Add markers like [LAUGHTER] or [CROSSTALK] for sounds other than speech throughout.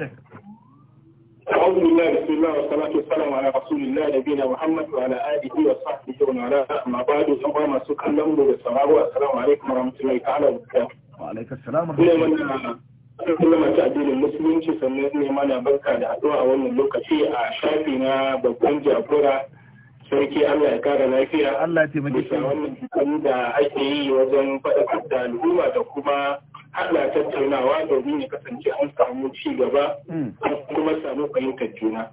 أعوذ بالله بسم الله والصلاة والسلام على رسول الله نبينا محمد وعلى آله وصحبه ومن والاه أما بعد أما ما سكن لهم السلام عليكم ورحمة الله تعالى وبركاته وعليكم السلام ورحمة الله kullum ta addinin musulunci sannan ne mana barka da haɗuwa a wannan lokaci a shafi na babban jagora sarki Allah ya kara lafiya Allah ya taimake da ake yi wajen faɗaɗar da al'umma da kuma ana tattaunawa domin ya kasance an samu ci gaba mm. an kuma samu fahimtar juna.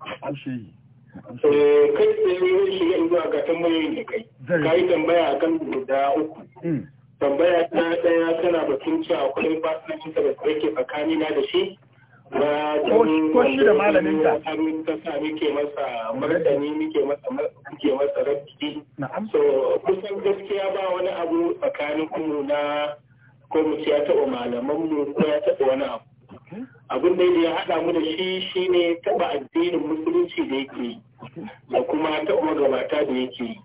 Eh, kai tsaye shiga zuwa ga tambayoyin da kai. Ka yi tambaya a kan guda uku. Mm. Tambaya ta ɗaya tana batun cewa akwai fasinanci da yake tsakani na da shi. Ko shi da malamin ta. ta sa muke masa martani muke masa muke masa rabbi. So kusan gaskiya ba wani abu tsakanin kuma na ko mu ya taɓa malaman mu ko ya taɓa wani abu abin da ya haɗa mu da shi ne taɓa addinin musulunci da yake yi da kuma taɓa magabata da yake yi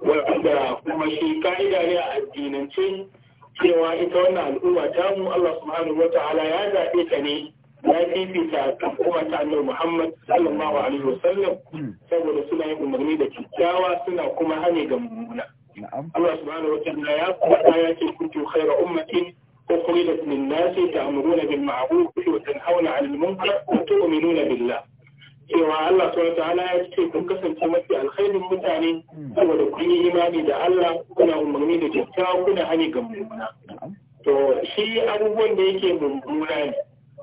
wanda kuma shi ka'ida ne a addinance cewa ita wannan al'umma ta mu Allah subhanahu wa ta'ala ya zaɓe ta ne ya fifita al'umma ta annabi Muhammad sallallahu alaihi wa saboda suna yin umarni da kyakkyawa suna kuma hane ga mummuna Allah subhanahu wa ta'ala ya faɗa ya ce kuntu khayra ummatin أخرجت للناس تأمرون بالمعروف وتنهون عن المنكر وتؤمنون بالله cewa Allah subhanahu ta'ala ya ce kun kasance mafi alkhairin mutane saboda kun yi imani da Allah kuna umarni da kyakkyawa kuna hani ga mummuna to shi abubuwan da yake mummuna ne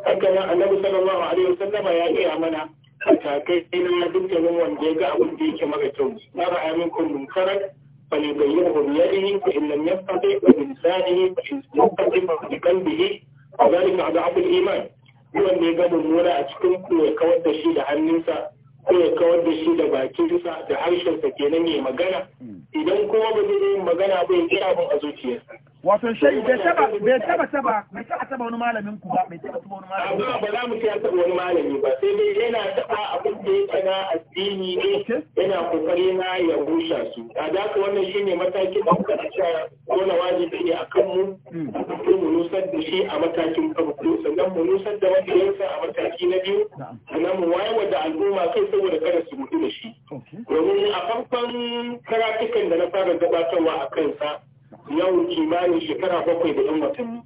haka nan Annabi sallallahu alaihi wasallam ya iya mana matakai na dukkanin wanda ya ga abin da yake mara kyau mara amin kun munkarar فليبينه بيده فإن لم يستطع فبلسانه فإن يستطع فبقلبه وذلك أضعف الإيمان wanda ya ga mummuna a cikin ku ya kawar da shi da hannunsa ko ya kawar da shi da bakinsa da harshensa kenan ya magana idan kuma ba zai yi magana ba ya kira abin a zuciyarsa wato shai bai taba bai taba taba bai taba taba wani malamin ku ba bai taba taba wani malamin ba ba za mu ce taba wani malami ba sai dai yana taba abin da yake na addini ne yana kokari na ya rusha su a da ka wannan shine mataki da kuka tsaya wannan wajibi ne akan mu hmm. ko mu nusar da shi a matakin farko sannan mu nusar da wanda yake a mataki na biyu sannan mu wayar da al'umma kai saboda kada su mutu da shi domin a farkon karatukan da na fara gabatarwa a kansa yau kimanin shekara bakwai da yan watanni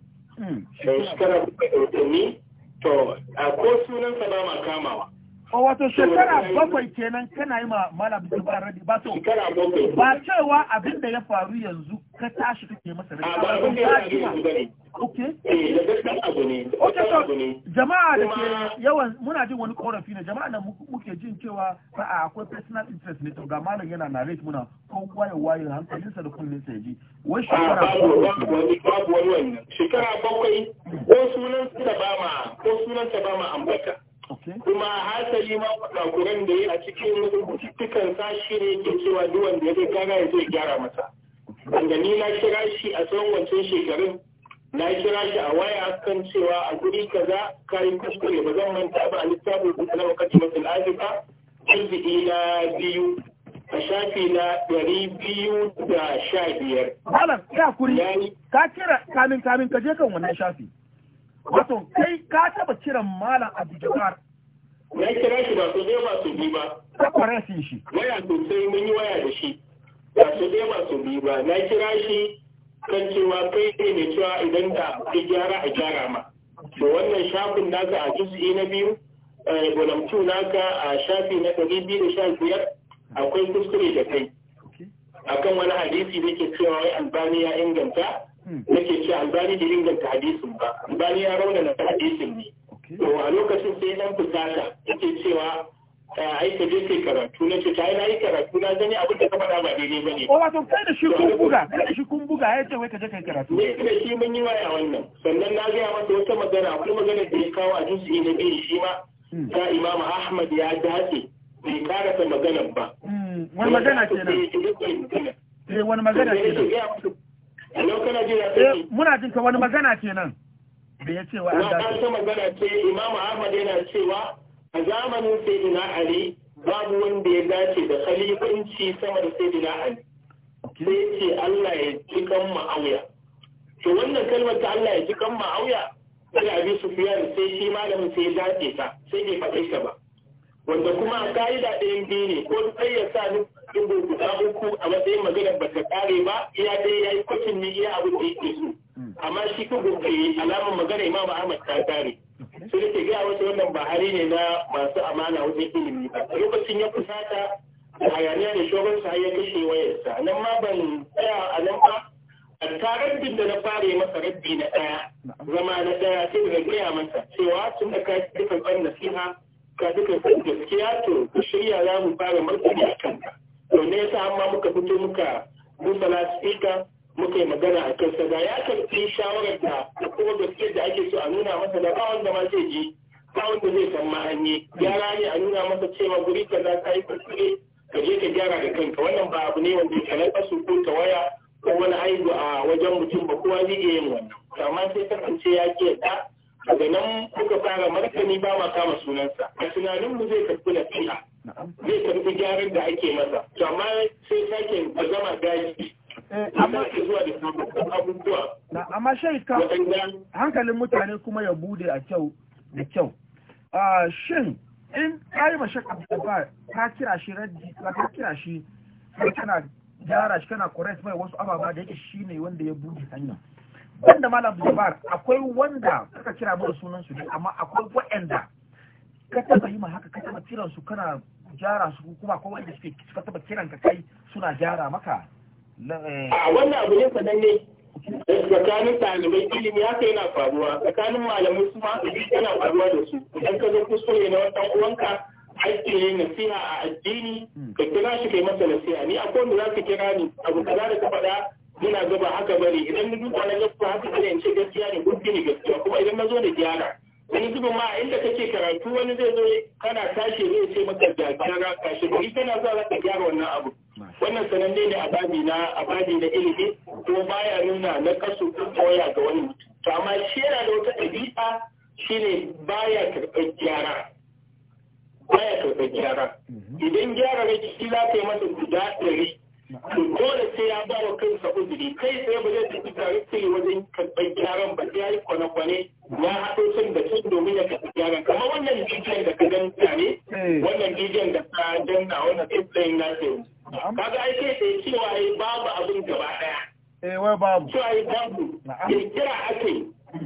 shekara bakwai da watanni to a ko sunan salama kamawa o wato shekara bakwai kenan kana yi ma malam Jafar Radi ba to ba cewa abin da ya faru yanzu ka tashi kake masa radi ba abin da ya faru yanzu bane okay eh da gaskiya abu so jama'a da ke yawan muna jin wani korafi ne jama'a da muke jin cewa ba'a akwai personal interest ne to ga malam yana narrate muna ko waye waye hankalinsa da kullun sa ji wai shekara bakwai babu wani wannan shekara bakwai ko sunan sa ba ma ko sunan sa ba ma ambata kuma hasali ma kurakuran da ya a cikin rubututtukan sa shi ne ke cewa duwan da ya zai kaga ya zai gyara masa wanda ni na kira shi a tsawon wancan shekarun na kira shi a waya kan cewa a guri kaza kayi kuskure ba zan manta ba a littafin kusa na wakati masu al'aduka jirgi na biyu a shafi na ɗari biyu da sha biyar. Malam, ya kuri, ka kira kamin kamin ka je kan wannan shafi. wato kai ka taba kiran malam abu jabbar na kira shi ba su dai ba su bi ba ta kware shi shi waya sosai mun yi waya da shi ba su dai ba su bi ba na kira shi kan cewa kai ne mai cewa idan da ka gyara a gyara ma to wannan shafin naka a juz'i na biyu gwalamtu eh, naka a shafi na ɗari biyu da sha biyar akwai kuskure da kai akan wani hadisi da ke cewa wai albani ya inganta Hmm. nake ce albani da inganta hadisin ba albani ya raunana hadisin ne to a lokacin sai dan fusata yake cewa eh, ai ka je kai karatu na ce tayi nayi karatu na gani abin da ka faɗa ba daidai bane Ko oh, wato kai da shi kun buga kai da shi kun buga ya ce wai ka je kai karatu ne da shi mun yi waya wannan sannan na ga masa wata magana akwai magana da ya kawo a juz'i na biyu shi ma hmm. ta Imam Ahmad ya dace bai karasa maganar ba hmm. wani magana kenan eh, nan? Eh, wani magana kenan Eh, muna jin ka wani magana kenan da ya ce wa an dace wata magana ce Imam ahmad yana cewa a zamanin sayyidina ali babu wanda ya dace da khalifanci sama da sayyidina ali sai ce Allah ya ji kan ma'auya to wannan kalmar ta Allah ya ji kan ma'auya sai abi sufyan sai shi malamin sai ya dace ta sai bai faɗe ta ba wanda kuma a ka'ida ɗayan biyu ne ko sai ya sa dubu guda uku a matsayin magana ba ta kare ba iya dai ya yi kwacin ni iya abin da yake so amma shi ka gobe alamar magana imam ahmad ta kare su da ke gaya wasu wannan hari ne na masu amana wajen ilimi ba lokacin ya fusata da hayaniya da shogansa har ya kashe wayarsa nan ma ban tsaya a nan ba ta rabbin da na fara masa rabbi na ɗaya zama na ɗaya sai da gaya masa cewa tun da ka dukan nasiha ka dukan gaskiya to shirya za mu fara martani a kanka to ne yasa amma muka fito muka musa lasifika muka yi magana a kansa da ya karfi shawarar da kuma gaske da ake so a nuna masa da ba wanda ma zai ji ba wanda zai san ma gyara ne a nuna masa cewa guri za ka yi kuskure ka je ka gyara da kanka wannan ba abu ne wanda ya lalɓa su ko ta waya ko wani aibu a wajen mutum ba kowa zai iya yin wannan amma sai kasance ya ke da daga nan muka fara martani ba ma kama sunansa a tunaninmu zai tafi na zai karbi gyaran da ake masa to amma sai sake zama gaji. Eh, amma zuwa da samun abubuwa amma shan hankalin mutane kuma ya bude a kyau da kyau ah, shin in kayi ma shakka ta kira shi raddi ta kira shi sai kana gyara shi kana correct mai wasu ababa da yake shi ne wanda ya buɗe hanya banda malam zubar akwai wanda suka kira mu sunan su ne amma akwai waɗanda ka taba yi ma haka ka taba kiran su kana gyara su kuma ko wanda suke suka taba kiran ka kai suna gyara maka eh. a wannan abu ne sanan ne tsakanin ɗalibai ilimi haka yana faruwa tsakanin malamai su ma yana faruwa da su idan ka zo kuskure na wata uwanka hakki ne nasiha a addini hmm. ka kira shi kai masa nasiha ni a ko za ka kira ni abu kaza da ka faɗa muna gaba haka ne idan na duka na gaskiya haka sai in ce gaskiya ne gudu ne gaskiya kuma idan na zo da gyara wani zuba ma inda kake karatu wani zai zo kana tashi ne sai maka jajen gyara shi ba kana zuwa za ka gyara wannan abu wannan sananne ne a babi na a babi na ilimi ko baya nuna na kasu ko koya ga wani mutum to amma shi yana da wata ɗabi'a shine baya karɓar gyara baya karɓar gyara idan gyara shi za ka yi masa guda ɗari dole sai ya ba wa kansa uzuri kai tsaye ba zai tafi tare wajen karɓar gyaran ba sai ya yi kwane-kwane ya haɗo sun da sun domin ya kasu gyara kamar wannan bidiyon da ka gani tare eh. wannan bidiyon da ka danna wannan tsibirin na ce kaga ai sai sai cewa ai babu abin gaba daya eh wai babu cewa ai babu kirkira ake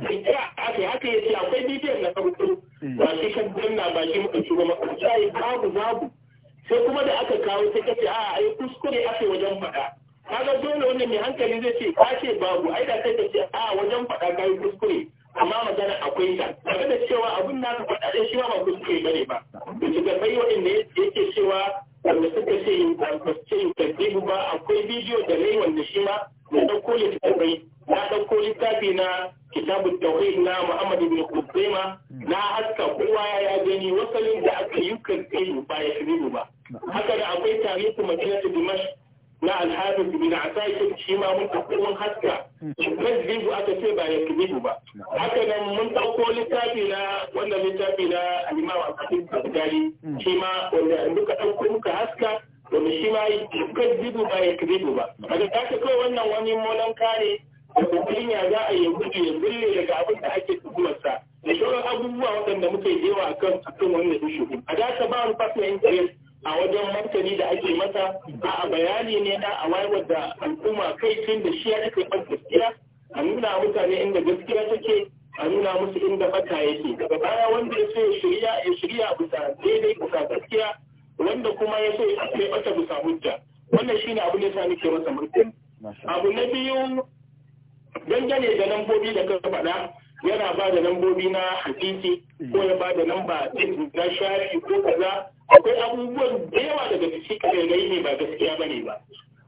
kirkira ake haka yace akwai bidiyon na farko eh. ba shi kan danna ba shi muka shigo maka cewa ai babu babu sai kuma da aka kawo sai kace a ai kuskure ake wajen faɗa kaga dole wannan mai hankali zai ce ka ce babu ai da kai ka ce a wajen faɗa kai kuskure amma magana akwai ta kaga da cewa abin na ka faɗa dai shi ma ba bane ba da bai wani waɗanda yake cewa wanda suka ce in ce ba akwai bidiyo da nai wanda shi ma na ɗauko littattafai na ɗauko littafi na kitabun tauhid na muhammad ibn na haska kowa ya gani wasalin da aka yi kan ba ya tarbibu ba haka da akwai tarihi kuma kiyar dimash na alhabis a asakir shi ma mun ɗauko mun haska hmm. Zibu aka ce ba Zibu ba haka nan mun ɗauko littafi na wanda littafi na alimawa a al-bukhari hmm. shi ma wanda duka ɗauko muka haska wanda shi ma Zibu ba Zibu ba hmm. daga ka kawai wannan wani molon kare da kokarin ya za a yi gudu ya bulle daga abin da ake tuhumarsa da sauran abubuwa waɗanda yi yawa akan akan wannan ishu a da ba mu fasa interest a wajen martani da ake masa a bayani ne na a wayar da al'umma kai tun da shi ya ake ban gaskiya a nuna mutane inda gaskiya take a nuna musu inda bata yake daga baya wanda ya so ya shirya ya shirya bisa daidai bisa gaskiya wanda kuma ya so ya bata bisa hujja wannan shine abu ne sa nake masa martani abu na biyu dangane da lambobi da ka faɗa yana ba da lambobi na hadisi ko ya ba da lamba na shafi ko kaza akwai abubuwan da yawa daga ciki kare ne ba gaskiya bane ba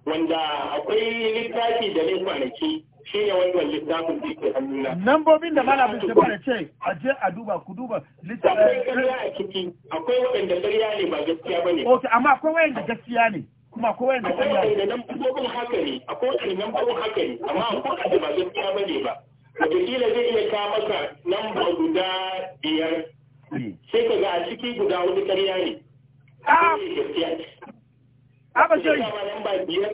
wanda akwai littafi da ne kwanaki shi ne wannan littafin da ke hannuna. Lambobin da malamin da ce a je a duba ku duba littafin. Akwai a ciki akwai waɗanda ƙarya ne ba gaskiya bane. Ok amma akwai waɗanda gaskiya ne. Kuma akwai waɗanda ƙarya ne. Akwai waɗanda lambobin haka ne akwai waɗanda lambobin haka ne amma akwai waɗanda ba gaskiya bane ba. wataƙila zai iya ka maka lamba guda biyar sai ka ga a ciki guda hudu karya ne ah! a ah, ba shi lamba biyar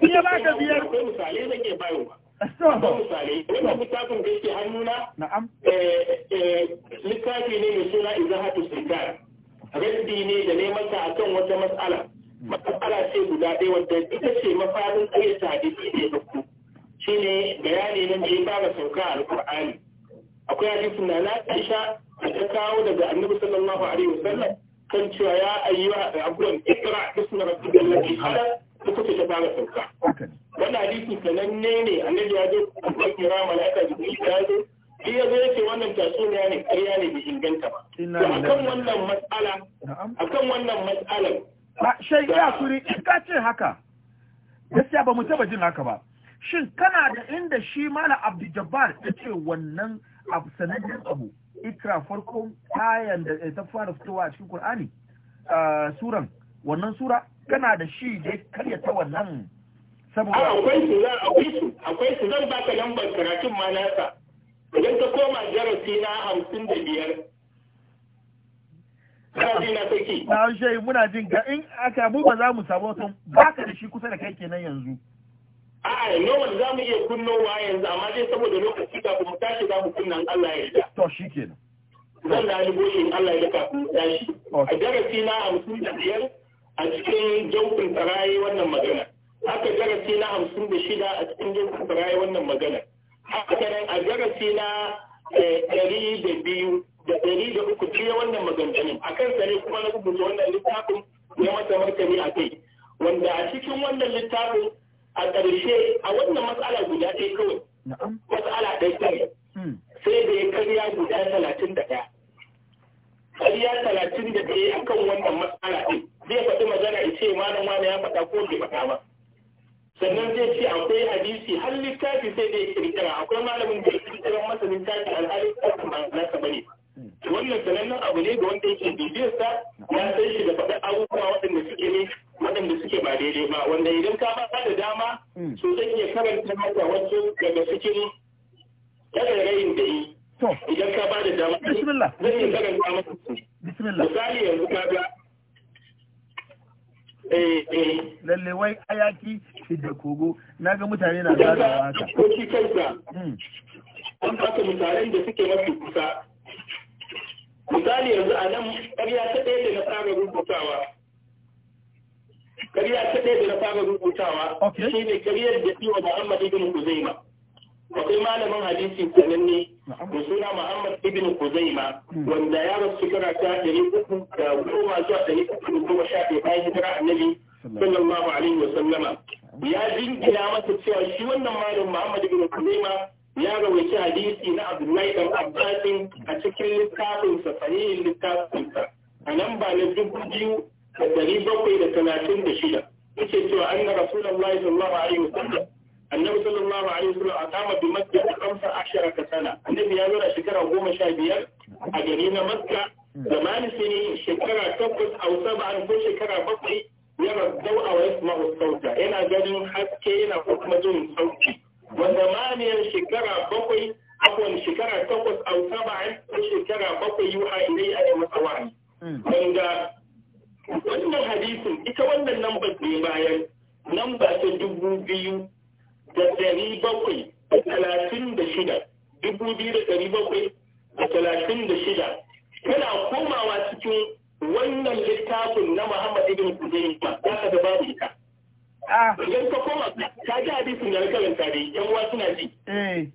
in ya baka biyar akwai misalai zan iya bayarwa akwai misalai wannan da yake hannuna eh, eh, littafi ne mai suna izahatu sirkar raddi ne da ne masa akan wata matsala matsala ce guda ɗaya wadda ita ce mafarin ƙayyata hadisi da ya shine bayani nan da ya fara sauka a alƙur'ani akwai hadisin da na Aisha ta kawo daga Annabi sallallahu alaihi wasallam kan cewa ya ayyuha abun ikra bismi rabbika alladhi khalaq kuka ta fara sauka wannan hadisi sananne ne annabi ya zo da kira malaika jibril ya zo shi ya zo yake wannan tasiri ne ƙarya ne bai inganta ba akan wannan matsala akan wannan matsalar shai ya suri, in ka ce haka gaskiya ba mu taba jin haka ba shin kana da inda shi mala abdu jabbar ta ce wannan abu sanadin abu ikra farko ayan da ta fara fitowa a cikin qur'ani suran wannan sura kana da shi da ya karya ta wannan saboda akwai su zan akwai su akwai su zan baka lambar karatun ma nasa idan ka koma jarasi na hamsin da biyar Na shi muna jin ga in aka mu ba za mu samu wasu baka da shi kusa da kai kenan yanzu. A'a, normal za mu iya wa yanzu, amma dai saboda lokaci kafin mu tashi za mu kunnan Allah ya yarda. To shi kenan. Zan da aliboshi in Allah ya yarda kafin tashi. Oh. A darasi na hamsin da biyar a cikin jamfin tsaraye wannan magana. Haka darasi na hamsin da shida a cikin jamfin tsaraye wannan magana. Haka nan a darasi na eh, ɗari da biyu da ɗari da uku ce wannan maganganun. A kan sare kuma na rubuta wannan littafin ya mata martani a kai. Wanda a cikin wannan littafin a ƙarshe a wannan matsala guda ɗaya kawai matsala ɗaya kawai hmm. sai da ya karya guda talatin da ɗaya karya talatin da ɗaya kan wannan matsala ɗin zai faɗi magana ya ce malam wani ya faɗa ko bai faɗa ba sannan zai ce akwai hadisi har littafi sai da ya kirkira akwai malamin da ya kirkira masa littafi alhali kuma na nasa bane hmm. wannan sanannen abu ne ga wanda yake bibiyarsa ya san shi da faɗin abubuwa waɗanda suke ne waɗanda suke ba daidai ba wanda idan ka ba da dama hmm. su zan iya karanta mata wasu daga cikin rayin da yi idan ka ba da dama zan iya karanta maka misali yanzu ka ga eh, eh. lalle wai ayaki da kogo na ga mutane na zaga haka ko shi kansa hmm. an baka misalan da suke mafi kusa misali yanzu a nan ƙarya ta ɗaya da na fara rubutawa Kariya ta ɗaya da na fara rubutawa shi ne kariyar da iya Muhammad ibn Kuzaima. Akwai malamin hadisi sananne da suna Muhammad ibn Kuzaima hmm. wanda ya rasu shekara ta ɗari uku da goma zuwa ɗari uku da goma sha ɗaya bayan hijira annabi sallallahu alaihi wa sallama. Ya jingina masa cewa shi wannan malamin Muhammad ibn Kuzaima ya rawaci hadisi na Abdullahi dan Abbasin a cikin littafinsa sahihin littafinsa. A nan ba na dubu biyu da ɗari bakwai da talatin da shida yake cewa anna rasulullahi sallallahu alaihi wasallam annabi sallallahu alaihi wasallam aqama bi makka khamsa ashara sana annabi ya zura shekara goma sha biyar a gari na makka zamani sini shekara takwas au saba'an ko shekara bakwai ya rabbau a wasu mahusauta yana ganin haske yana kuma jin sauki wa zamaniyar shekara bakwai akwai shekara takwas au saba'an ko shekara bakwai yuha ilai a yi masa wani hmm. wanda wannan hadisin ita wannan namba ne bayan namba ta dubu biyu da ɗari bakwai da talatin da shida dubu biyu da ɗari bakwai da talatin da shida tana komawa cikin wannan littafin na Muhammad ibn ba za ka ga babu ita. Ah. Idan ka koma ta ji hadisin da na karanta dai yan uwa suna ji. Eh.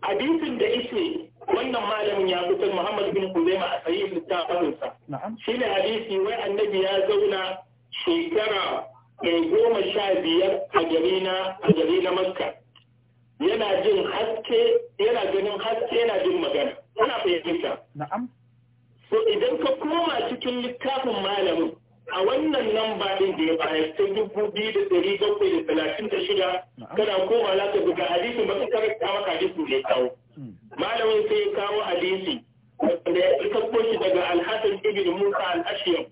hadisin da yake wannan malamin ya fitar Muhammad bin Kuzaima a sahih littafinsa shi ne hadisi wai annabi ya zauna shekara goma sha biyar a gari na a gari na Makka yana jin haske yana ganin haske yana jin magana ana fahimta na'am so idan ka koma cikin littafin malamin a wannan lamba ɗin da ya bayar ta dubu biyu da ɗari bakwai da talatin da shida kana koma za ka buga hadisin ba ka karanta maka hadisin da ya kawo hmm. malamin sai ya kawo hadisi wanda ya ɗauko shi daga alhassan ibn musa al-ashiyam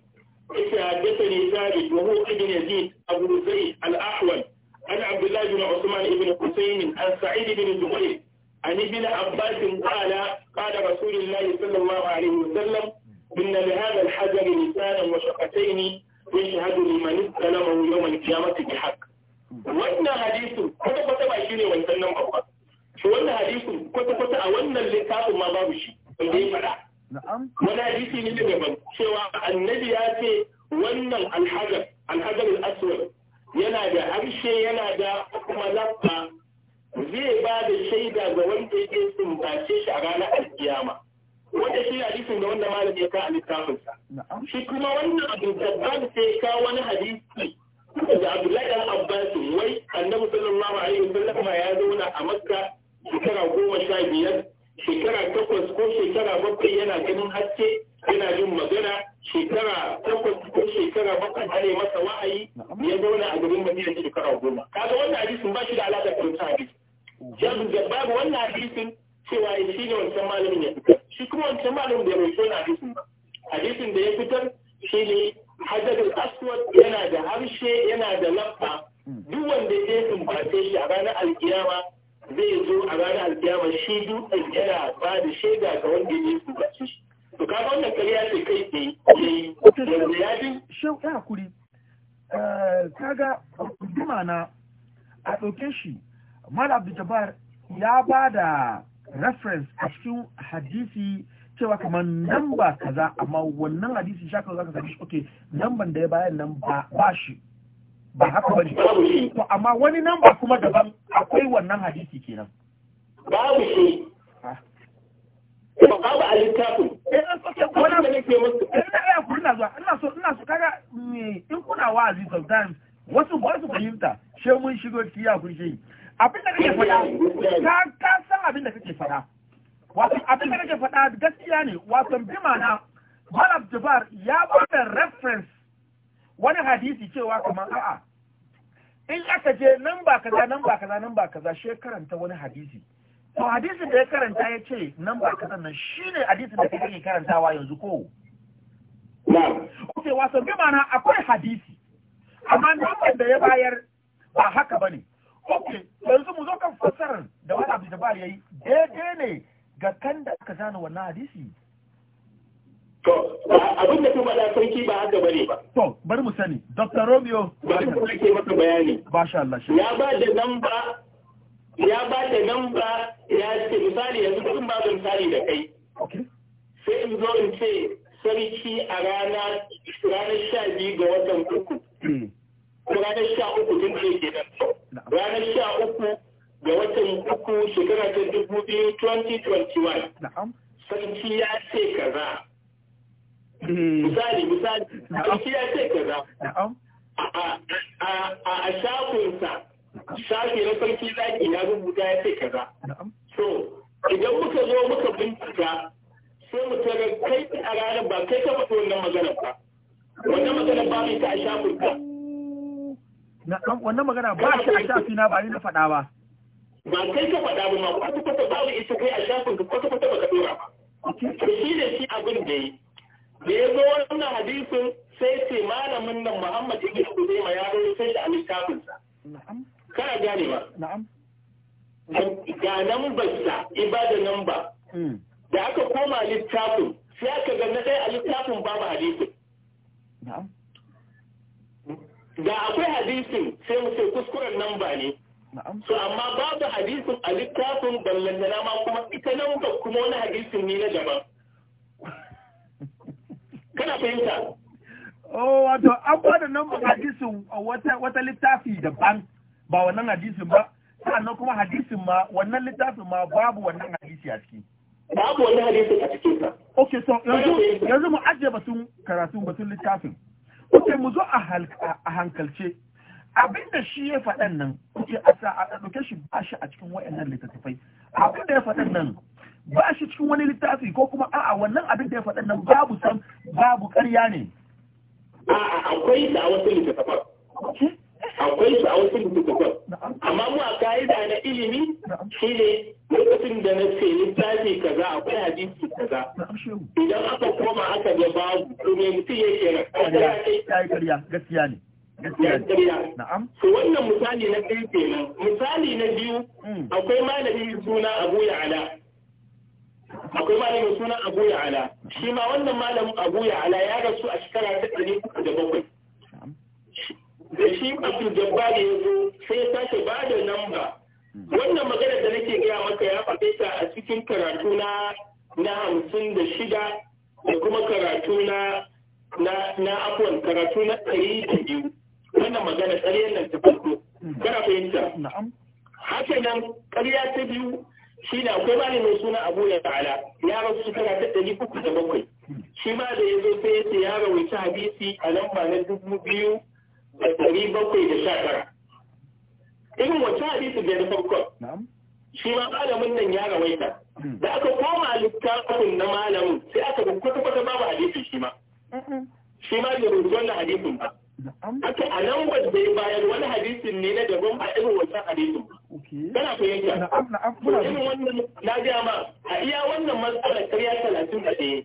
yace haddathani thabit wa huwa ibn yazid abu zayd al-ahwal an Abdullahi, ibn usman ibn husayn an sa'id ibn zubayr an ibn abbas qala qala rasulullahi sallallahu alaihi wasallam إن لهذا الحجر لسانا وشفتين يشهد لمن استلمه يوم القيامة بحق wannan hadisin kwata-kwata ba ne wancan nan babba shi wannan hadisin kwata-kwata a wannan littafin ma babu shi wanda ya fada wani hadisi ne daban cewa annabi ya ce wannan alhajar alhajar al'aswar yana da harshe yana da kuma lafa zai ba da shaida ga wanda ya sumbace shi a ranar alkiyama wanda shi hadisin da wanda malami ya ka a littafinsa shi kuma wannan abin tabbata sai ka wani hadisi da Abdullahi dan Abbas wai Annabi sallallahu alaihi wasallam ya zauna a Makka shekara goma sha biyar shekara takwas ko shekara bakwai yana ganin haske yana jin magana shekara takwas ko shekara bakwai ana masa wa'ayi ya zauna a garin Madina shekara goma kaga wannan hadisin ba shi da alaƙa da wancan hadisi jabu babu wannan hadisin cewa shi ne wancan malamin ya fita shi kuma wancan malamin bai mai tsoron hadisin ba hadisin da ya fitar shi ne hajjadul aswad yana da harshe yana da lamba duk wanda ya sumbace shi a ranar alkiyama zai zo a ranar alkiyama shi dutsen yana ba da shaida ga wanda ya sumbace shi to ga wannan karya ce kai tsaye yi. wanda ya eh, bi shau ya hakuri kaga duma na a ɗauke shi mal abdul ya ba da reference a cikin hadisi cewa kamar namba kaza amma wannan hadisi shakar za ka sami shi nan ban da ya bayan nan ba shi ba haka ba ne to amma wani ba kuma daban akwai wannan hadisi kenan babu shi ah. babu a littafin eh, eh, eh, ina zuwa ina so ina so kaga mm, in kuna wa'azi sometimes wasu ba su fahimta she mun shigo ciki ya kun shi abin da kake faɗa ka ka san abin da kake faɗa wato abin da kake faɗa gaskiya ne wato bi ma'ana Malam ya ba da reference wani hadisi cewa a'a in aka je nan ba kaza nan ba kaza nan ba kaza shi karanta wani hadisi to hadisin da ya karanta ya ce nan ba kaza nan shine hadisin da kake karantawa yanzu ko Ok, wasan bi na akwai hadisi amma nan da ya bayar ba haka bane ok yanzu mu zo kan fassarar da wani abu da ya yi daidai ne ga kan da aka zana wannan hadisi to abin da kuma da sarki ba haka bane ba to bari mu sani dr romeo bari mu ke maka bayani masha Allah shi ya ba da namba ya ba da namba ya ce misali yanzu kun ba da misali da kai sai in zo in ce sarki a rana ranar sha biyu ga watan uku hmm. ranar sha uku tun da ke nan ranar sha uku ga watan uku shekara ta dubu biyu 2021 sarki ya ce kaza hmm. misali misali sarki ya ce kaza a shafinsa shafi na sarki zaki ya rubuta ya ce kaza so idan muka zo muka bincika sai mu tara kai a ranar ba kai ka faɗi wannan magana ba wannan magana ba mai ta a shafinka na wannan magana ba shi a shafi na ba ni na faɗa ba ba kai ka faɗa ba ma kwata kwata babu ita kai a shafin ka kwata kwata baka dora ba to shi ne shi abin da yi da ya zo wannan hadisin sai ce malamin nan Muhammad ibn ma ya sai da a littafin sa kana gane ba na'am ga nan basta ibada nan ba hmm. da aka koma littafin sai aka ga na ɗaya a littafin babu hadisin na'am da akwai hadisin sai mu ce kuskuren nan ba ne to amma babu hadisin a littafin ballantana ma kuma ita nan ba kuma wani hadisin ne na daban kana fahimta oh wato an ba da nan hadisin wata wata littafi daban ba wannan hadisin ba sannan kuma hadisin ma wannan littafin ma babu wannan hadisi a ciki babu wannan hadisin a cikin ka. okay so yanzu yanzu mu ajiye batun karatu batun littafin kuke mu zo a hankalce abinda shi ya faɗan nan kuke a sa a ɗauke shi ba shi a cikin wayannan littattafai abinda ya faɗan nan ba shi cikin wani littafi ko kuma a'a wannan abin da ya faɗan nan babu san babu ƙarya ne a'a akwai da wasu littattafan akwai su a wasu littattafan amma mu a ka'ida na ilimi shine lokacin da na ce littafi kaza akwai hadisi kaza idan aka koma aka ga babu to me mutum yake na kariya gaskiya ne Na'am. Su wannan misali na ɗaya kenan. Misali na biyu hmm. akwai malami suna Abu Ya'ala. Akwai malami suna Abu Ya'ala. Shi ma wannan malamin Abu Ya'ala ya rasu a shekara ta ɗari uku da bakwai. da shi abin jabbari ya zo sai ya sake ba da namba wannan magana da nake gaya maka ya faɗe ta a cikin karatu na na hamsin da shida da kuma karatu na na na afwan karatu na ɗari da biyu wannan magana tsari nan ta farko kana fahimta haka nan ƙarya ta biyu shi ne akwai malami mai suna abu ya ta'ala ya rasu shekara ta ɗari uku da bakwai shi ma da ya zo sai ya ce ya rawaita hadisi a lamba na dubu biyu da ɗari bakwai da sha tara irin wacce hadisi da na farkon? shi ma malamin nan ya rawaita hmm. da aka koma littafin na malamin sai aka ga kwata-kwata babu hadisin shi ma shi ma da rubutu wannan hadisin ba Aka a nan wanda ya bayar wani hadisin ne na daban a irin wancan hadisin. Kana fahimta? Na'am irin wannan na ga ma a iya wannan matsalar karya talatin da ɗaya.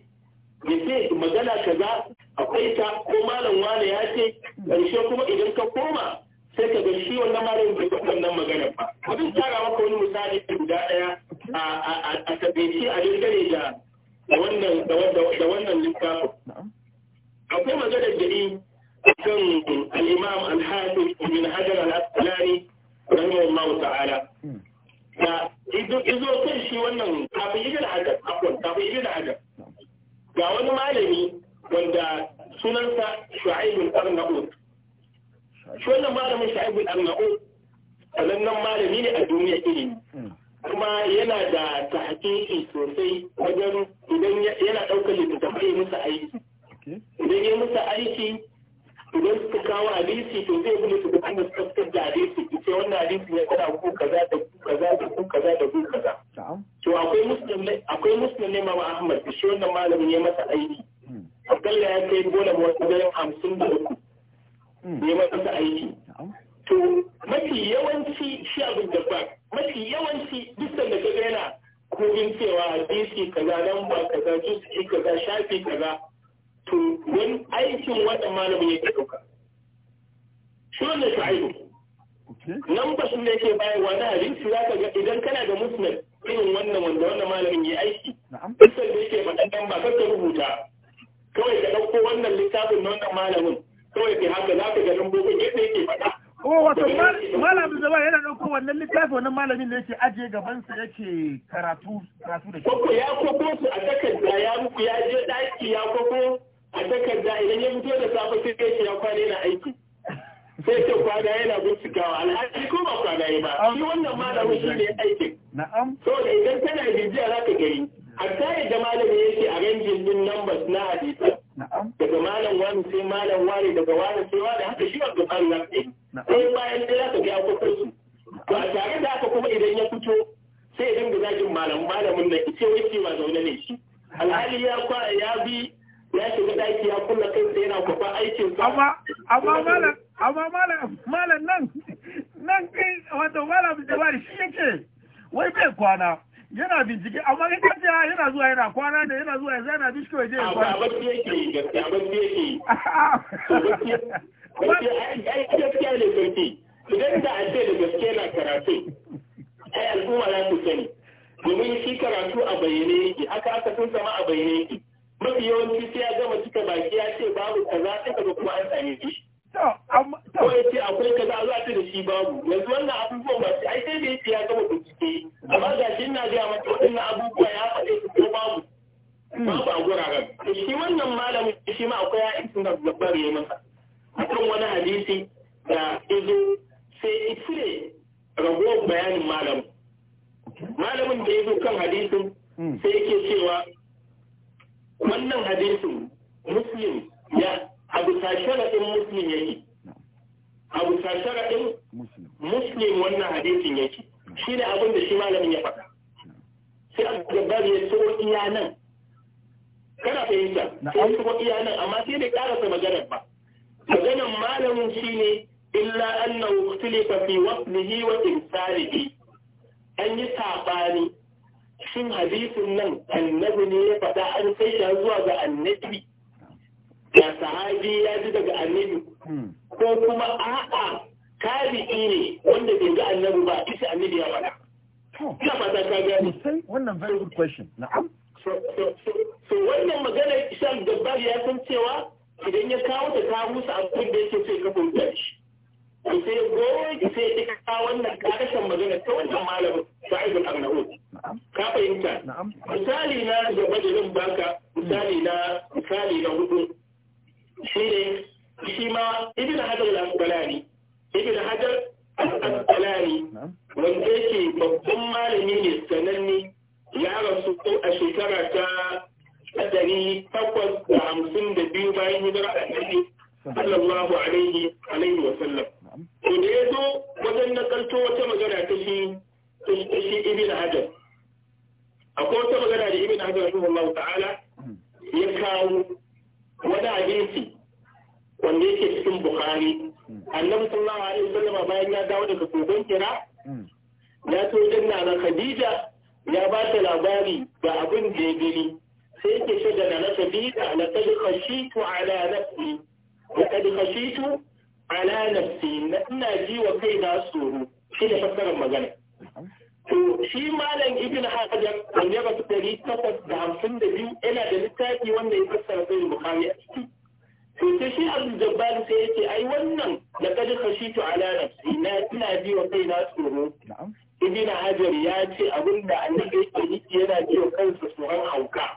Ya ce magana kaza akwai ta ko malam wane ya ce ƙarshe kuma idan ka koma sai ka ga shi wannan malam bai ga wannan magana ba abin tara maka wani misali guda ɗaya a taɓaice a dangane da wannan da wannan littafin akwai magana da a kan al-imam al-hafiz ibn hajar al-asqalani rahimahullahu ta'ala hmm. da izo kan shi wannan kafin ibn hajar akwai kafin ibn hajar ga wani malami wanda sunansa shu'aibul arnaud shi wannan malamin shu'aibul arnaud hijira hmm. ya to janna na khadija ya ba ta labari ga abin da ya gani sai ke da na khadija la qad khashitu ala nafsi la qad khashitu ala nafsi ina ji wa kai na tsoro shi da fassarar magana to shi malam ibn hajar wanda ya basu dari takwas da hamsin da biyu yana da littafi wanda ya fassara sai bukhari a ciki to shi abu jabbar sai yace ai wannan da kad khashitu ala nafsi na ina ji wa kai na tsoro ibn hajar ya ce abin da annabi yake yi yana ji wa kansa tsoron hauka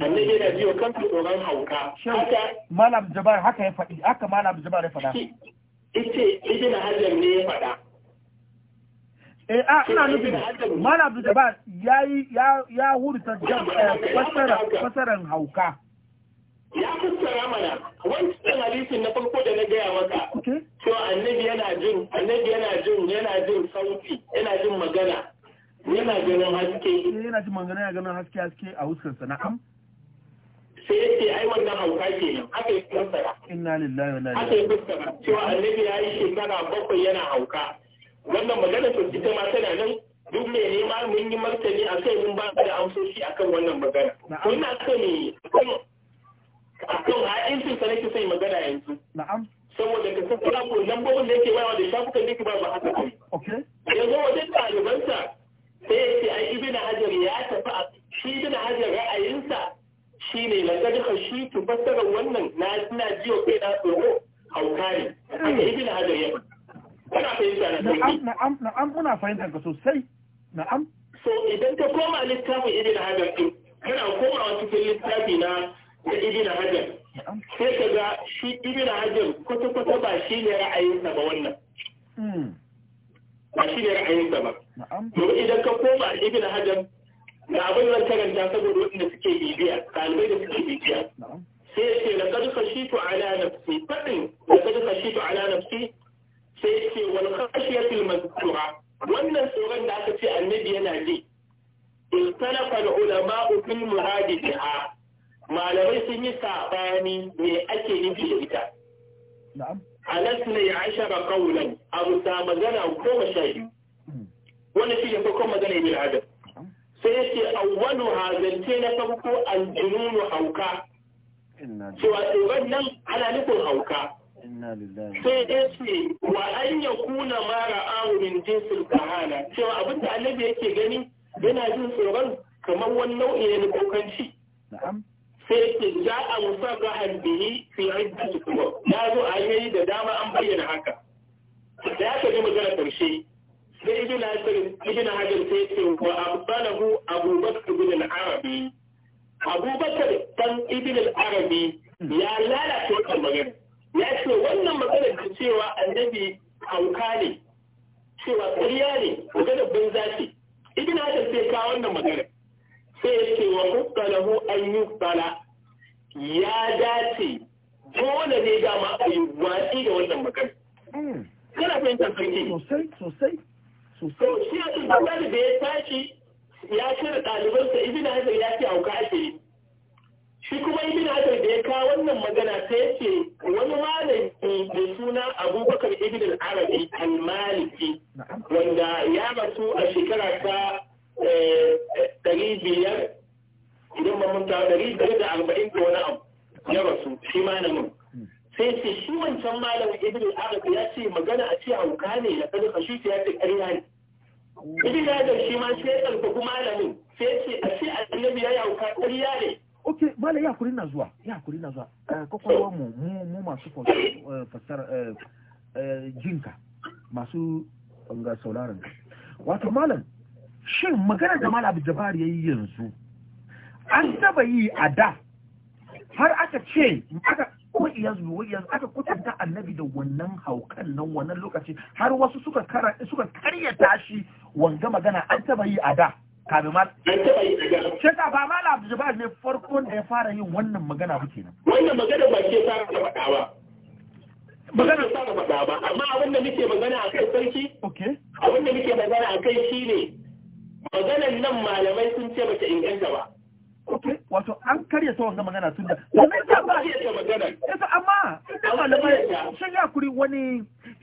annabi yana ji wa kansa tsoron hauka haka malam jabbar haka ya faɗi haka malam jabbar ya faɗa ibi ibn hajar ne ya faɗa Eh, a ina nufin Malam Jabbar ya ya hurta eh, fasaran hauka. ya fuskara mana wancan hadisin na farko da na gaya maka to annabi yana jin annabi yana jin yana jin sauti yana jin magana yana ganin haske eh, yana jin magana yana ganin haske haske a huskar sa na'am sai ya ce ai wannan hauka ke nan aka yi fuskara inna lillahi wa inna ilaihi aka yi fuskara cewa annabi ya yi shekara bakwai yana hauka wannan magana to ita ma tana nan duk mai nema mun yi martani a kai mun ba da amsoshi akan wannan magana to ina so ne akan ha'incin sa nake sai magana yanzu na'am saboda ka san kana ko lambobin da yake wayawa da shafukan da yake ba ba haka kai okay yanzu wajen ɗalibansa sai ya ce ai ibn hajar ya tafi a shi ibn hajar ra'ayinsa shine la kadaka shi tu fassara wannan na ina jiyo kai na tsoro hauka ne haka eh. ibn hajar ya kana fahimta na na'am na'am na'am muna fahimtar ka sosai na'am so idan ka koma littafin ibn hajar din kana komawa cikin littafi na da ibina hajar sai ka ga shi ibina hajar kwata-kwata ba shi ne ra'ayinsa ba wannan hmm. ba shi ne ra'ayinsa ba domin idan ka koma ibina hajar da abin zan karanta saboda waɗanda suke bibiya ɗalibai da suke bibiya sai ce na kadu kashitu ala nafsi faɗin na kadu kashitu ala nafsi sai ce wani wal filman mazkura wannan tsoron da aka ce annabi yana ji ikhtalafa al ulama'u fil muradi biha malamai sun yi saɓani me ake nufi da ita alas ne ya aisha ba kawulan abu ta magana goma sha biyu hmm. wanda shi ne farkon magana ibn adam sai yace awwalu hazance na farko aljununu hauka cewa tsoron nan ana nufin hauka sai ce wa an kuna mara ahu min jinsil kahana cewa abin da annabi yake gani yana jin tsoron kamar wani nau'i ne na kokanci sai ce ja a musaka halbihi fi iddati kuma ya zo a hanyoyi da dama an bayyana haka da aka ji magana karshe sai ibn hajar ibn hajar sai ce wa abdalahu abubakar ibn arabi abubakar dan ibn arabi ya lalace kan magana ya ce wannan magana da cewa annabi hauka ne cewa ƙarya ne maganar banza ce ibn hajar sai ka wannan magana sai yake wa hukka lahu an yuqala ya dace dole ne ga ma a yi watsi da wannan magana hmm. kana fahimtar sarki sosai sosai sosai shi a tsakanin da ya tashi ya cire ɗalibansa ibina hajar ya ce auka ake shi kuma ibn hajar da ya kawo wannan magana ta ce wani malami da suna abubakar ibn al-arabi al-maliki wanda ya rasu a shekara ta Eh, eh, ɗari biyar idan ba mun tawo ɗari biyar da arba'in da wani abu ya rasu shi malamin sai ce shi wancan malamin ibn arab ya ce magana a ce hauka ne ya shi kashi ya ce ƙarya ne ibn adam shi ma sai ya kuma malamin sai ce a ce annabi ya hauka ƙarya ne ok mala ya kuri na zuwa ya kuri na zuwa eh, kwakwalwa mu mu masu fasar jinka masu ga sauraron wato malam shin magana da malam jabari yayi yanzu an taba yi a da har aka ce aka ko iyazu ko iyazu aka kutanta annabi da wannan haukan nan wannan lokaci har wasu suka kara suka karyata shi wanga magana an taba yi a da kabe ma ce ka ba mala abdul ne farkon da ya fara yin wannan magana ba kenan wannan magana ba ke fara da faɗa ba magana fara faɗa ba amma abin da muke magana akai sarki okay abin da muke magana akai ne. maganan nan malamai sun ce bata inganta ba ok wato an karya ta wannan magana tun da wannan ta ba ya magana yasa eh, amma ita malamai sun ya kuri wani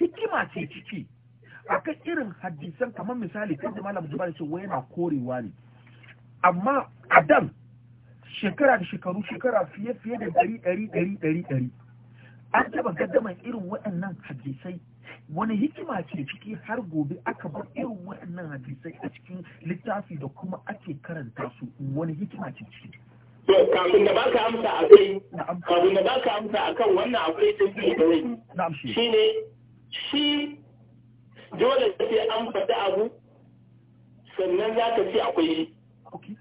hikima ce ciki akan irin hadisan kamar misali kan da malam jibal ce wai yana korewa ne amma a dan shekara da shekaru shekara fiye fiye da dari dari dari dari dari an taɓa gaddamar irin waɗannan hadisai wani hikima ce ciki har gobe aka bar irin waɗannan hadisai a cikin littafi da kuma ake karanta su wani hikima ce ciki to kafin da baka amsa a kai kafin da baka amsa a kan wannan akwai tambayi da zai shi ne shi dole sai an faɗi abu sannan za ka ce akwai shi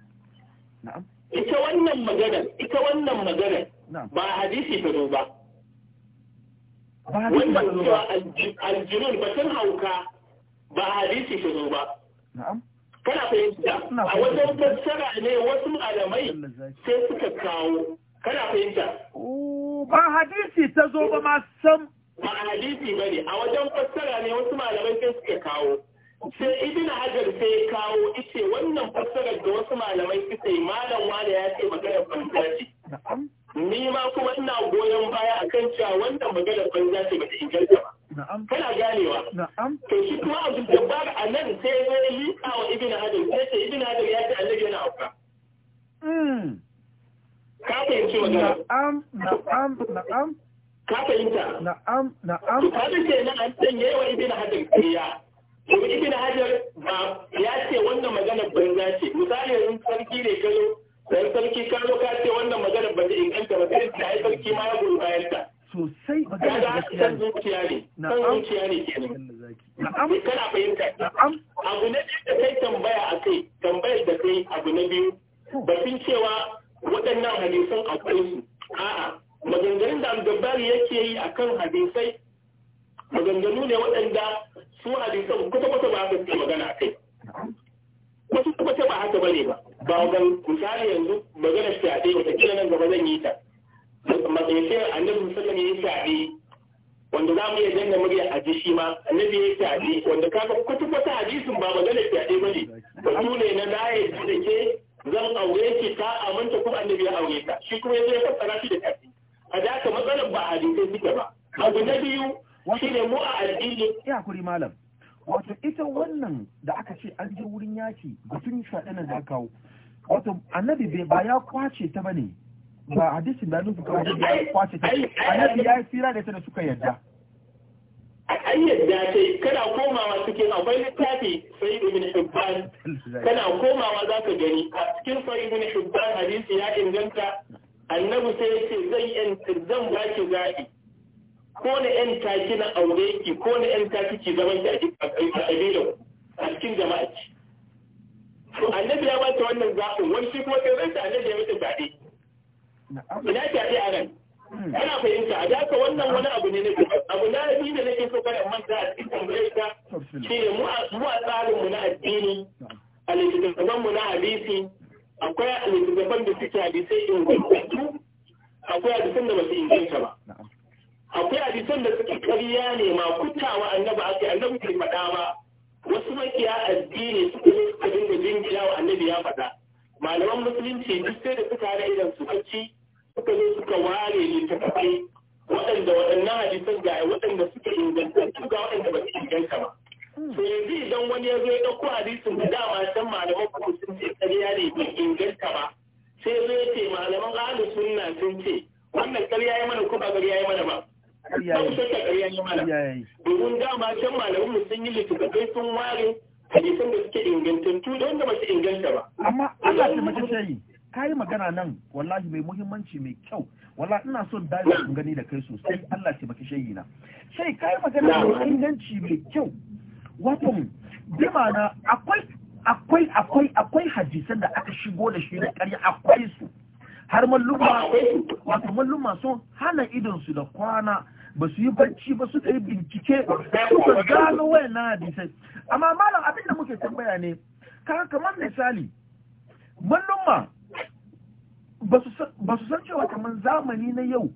ita wannan maganar ita wannan maganar ba hadisi ta zo ba wannan cewa aljinun ba batun hauka ba hadisi shi zo ba kana fahimta a wajen fassara ne wasu malamai sai suka kawo kana fahimta ba hadisi ta zo ba ma sam ba hadisi ba ne a wajen fassara ne wasu malamai sai suka kawo sai ibn hajar sai ya kawo ita. wannan fassarar da wasu malamai suka yi malam wani ya ce magana banza ce ni ma kuma ina goyon baya akan cewa wannan maganar banza ce bata inganta ba kana ganewa to shi kuma abdul jabbar a nan sai ya zo liƙa wa ibn hajar sai ce ibn hajar ya ce Allah yana hauka hmm. ka fahimci wannan na'am na'am na'am ka fahimta na'am na'am ka ce na an sanye wa ibn hajar kariya ibn hajar ba ya ce wannan maganar banza ce misali yanzu sarki ne gano dan sarki ka zo ka ce wannan magana ba ta inganta ba sai ta yi sarki ma ya goyi bayan ta sosai magana da gaskiya ne zuciya ne san zuciya ne kenan eh, kana fahimta abu na biyu da kai tambaya akai tambayar da kai abu na biyu batun cewa waɗannan hadisan akwai su a'a maganganun da al yake yi akan hadisai maganganu ne waɗanda su hadisan kusa kusa ba haka suke magana kai wasu kusa ba haka bane ba ba ban misali yanzu magana fyaɗe wataƙila nan gaba zan yi ta sai annabi musallam ya yi fyaɗe wanda za mu iya janye murya a ji shi ma annabi ya yi fyaɗe wanda kaga kwata kwata hadisin ba magana fyaɗe ba ne batu ne na laye da ke zan aure ki ta aminta kuma annabi ya aure ta shi kuma ya zai fassara shi da fyaɗe a da haka matsalar ba hadisai suke ba abu na biyu shi ne mu a addini ya kuri malam wato ita wannan da aka ce an je wurin yaki batun shaɗa na da kawo wato annabi bai ba ya kwace ta bane ba hadisin da nufi kawai ya kwace ta annabi ya yi tsira da ta da suka yarda an yadda sai kana komawa cikin akwai littafi sai ibn hibban kana komawa za ka gani a cikin sai ibn hibban hadisi ya inganta annabi sai ya ce zan zan ba ki zaɓi ko da yan taki na aure ki ko da yan taki ki zaman ki a kabilan a cikin jama'a ki to annabi ya bata wannan zaɓin wani shi kuma kai zai annabi ya mata zaɓe ina zaɓe a nan hmm. ana fahimta a daka wannan wani abu ne na abu na biyu da nake so kada manta a cikin tambayar ta shi mu a tsarin mu na addini a littattafan mu na hadisi akwai a littattafan da suke hadisai ingantattu akwai a da ba su inganta ba akwai hadisan da suke karya ne ma kutawa annabi ake annabi bai faɗa ba wasu makiya addini suka yi suka dinga jingina wa annabi ya faɗa malaman musulunci duk sai da suka hana idan su bacci suka zo suka ware ta kafai waɗanda waɗannan hadisan ga waɗanda suka su ga waɗanda ba su inganta ba to yanzu idan wani ya zo ya ɗauko hadisin da dama san malaman kuma sun ce ne bai inganta ba sai zo ya ce malaman ahlus sunna sun ce wannan kariya ya mana ko ba ya yi mana ba iyaye iyaye domin dama can malamin sun yi littattafai sun ware hadisan da suke ingantattu da wanda ba su inganta ba amma Allah ce mace shayi ka yi magana nan wallahi mai muhimmanci mai kyau wala ina son dalil sun gani da kai sosai Allah ce maki shayi na sai ka yi magana mai inganci mai kyau wato bi ma'ana akwai akwai akwai akwai hadisan da aka shigo da shi da ƙarya akwai su har malluma wato malluma sun hana idon su da kwana ba su yi barci ba da yi bincike ka gano wayannan hadisai amma malam abin da muke tambaya ne kaga kamar misali manoma ba su san cewa kamar zamani na yau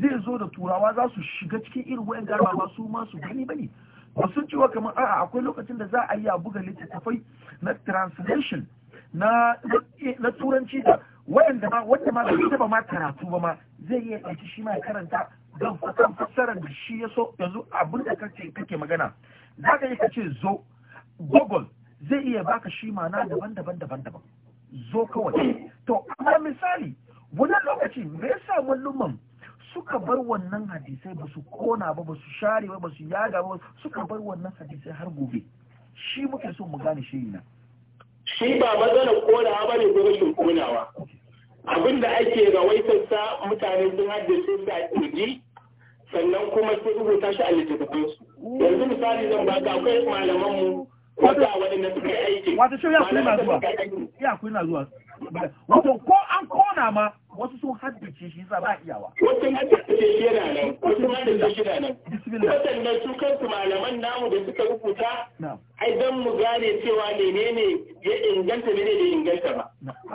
zai zo da turawa za su shiga cikin irin wayan garba ba su ma su gani bane ba su cewa kamar a'a akwai lokacin da za a yi a buga littattafai na translation na turanci da wanda ma wanda ma bai ma karatu ba ma zai iya ɗauki shi ma karanta don fasan fassarar da shi ya so yanzu abin da kake kake magana za ka yi ka ce zo google zai iya baka shi mana daban-daban daban-daban zo kawai to amma misali wani lokaci me yasa malluman suka bar wannan hadisai ba su kona ba ba su share ba ba su yaga ba suka bar wannan hadisai har gobe shi muke so mu gane shi na shi ba magana kona ba ne ko rashin konawa abin da ake rawaitar sa mutane sun haddace su a kirji sannan kuma sai rubuta shi a littattafan su yanzu misali zan ba ka akwai malaman mu wata waɗanda suka yi aiki wata shi ya kuna zuwa ya kuna zuwa wato ko an kona ma wasu sun haddace shi sa ba iyawa wasu haddace shi yana nan wasu haddace shi yana nan waɗannan su kansu malaman namu da suka rubuta ai dan mu gane cewa menene ya inganta ne da inganta ba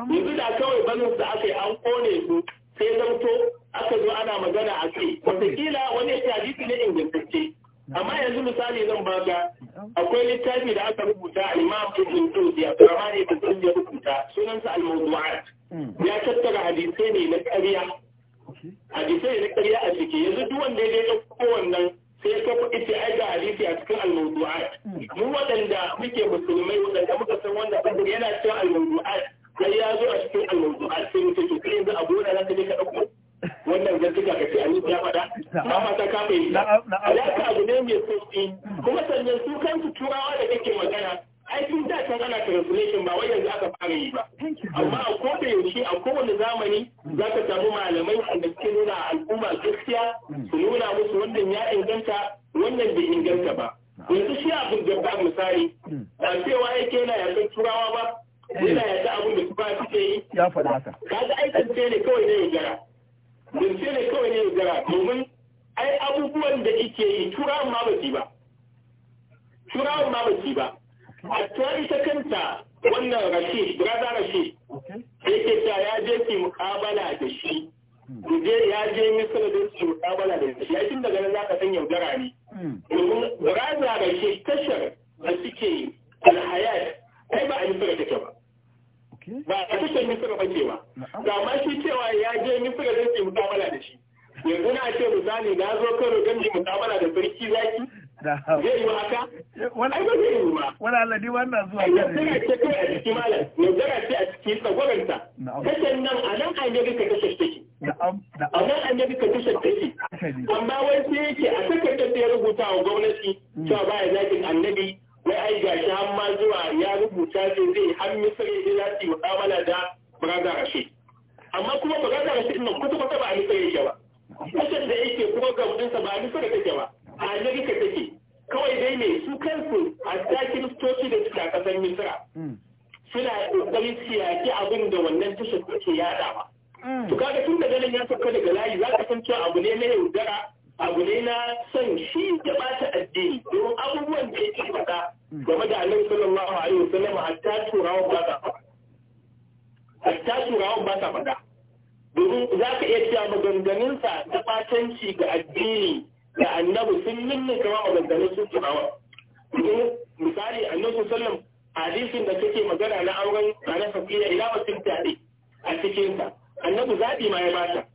yanzu da kawai banin su aka yi an kone su sai zamto aka zo ana magana a kai wataƙila wani ya hadisi ne ingantacce amma yanzu misali zan baka akwai littafi da aka rubuta al-imam ibn tuzi a ne da sun ya rubuta sunansa al-mawdu'at ya tattara hadisai ne na ƙarya hadisai na ƙarya a ciki yanzu duk wanda ya ga kowannan sai ka kuɗi ita ai ga hadisi a cikin al-mawdu'at mu waɗanda muke musulmai waɗanda muka san wanda yana cikin al-mawdu'at sai ya zo a cikin almanzu a cikin mutum to kai yanzu a gona za ka je ka ɗauko wannan zantuka ka ce a ya faɗa ba ma ta kafa yi alaka abu ne mai sauƙi kuma sannan su kansu turawa da kake magana aikin da can ana translation ba wai yanzu aka fara yi ba amma a koda yaushe a kowane zamani za ka samu malamai wanda suke nuna al'umma gaskiya su nuna musu wannan ya inganta wannan bai inganta ba yanzu shi abin jabba misali ba cewa yake yana yakan turawa ba Muna abin da kuma yi. Ya faɗa haka. Kaga aikance ne kawai ne ya gara. ne kawai ne ya gara domin ai abubuwan da ike yi turawan ma ba ba turawan ma ba ba a tuwa ita kanta wannan rashid brother rashid yake ya je ki da shi ya je misira da su da shi yakin daga nan ka san yaudara ne hmm. domin brother rashid tashar da suke alhayat ai ba a misira take ba ba a cikin misira ba ke ba ga ma shi cewa ya je misira don su mutamala da shi yanzu na ce misali na zo karo don su mutamala da sarki zaki zai yi haka eh, ai ba zai yi ba wani aladi wannan zuwa kan ne yanzu ce a jiki malam yanzu na ce a ciki tsagwaranta kashin nan a nan an yi ka kashe take a nan an yi ka kashe take amma wai sai yake a takardar da ya rubuta wa gwamnati hmm. cewa baya zakin annabi wai ai gashi har ma zuwa ya rubuta ce zai har misali ne za su mu'amala da braza rashe. amma kuma braza rashe nan kusa kusa ba a misali yake ba kusan da yake kuma gamdinsa ba a misali take ba a ta take kawai dai ne su kansu a cikin stoci da suka kasar misira hmm. suna kokarin siyaki abin da wannan tashar ke yada ba to kaga tun da ganin ya sauka daga layi za ka san cewa abu ne na yaudara abu ne na son shi da bata addini don abubuwan da yake faɗa game da annabi sallallahu alaihi wasallam hatta turawan ba ta faɗa hatta turawan ba ta faɗa domin za ka iya cewa maganganunsa da fatanci ga addini da annabi sun nuna kama maganganun sun turawan misali annabi sallam hadisin da take magana na auren na safiya ila mutum tare a cikinsa annabi zaɓi ma ya bata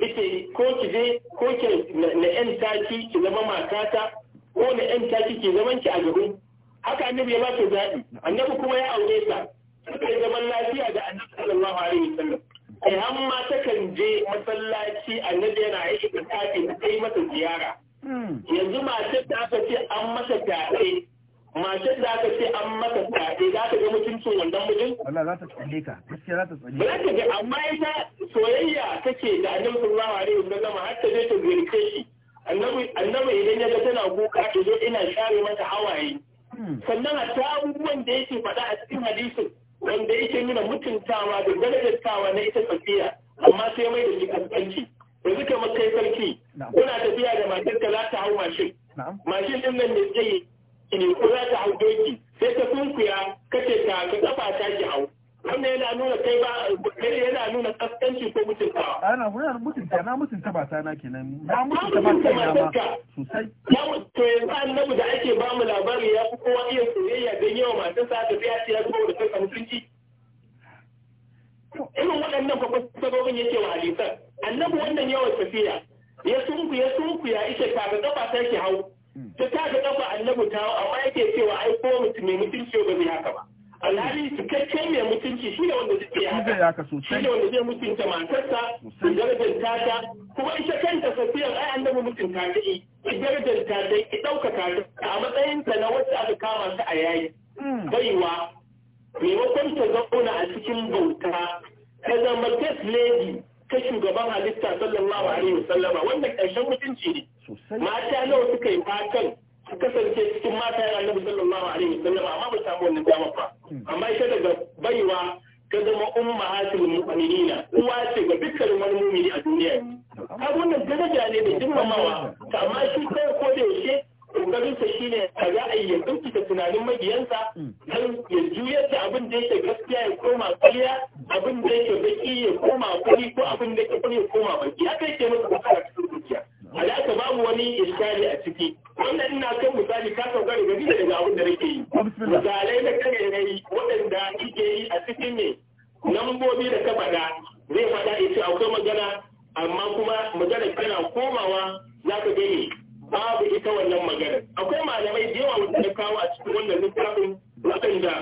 ita ko ki je ko ki na yan taki ki zama matata ko na yan taki ki zaman ki a gaban haka annabi ya ba ta zaɓi annabi kuma ya aure ta suka yi zaman lafiya da annabi sallallahu alaihi wasallam ai har ta kan je masallaci annabi yana aiki da tafi ta kai masa ziyara hmm. yanzu matar ta ce an masa fyaɗe Mashin da aka ce an maka fyaɗe za ta ga mutuncin wannan mutum? Allah za ta tsalle ka, gaskiya za ta tsalle ka. Za ta ga amma ita soyayya take da annabi sallallahu alaihi zama, har ta je ta shi. Annabi idan ya ga tana kuka ta zo ina share mata hawaye. Hmm. Sannan a ta abubuwan da yake faɗa a cikin hadisin wanda yake nuna mutuntawa da tawa na ita tafiya amma sai mai da shi kaskanci. Yanzu kamar kai sarki, kuna tafiya da matarka za ta hau mashin. Mashin ɗin nan ne zai ne eh, ko za ta hau doki sai ta sunkuya kace ta ka kafa ta ki hau wannan yana nuna kai ba kai yana nuna kaskanci ko mutuntawa ana wayar mutunta na mutunta ba ta na kenan na mutunta ba ta na ma sosai ya to yanzu annabi da ake ba mu labari ya fi kowa iya soyayya don yawa masu sa da biya ya zuba da kanka mutunci irin waɗannan fa ya yake wa halittar annabi wannan yawan tafiya ya sunku ya sunku ya ishe ta ga kafa ta ki hau Hmm. ta ta ga kafa annabi ta amma yake cewa ai ko mutum mai mutunci ba zai haka ba alhali cikakken mai mutunci shi ne wanda zai haka haka sosai shi ne wanda zai mutunta matarsa da darajar ta kuma ita kanta safiyar ai annabi mutunta ta yi darajar ta ta ki dauka ta a matsayin ta na wacce aka kama ta a yayi hmm. baiwa maimakon ta zauna a cikin bauta ta zama test lady ta shugaban halitta sallallahu alaihi wasallama wannan ƙarshen mutunci ne sosai mata nawa suka yi fatan su kasance cikin mata yana annabi sallallahu alaihi wasallam amma ba samu wannan dama ba hmm. amma ita daga baiwa ta zama umma hasil mu'minina uwa ce ga dukkanin wani mu'mini a duniya a wannan daraja ne da jimmamawa amma shi kai ko da yaushe kokarinsa shine a ra'ayi ya bincika tunanin magiyansa hmm. don ya juyar abin da yake gaskiya ya koma kwaliya abin da yake baki ya koma kuri. ko abin da yake kwali ya koma baki haka yake masa kuka zuciya alaka babu wani iskali a ciki wannan ina kan misali ka sauka daga gida daga abin da nake yi misalai da kare rai waɗanda ike yi a cikin ne lambobi da ta faɗa zai faɗa ita akwai magana amma kuma magana kana komawa za ka gani babu ita wannan magana akwai malamai da yawa wanda na kawo a cikin wannan littafin waɗanda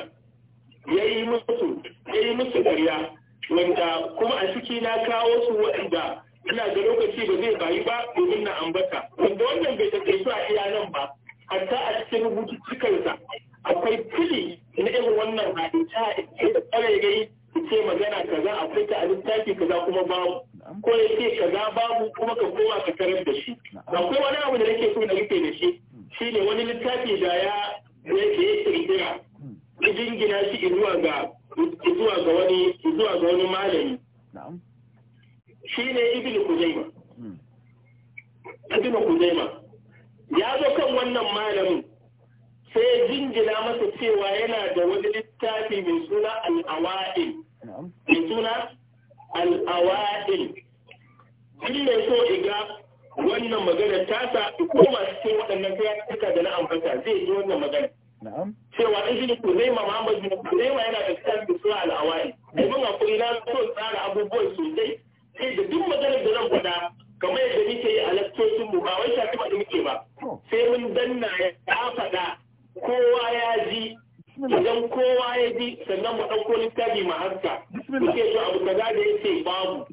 ya yi musu ya yi musu ƙarya wanda kuma a ciki na kawo su waɗanda ina da lokaci ba zai bayi ba domin na ambata wanda wannan bai su a iya nan ba hatta a cikin rubutu akwai fili na irin wannan a da tsare ce magana kaza akwai ta a littafi kaza kuma babu ko ya ce kaza babu kuma ka koma ka tarar da shi akwai wani abu da nake so na rufe da shi hmm. shine wani littafi da ya yake ya kirkira hmm. ya jingina shi zuwa zuwa ga wani malami Shi ne ibn kujaima hmm. ibn kujaima ya zo kan wannan malamin sai jingina masa cewa yana da wani littafi mai suna al'awa'in mai suna al'awa'in duk mai so iga wannan magana tasa koma cikin waɗannan kayan da na ambata zai yi wannan magana cewa in shi kurema ku Zai ma yana da kan bisu al'awai domin akwai na so tsara abubuwan sosai sai da duk maganar da zan faɗa kamar yadda nake yi a lakcocin mu ba wai shafi da muke ba sai mun danna ya faɗa kowa ya ji idan kowa ya ji sannan mu ɗauko littafi mu haska muke so abu kaza da yake babu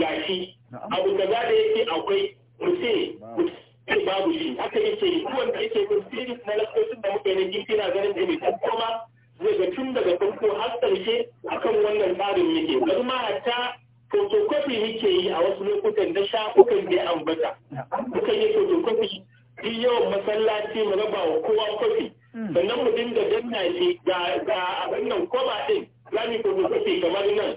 gashi abu kaza da yake akwai mu ce babu shi haka yake yi kowanne yake yin siri na lakcocin da muke na gimfi na ganin da mai kuma zai ga tun daga farko har ƙarshe akan wannan tsarin muke wani ma hatta fotokofi yake yi a wasu lokutan na shafukan da ya ambata muka yi fotokofi duk yawan masallaci mu raba wa kowa kofi hmm. sannan mu dinga danna shi ga ga abin nan koba din za mu fotokofi kamar nan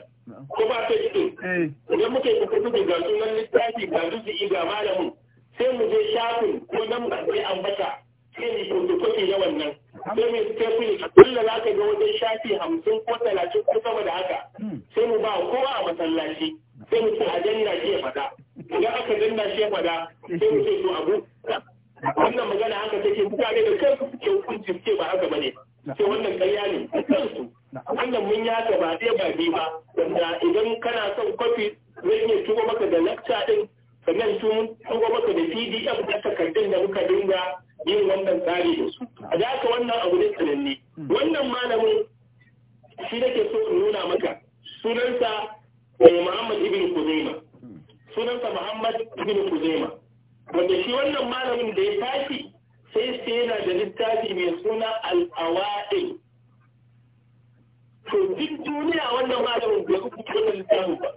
koba ta din eh. idan muka yi fotokofi ga sunan littafi ga rufi ga malamin sai mu je shafin ko nan ba sai ambata sai mu fotokofi na wannan sai mai tafi akalla za ka ga wajen shafi hamsin ko talatin ko sama da haka hmm. sai mu ba kowa a masallaci sai mu ce a janna shi ya fada idan aka janna shi ya fada sai mu ce to abu wannan magana haka take mutane da kansu suke hukunci suke ba haka bane sai wannan ƙarya ne kansu wannan mun ya ga ba ɗaya ba biyu ba wanda idan kana son kwafi zai iya tuba maka da lakta ɗin sannan tuba maka da pdf na takardun da muka dinga yin wannan tsari da su a da aka wannan abu ne sananne. Hmm. wannan malamin shi da ke so in nuna maka sunansa eh, Muhammad ibn Kuzaima hmm. sunansa Muhammad ibn Kuzaima wanda shi wannan malamin da ya tashi sai sai yana da littafi mai suna al to duk duniya wannan malamin ya kuka wannan littafin ba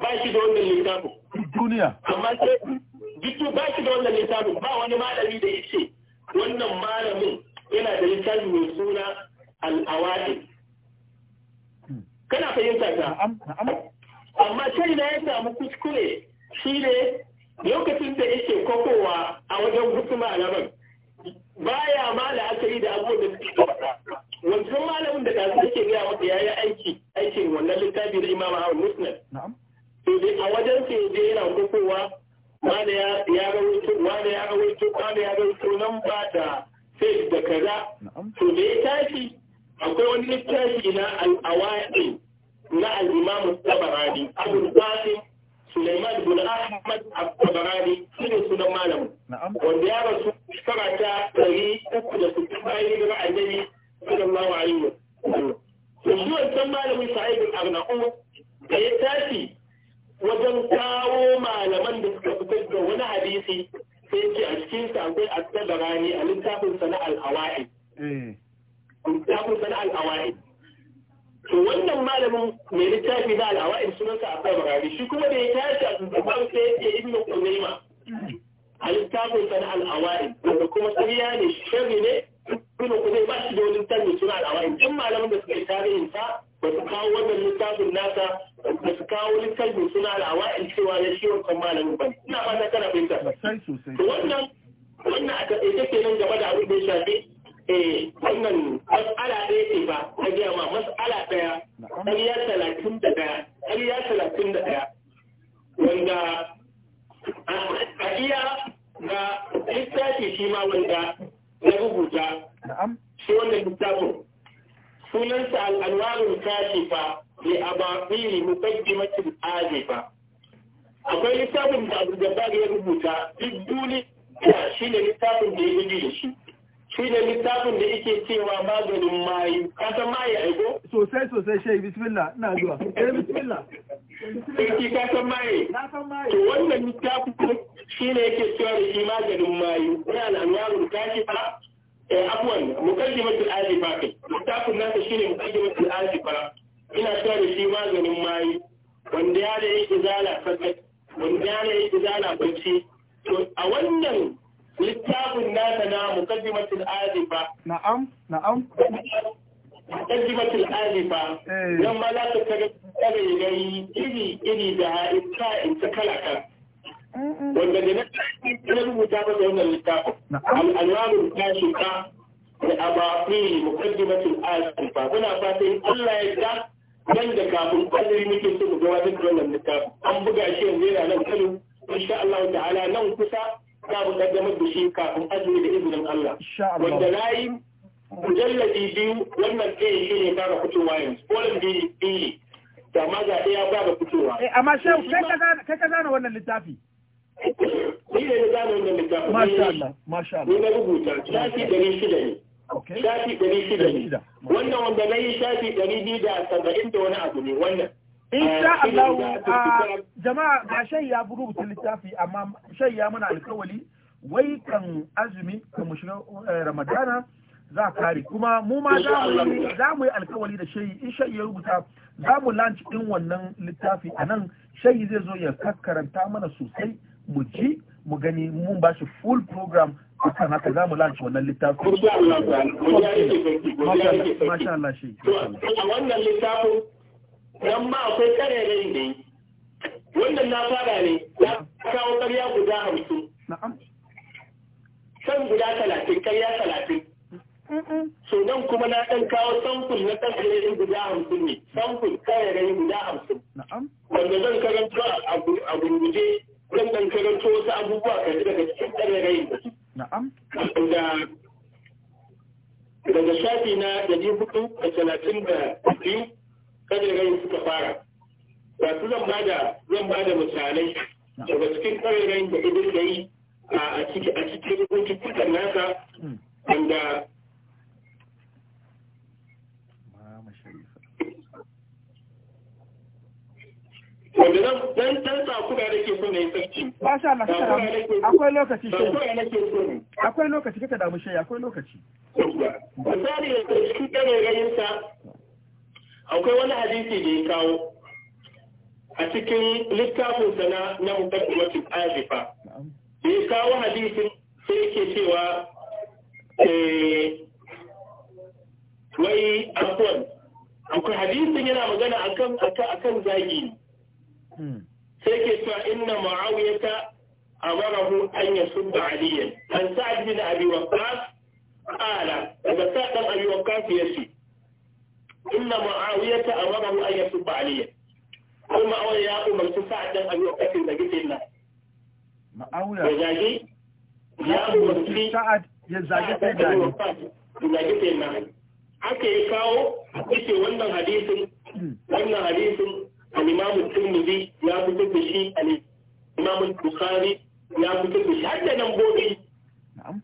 ba shi da wannan littafin duniya amma sai duk ba shi da wannan littafin ba wani malami da ya wannan malamin yana da littafi mai suna al'awadi kana fahimta ta amma sai na ya samu kuskure shi ne lokacin da yake kokowa a wajen hutu malaman baya ma yi da abubuwan da suke faɗa wancan malamin da kasu yake gaya maka ya yi aiki aikin wannan littafi da imam ahmad musnad to dai a wajen sai je yana kokowa wane ya rawaito wane ya rawaito nan ba da sai da kaza to da ya tashi akwai wani littafi na al na al tabarani abul Suleiman bin Ahmad tabarani shi ne sunan malamin. Wanda ya rasu shekara ta ɗari uku da sittin bayan hijirar annabi sallallahu alaihi wa sallam. Sun shi wancan malamin Sa'id al-Arnaqu da ya tashi wajen kawo malaman da suka fitar da wani hadisi sai ce a cikin sa akwai at-tabarani a littafin sana al-hawa'i eh. littafin sana al-hawa'i to wannan malamin mai littafi na al-hawa'i sunan sa at-tabarani shi kuma da ya tashi a tsaban sai ya ce ibnu qunayma a littafin sana al-hawa'i wanda kuma sariya ne sharri ne ibnu qunayma ba shi da wani littafi suna al-hawa'i din malamin da suka yi tarihin sa ba su kawo wannan littafin nasa ba su kawo littafi suna da awa'in cewa na shi wancan malamin ba ina fata kana fahimta to wannan wannan a taƙaice kenan game da abin da ya shafi eh wannan mas'ala ɗaya ce ba ta gaya ma mas'ala ɗaya ƙarya talatin da ɗaya ƙarya talatin da ɗaya wanda a iya ga littafi shi ma wanda na rubuta shi wannan littafin sunansa al'anwarun fa. bi abaqiri muqaddimatin azifa akwai lissafin da Abu Jabbar ya rubuta duk duniya shi ne lissafin da ya gudu da shi shi ne lissafin da yake cewa maganin mayu Kasa san mayu aiko sosai sosai shai bismillah ina zuwa eh bismillah Sarki ka san maye, to wannan littafin shi ne yake cewa da shi maganin mayu, ya al'anwarun kashi ba, eh abuwan mukaddimatul azifa kai, Lissafin nasa shi ne mukaddimatul azifa, ina sa da shi maganin mayu wanda ya da yake zala fakat wanda ya da yake zala bacci to a wannan littafin nasa na muqaddimatul azifa na'am na'am muqaddimatul azifa eh. nan ma za ka kaga kare gari iri iri da ha'ita in ta kala kala wanda da na rubuta ba da wannan littafin al'anwarun tashi ka da abafiri muqaddimatul azifa muna fata fatan Allah ya da nan da kafin ɓallari muke so mu gabatar da wannan littafin an buga shi yanzu yana nan kano insha Allah ta'ala nan kusa za mu kaddamar da shi kafin azumi da izinin Allah wanda layi mujallabi biyu wannan kai shi ne fara fitowa yanzu kolin biyu biyu da ma ga ɗaya da fitowa eh, amma shehu kai ka zana wannan littafi ni ne na zana wannan littafi masha Allah masha Allah ni na rubuta shafi ɗari shida ne shafi ɗari shida ne wannan wanda na yi shafi ɗari biyu da saba'in da wani abu ne wannan insha ah, Allah ah, jama'a ga shai ya buru rubuta littafi amma shai ya mana alkawali wai kan azumi kan mu shiga eh, ramadana za kare kuma mu ma za mu yi alkawali da shayi in shayi ya rubuta za mu lunch din wannan littafi a nan shayi zai zo ya karanta mana sosai mu ji mu gani mun ba shi full program akan haka za mu lanci wannan littafin masha Allah shi a wannan littafin nan ma akwai da ne wannan na fara ne ya kawo karya guda hamsin san guda talatin karya talatin so nan kuma na ɗan kawo samfur na ɗan karerai guda hamsin ne samfur karerai guda hamsin wanda zan karanta a gurguje zan ɗan karanto wasu abubuwa kan daga cikin karerai da su na'am daga shafi na ɗari hudu da talatin da biyu kada gari suka fara wasu zan ba da zan ba da misalai daga cikin kare da idin da yi a cikin rubutun nasa hmm. wanda wanda zan dan dan sakura da ke so ne yi sarki masha Allah kada damu akwai lokaci shi akwai lokaci kada damu shi akwai lokaci misali da shi kare rayin sa akwai wani hadisi da ya kawo a cikin littafin sa na na mukaddimatu azifa da ya kawo hadisin sai yake cewa eh wai akwai akwai hadisin yana magana akan akan zagi Hmm. sai ke cewa inna mu'awiyata amarahu an yasubba aliyan an sa'ad da abi wakas ala daga sa'ad bin abi waqqas yace inna mu'awiyata amarahu an yasubba aliyan kuma awai ya umarci sa'ad ɗan abi wakas da gidan nan ma'aula ya zagi ya umarci sa'ad ya zagi sai da zagi sai nan aka yi kawo a wannan hadisin hmm. wannan hadisin al-imamu tirmidhi ya fitar da shi al-imamu bukhari ya fitar da shi har da nan gobe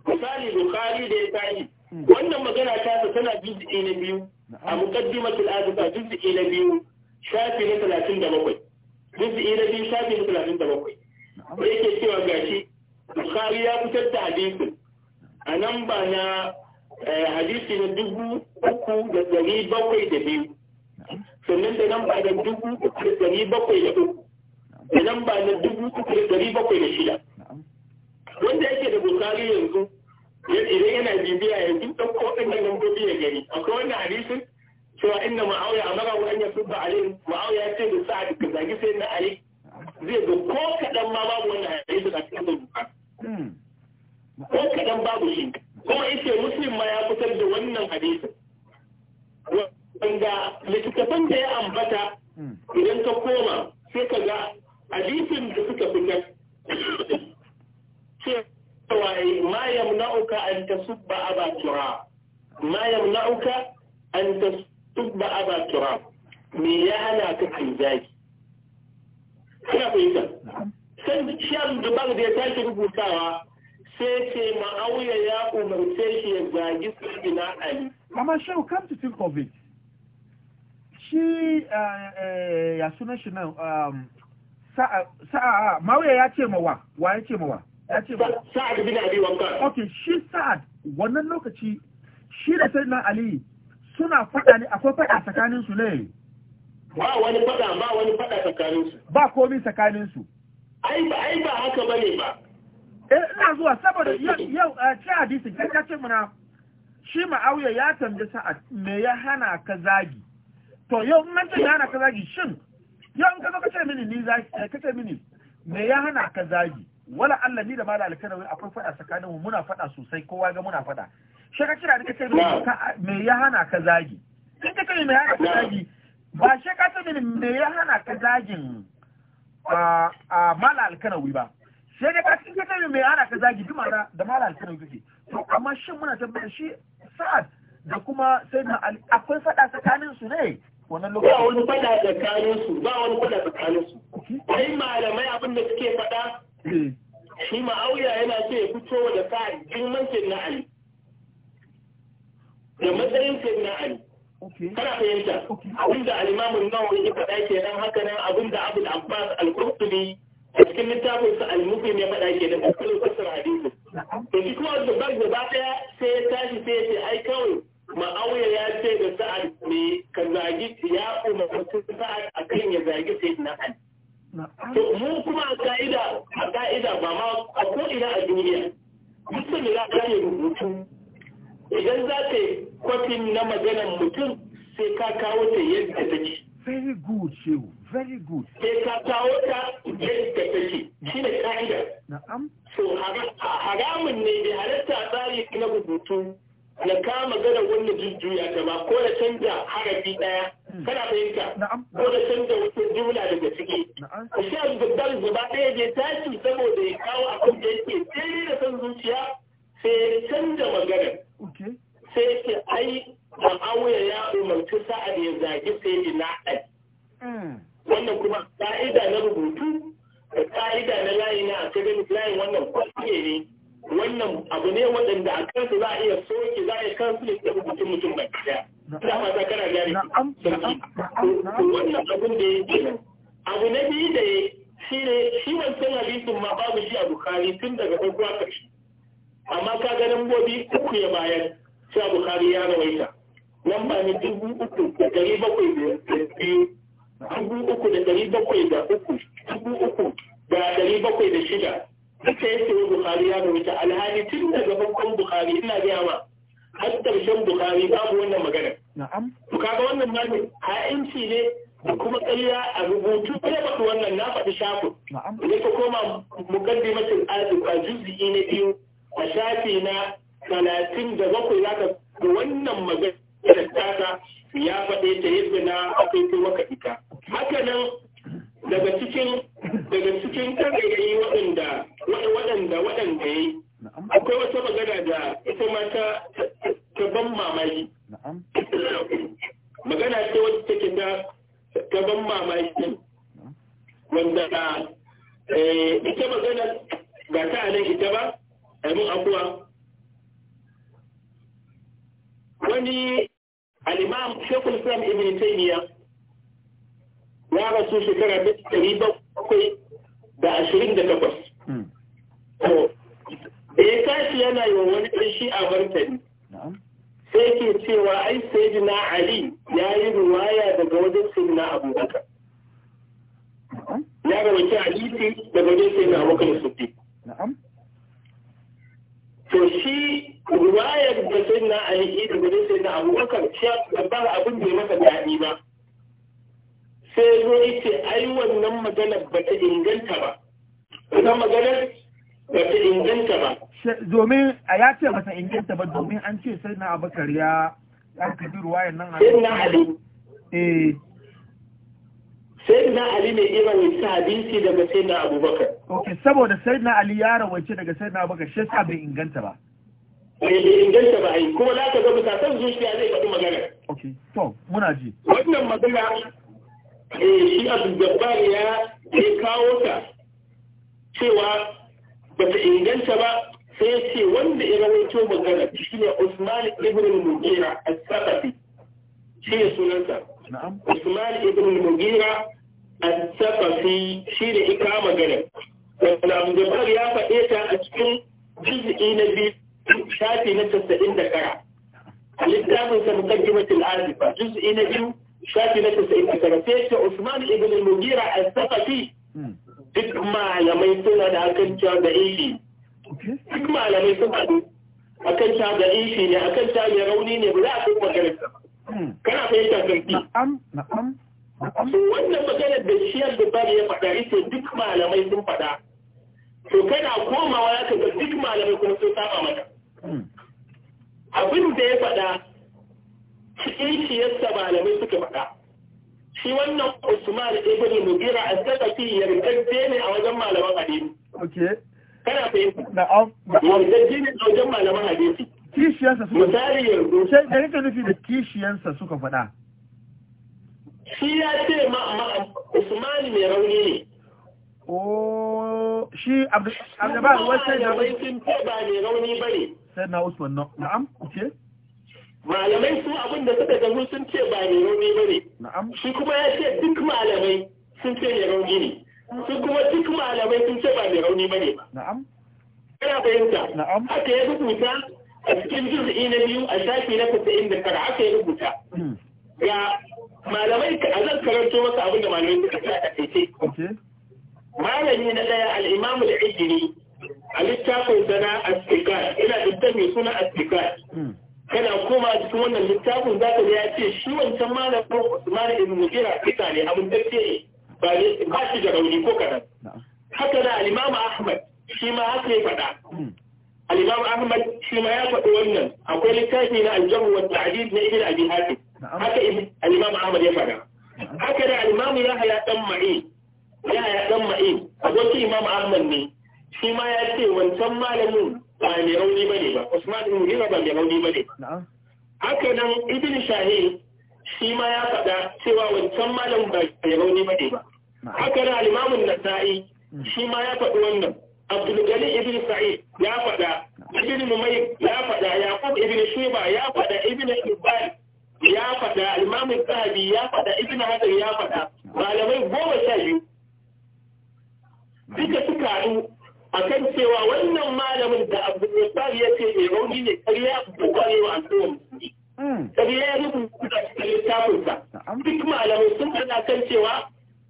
misali bukhari da ya tashi hmm. wannan magana ta sa tana juz'i na biyu a muqaddimatul azfa juz'i na biyu shafi na talatin da bakwai juz'i na biyu shafi na talatin da bakwai da yake cewa gashi bukhari ya fitar da hadisin a nan ba na eh, hadisi na dubu uku da dari bakwai da biyu sannan da nan ba da dubu uku da dari bakwai da uku da nan ba na dubu uku da dari bakwai da shida wanda yake da bukari yanzu idan yana bibiya yanzu ɗauko waɗannan lambobi ya gani akwai wannan hadisin cewa inna ma'auya a mara an ya fi ba'alin ma'auya ce da sa'ad ka zagi sai na ali zai ga ko ce mawa ya ce ba sa'ad bin abi waqqas okay shi sa'ad wannan lokaci shi da sayyidina ali suna fada ne akwai fada tsakanin su ne ba wani fada ba wani fada tsakanin su ba komai tsakanin su ai ba ai ba haka bane ba eh ina zuwa saboda yau a eh, ci hadisi kai ka ce muna shi ma'auya ya tambaye sa'ad me ya hana ka zagi to yau in ce ya hana ka zagi shin yau in ka zo ka ce mini ni zagi eh, ka ce mini me ya hana ka zagi wala Allah ni da mala alkanawi akwai fada tsakaninmu muna fada sosai kowa ga muna fada shi ka kira da me ya hana ka zagi in ka kai me ya hana ka zagi ba shi ka ce me ya hana ka zagin a mala alkarawi ba shi ka ce ka kai me ya hana ka zagi duma da da mala alkarawi kake to amma shin muna tabbata shi sa'ad da kuma sai na akwai fada tsakanin su ne wannan lokacin ba wani fada tsakanin su ba wani fada tsakanin su kai malamai abin da suke fada shi ma'auya yana so ya fito da ka girman na Ali da matsayin na Ali kana fahimta abinda alimamun nawawi ya faɗa ke kenan haka nan abinda abul abbas al-qurtubi a cikin littafin sa al-mufim ya faɗa ke a cikin fasar hadisi to shi kuma da ba gaba daya sai ya tashi sai ya ce ai kawai ma'auya ya ce da sa'ad ne ka zagi ya umarci sa'ad akan ya zagi na ali to mu kuma a ka'ida a ka'ida ba ma a ko'ina a duniya mutum ya ka yi rubutu idan za ka yi kwafin na maganar mutum sai ka kawo ta yadda take very good shehu very good sai ka kawo ta yadda take shi ne ka'ida na'am so haramun ne da halatta tsari na rubutu ya kama gana wannan jujjuya ta ba ko da canza harafi daya kana fahimta ko da canza wata jumla daga ciki shi a zubar gaba daya je tashi saboda ya kawo abin da yake tsere da son zuciya sai ya canza magana sai ya ce ai auya ya umarci sa'ad ya zagi sai ya na ai hmm. wannan kuma ka'ida na rubutu da ka'ida na layi na academic layin wannan kwalle ne wannan abu ne waɗanda a kansu za a iya soke za a iya kansu da hukuncin mutum ba ba. ta fata kana gane wannan abin da ya ke abu na biyu da ya shi ne shi wancan hadisin ma babu shi a bukari tun daga farko a ƙarshe amma ka ga lambobi uku ya bayar sai a bukari ya rawaita lamba ne dubu uku da ɗari bakwai da biyu dubu uku da ɗari bakwai da uku dubu uku da ɗari bakwai da shida haka yake yi bukari ya rubuta alhali tun daga babban bukari ina gaya ma har ƙarshen bukari babu wannan magana to kaga wannan ma ne ha'inci ne da kuma ƙarya a rubutu ya faɗi wannan na faɗi shafi. da ka koma mukaddimatin a juz'i na biyu a shafi na talatin da bakwai za ka ga wannan magana da ta ya faɗe ta yadda na akwai taimaka ita haka nan daga cikin daga cikin kagayayi waɗanda waɗanda waɗanda yi akwai wata magana da ita ma ta ta ban mamaki magana ce wata take ta ta ban mamaki wanda ta eh, ita magana ba ta nan ita ba abin abuwa wani al-imam Sheikhul Islam Ibn Taymiyyah ya rasu shekara ta ɗari bakwai da ashirin da takwas. Hmm. da ya tashi yana yi wa wani ɗan a martani. Sai ke cewa ai sai na Ali ya yi ruwaya daga wajen sai na Abubakar. Ya rawaci hadisi daga wajen sai na Abubakar Sufi. To shi ruwayar da sai na Ali daga wajen sai na Abubakar shi ba abin da ya masa daɗi ba. sai zo ce ai wannan maganar ba ta inganta ba wannan maganar ba ta inganta ba domin a ya ce ba ta inganta ba domin an ce sai na abakar ya an kaji ruwayan nan sai na ali eh sai na ali ne irin hadisi daga sai na abubakar okay saboda sai na ali ya rawaice daga sai na abubakar shi sa bai inganta ba bai inganta ba ai kuma za ka ga mutasan zuciya zai faɗi magana Ok, to muna ji wannan magana eh shi Jabbar ya ya kawo ta cewa ba ta inganta ba sai ce wanda ya rawaito magana shi ne usman ibn mugira as-saqafi shi ne sunansa usman ibn mugira as-saqafi shi ne ya kawo magana wanda Jabbar ya faɗe ta a cikin juz'i na biyu shafi na casa'in da kara littafin sa muqaddimatul azifa juz'i na biyu shafi na tasa'in a karafe ta Usman ibn al-Mugira al-Saqafi hmm. duk malamai suna da akan cewa da ili duk malamai sun haɗu akan cewa da ili ne akan cewa ya rauni ne ba za a kai maganar hmm. kana fahimta sarki na'am na'am wannan maganar da shiyar da bari ya faɗa ita duk malamai sun faɗa to kana komawa ya kaga duk malamai kuma sun saba mata hmm. abin da ya faɗa cikin shi yadda malamai suka faɗa shi wannan Usman ibn Mugira az fi yarda ne a wajen malaman hadisi okay kana fahimta na'am yarda ne a wajen malaman hadisi kishiyansa suka misali yanzu sai da kake nufi da kishiyansa suka faɗa shi ya ce ma Usman mai rauni ne Oh, shi Abdul Abdul Bari wasu da bai ba mai rauni bane sai na Usman na'am okay malamai su abin da suka gamu sun ce ba ne rauni ba ne shi kuma ya ce duk malamai sun ce mai rauni ne su kuma duk malamai sun ce ba mai rauni ba ne na'am kana fahimta haka ya rubuta a cikin juz'i na biyu a shafi na tasa'in da kara haka ya rubuta hmm. ga malamai a zan karanto masa abin da malamai suka ce a taƙaice malami na ɗaya al'imamu da ijiri a littafin sana astikar ina da ta mai suna astikar kana koma cikin wannan littafin za ka ya ce shi wancan malamin Usman ibn Mugira fita ne abin tafiye ba ba shi da rauni ko kadan haka da al-Imam Ahmad shi ma haka ya faɗa hmm. al-Imam Ahmad shi ma ya faɗi wannan akwai littafi na al-Jamu wa Ta'dil na Ibn Abi Hatim haka al-Imam Ahmad ya faɗa haka da al-Imam Yahya dan Ma'in Yahya dan Ma'in abokin Imam Ahmad ne shi ma ya ce wancan malamin ba mai rauni ne ba Usman ibn Mughira ba mai rauni bane ba haka nan Ibn Shahid shi ma ya faɗa cewa wancan malam ba mai rauni bane ba haka nan al-Imam an-Nasa'i mm. shi ma ya faɗi wannan Abdul Ghani ibn Sa'id ya faɗa Ibn Mai ya faɗa Yaqub ibn Shuba ya faɗa Ibn Hibban ya faɗa Imam Zahabi ya faɗa Ibn Hajar ya faɗa malamai goma sha biyu duka suka haɗu akan cewa wannan malamin da abdulrasar ya ce mai eh, rauni ne karya bukwarewa al'ummar musulmi karya ya rubuta cikin littafinsa duk malamin sun faɗa kan cewa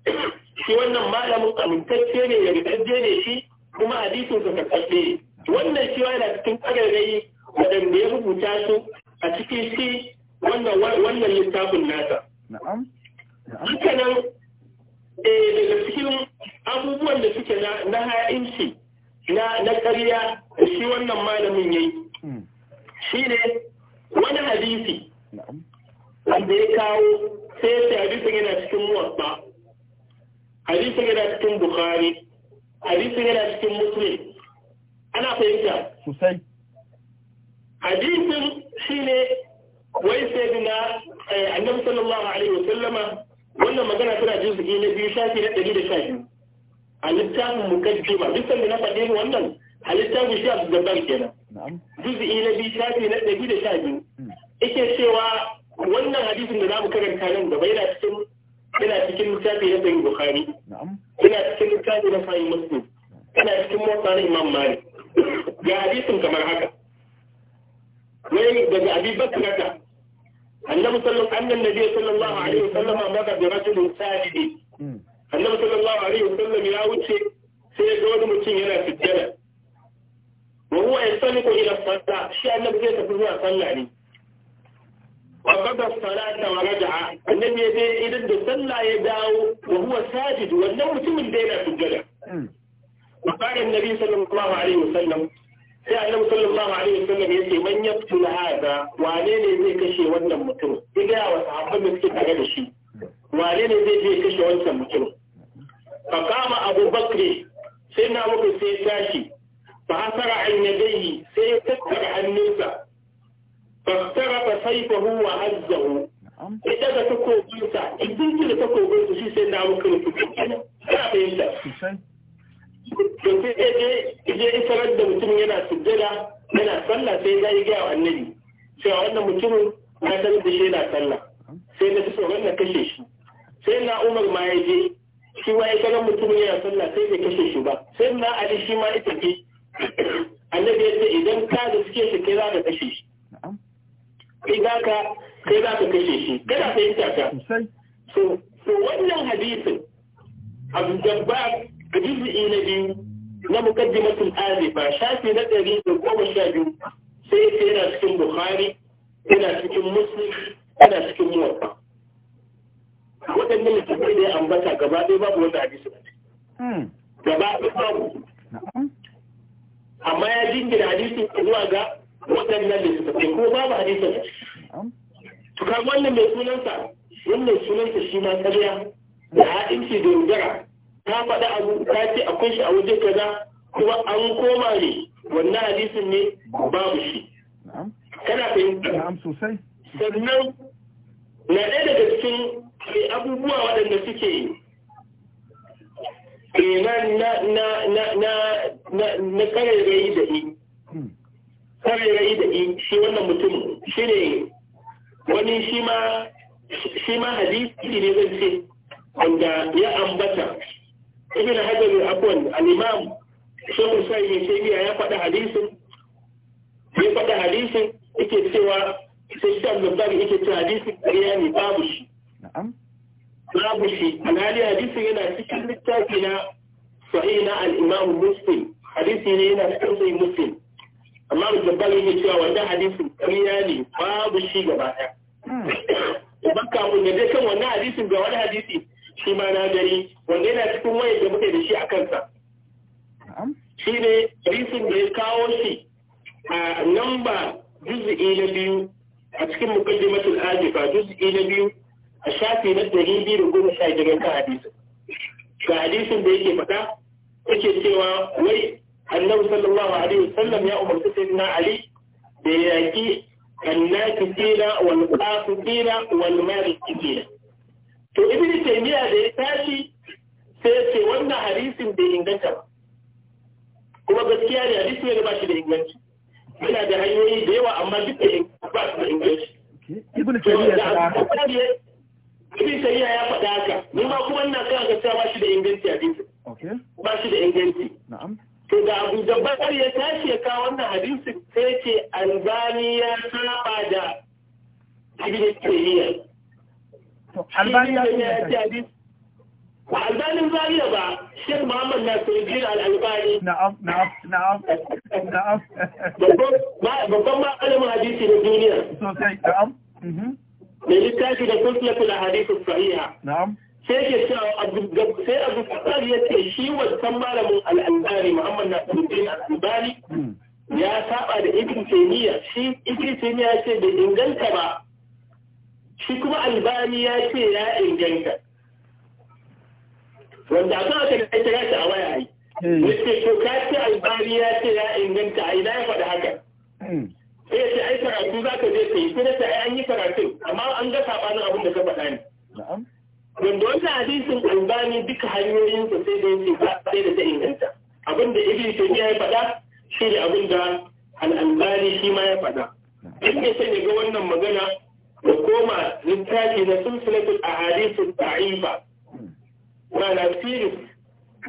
[CLEARS THROAT] shi wannan malamin amintacce ne ya rikajje ne shi kuma hadisinsa ka karɓe wannan shi yana cikin ƙararrayi waɗanda ya rubuta su a cikin shi wannan littafin nasa. Hakanan eh, daga cikin abubuwan da suke na haya inci. na na ƙarya da shi wannan malamin yayi hmm. shine wani hadisi wanda ya kawo sai ya ce hadisin yana cikin muwatta hadisin yana cikin bukhari hadisin yana cikin muslim ana fahimta sosai hadisin shine wai sai na eh, annabi sallallahu alaihi wasallama wannan magana tana juz'i na biyu shafi na ɗari da shafi. a littafin ba, duk da na faɗi wannan a littafin shi abu gabar kenan juz'i na bi shafi na ɗari da shafi. Hmm. yake cewa wannan hadisin da zamu karanta nan gaba yana cikin yana cikin shafi na sahih bukhari yana cikin shafi na sahih muslim yana cikin motsa na imam malik ga hadisin kamar haka wai daga abi ka? annabi sallallahu annan nabi sallallahu alaihi wasallam ka bi rajulin sajidi hmm. annabi sallallahu alaihi wasallam ya wuce sai ga wani mutum yana sujjada wa huwa yastaniqu ila sallah shi annabi zai tafi zuwa sallah ne wa qada salata wa raja'a annabi dai idan da sallah ya dawo wa huwa sajid wannan mutumin da yana sujjada wa qala annabi sallallahu alaihi wasallam sai annabi sallallahu alaihi wasallam yace man yaqtul hada wane ne zai kashe wannan mutum idan wa sahabban da suke tare da shi wane ne zai je kashe wancan mutum فقام أبو بكر سيدنا أبو بكر سيتاشي فأثر عن يديه سيتكر عن نوسى فاخترق سيفه وهزه إذا da takobinsa idan ki تكو بيسا shi sai na muka mutu kana fahimta je je isarar da mutum yana sujjada yana sallah sai ya yi gaya annabi cewa wannan mutumin na san da yana sallah sai na fi tsoron na kashe shi sai na umar ma ya je shi ma ya ganin mutum yana sallah sai bai kashe shi ba sai na ali shi ma ita ke annabi ya ce idan ka da suke shi kai za ka kashe shi kai za ka kai za ka kashe shi kada yi tata so so wannan hadisin abu jabba hadisi na biyu na mukaddimatul azifa shafi na ɗari da goma sha biyu sai yana cikin bukhari yana cikin muslim yana cikin muwatta waɗannan littattafai da ya ambata gaba ɗaya babu wanda hadisi ba hmm. gaba ɗaya babu amma ya jingina hadisin zuwa ga waɗannan littattafai ko babu hadisin to kan wannan mai sunansa wannan sunansa shi ma ƙarya da haɗinci da rudara ta faɗa abu ta ce akwai shi a wajen kaza kuma an koma ne wannan hadisin ne babu shi kana fahimta sannan na ɗaya daga cikin akwai abubuwa waɗanda suke iman na na na na na na karerai da i karerai da shi wannan mutum shi ne wani shi ma shi ma hadisi ne zan ce wanda ya ambata ibn hajar al-afwan al-imam shehu sai ne sai ya faɗa hadisin ya faɗa hadisin yake cewa sai shi al-bukhari yake cewa hadisin ƙarya ne babu shi na'am babu shi alhali hadisin yana cikin littafi na sahih na al-imam muslim hadisi ne yana cikin sahih muslim amma jabbar yake cewa wannan hadisin ƙarya ne babu shi gaba ɗaya hmm. idan kafin da dai kan wannan hadisin ga wani hadisi shi ma na gari wanda yana cikin wayar da muke da shi a kansa shi ne hadisin da ya kawo shi a namba juz'i na biyu a cikin mukaddimatul ajifa juz'i na biyu a shafi na ɗari biyu da goma sha biyar kan hadisin ga hadisin da yake faɗa yake cewa wai annabi sallallahu alaihi wasallam ya umarci sayyidina ali da ya yaki annafiqina wal qafiqina wal mariqina to ibnu taymiya da ya tashi sai ya ce wannan hadisin bai inganta ba kuma gaskiya ne hadisi ne ba shi da inganci yana da hanyoyi da yawa amma duk da ba su da inganci taymiya ibn tayyiya ya faɗa haka mun ma kuma ina kan ka cewa ba shi da inganci a dinsa ba shi da inganci to da abu jabbar ya tashi ya kawo wannan hadisin sai ya ce albani ya saba da ibn tayyiya albani ya ce hadisi albanin zariya ba shek muhammad na nasiruddin al'albani na'am na'am na'am na'am babban ma'alamin hadisi na duniya sosai na'am mhm. mai littafi da sulsulatul ahadith sahiha na'am sai ke cewa sai abu kasar ya ce shi wancan malamin al'albani muhammad na ɗin al'albani ya saba da ibn taymiya shi ibn taymiya ya ce bai inganta ba shi kuma albani ya ce ya inganta wanda a kan aka kira shi a waya ai yace to ka ce albani ya ce ya inganta a ina ya faɗi haka sai ya ai karatu za ka je ka yi sai na ai an yi karatun amma an ga sabanin abin da ka faɗa ne. Wanda wannan hadisin albani duka hanyoyinsa sai da yake sai da ta inganta. Abin da Ibn Taymiyyah ya faɗa shi ne abin da al'albani shi ma ya faɗa. Duk da sai ga wannan magana da koma littafi na sulsulatul ahadisu ta'ifa. Ma'ana siris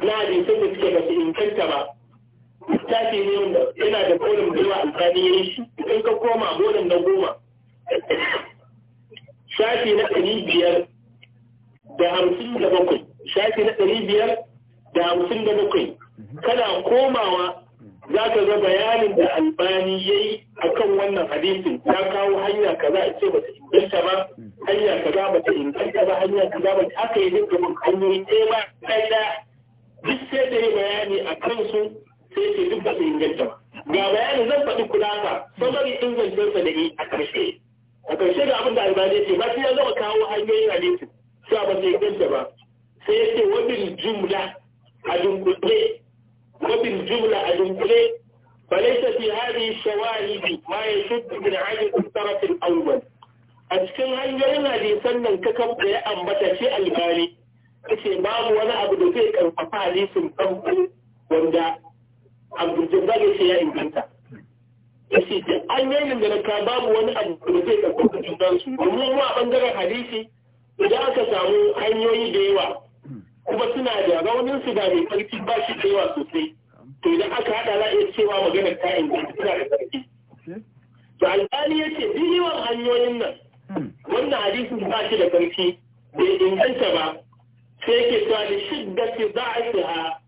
na hadisin da suke ba su inganta ba. Littafi ne wanda yana da kolin da yawa alfani ya yi shi. In ka koma bolin na goma shafi na ɗari biyar da hamsin da bakwai shafi na ɗari biyar da hamsin da bakwai kana komawa za ka ga bayanin da albani ya yi a kan wannan hadisin Ya kawo hanya ka za a ce ta inganta ba hanya ka za ba ta inganta ba hanya ka za ba ta aka yi duk gaban hanyoyi ɗaya ba ɗaya duk sai da yi bayani a kansu sai ce duk ta inganta ba ga bayanin zan faɗi kulasa sabari ɗin zancen sa da ni a ƙarshe a ƙarshe ga abin da albani ce ba sai ya zama kawo hanyoyin hadisi Sa ba bata inganta ba sai ya ce wabin jumla a dunkule wabin jumla a dunkule falaisa fi hadi shawahidi ma ya shuddu min hajjin tarafin awwal a cikin hanyoyin hadisan nan kakan da ya ambata shi albani kace babu wani abu da zai karfafa hadisin farko wanda abdulljabbar ya ce ya inganta ya ce da an yi da na ka babu wani abu da zai ɗauko kudin bansu domin kuma a ɓangaren hadisi idan aka samu hanyoyi da yawa kuma suna da raunin su da mai ƙarfi ba shi da yawa sosai to idan aka haɗa za a iya cewa maganar ta inganta suna da ƙarfi to alƙali ya ce duk yawan hanyoyin nan wannan hadisin ba shi da ƙarfi bai inganta ba sai ke cewa da shidda ce za a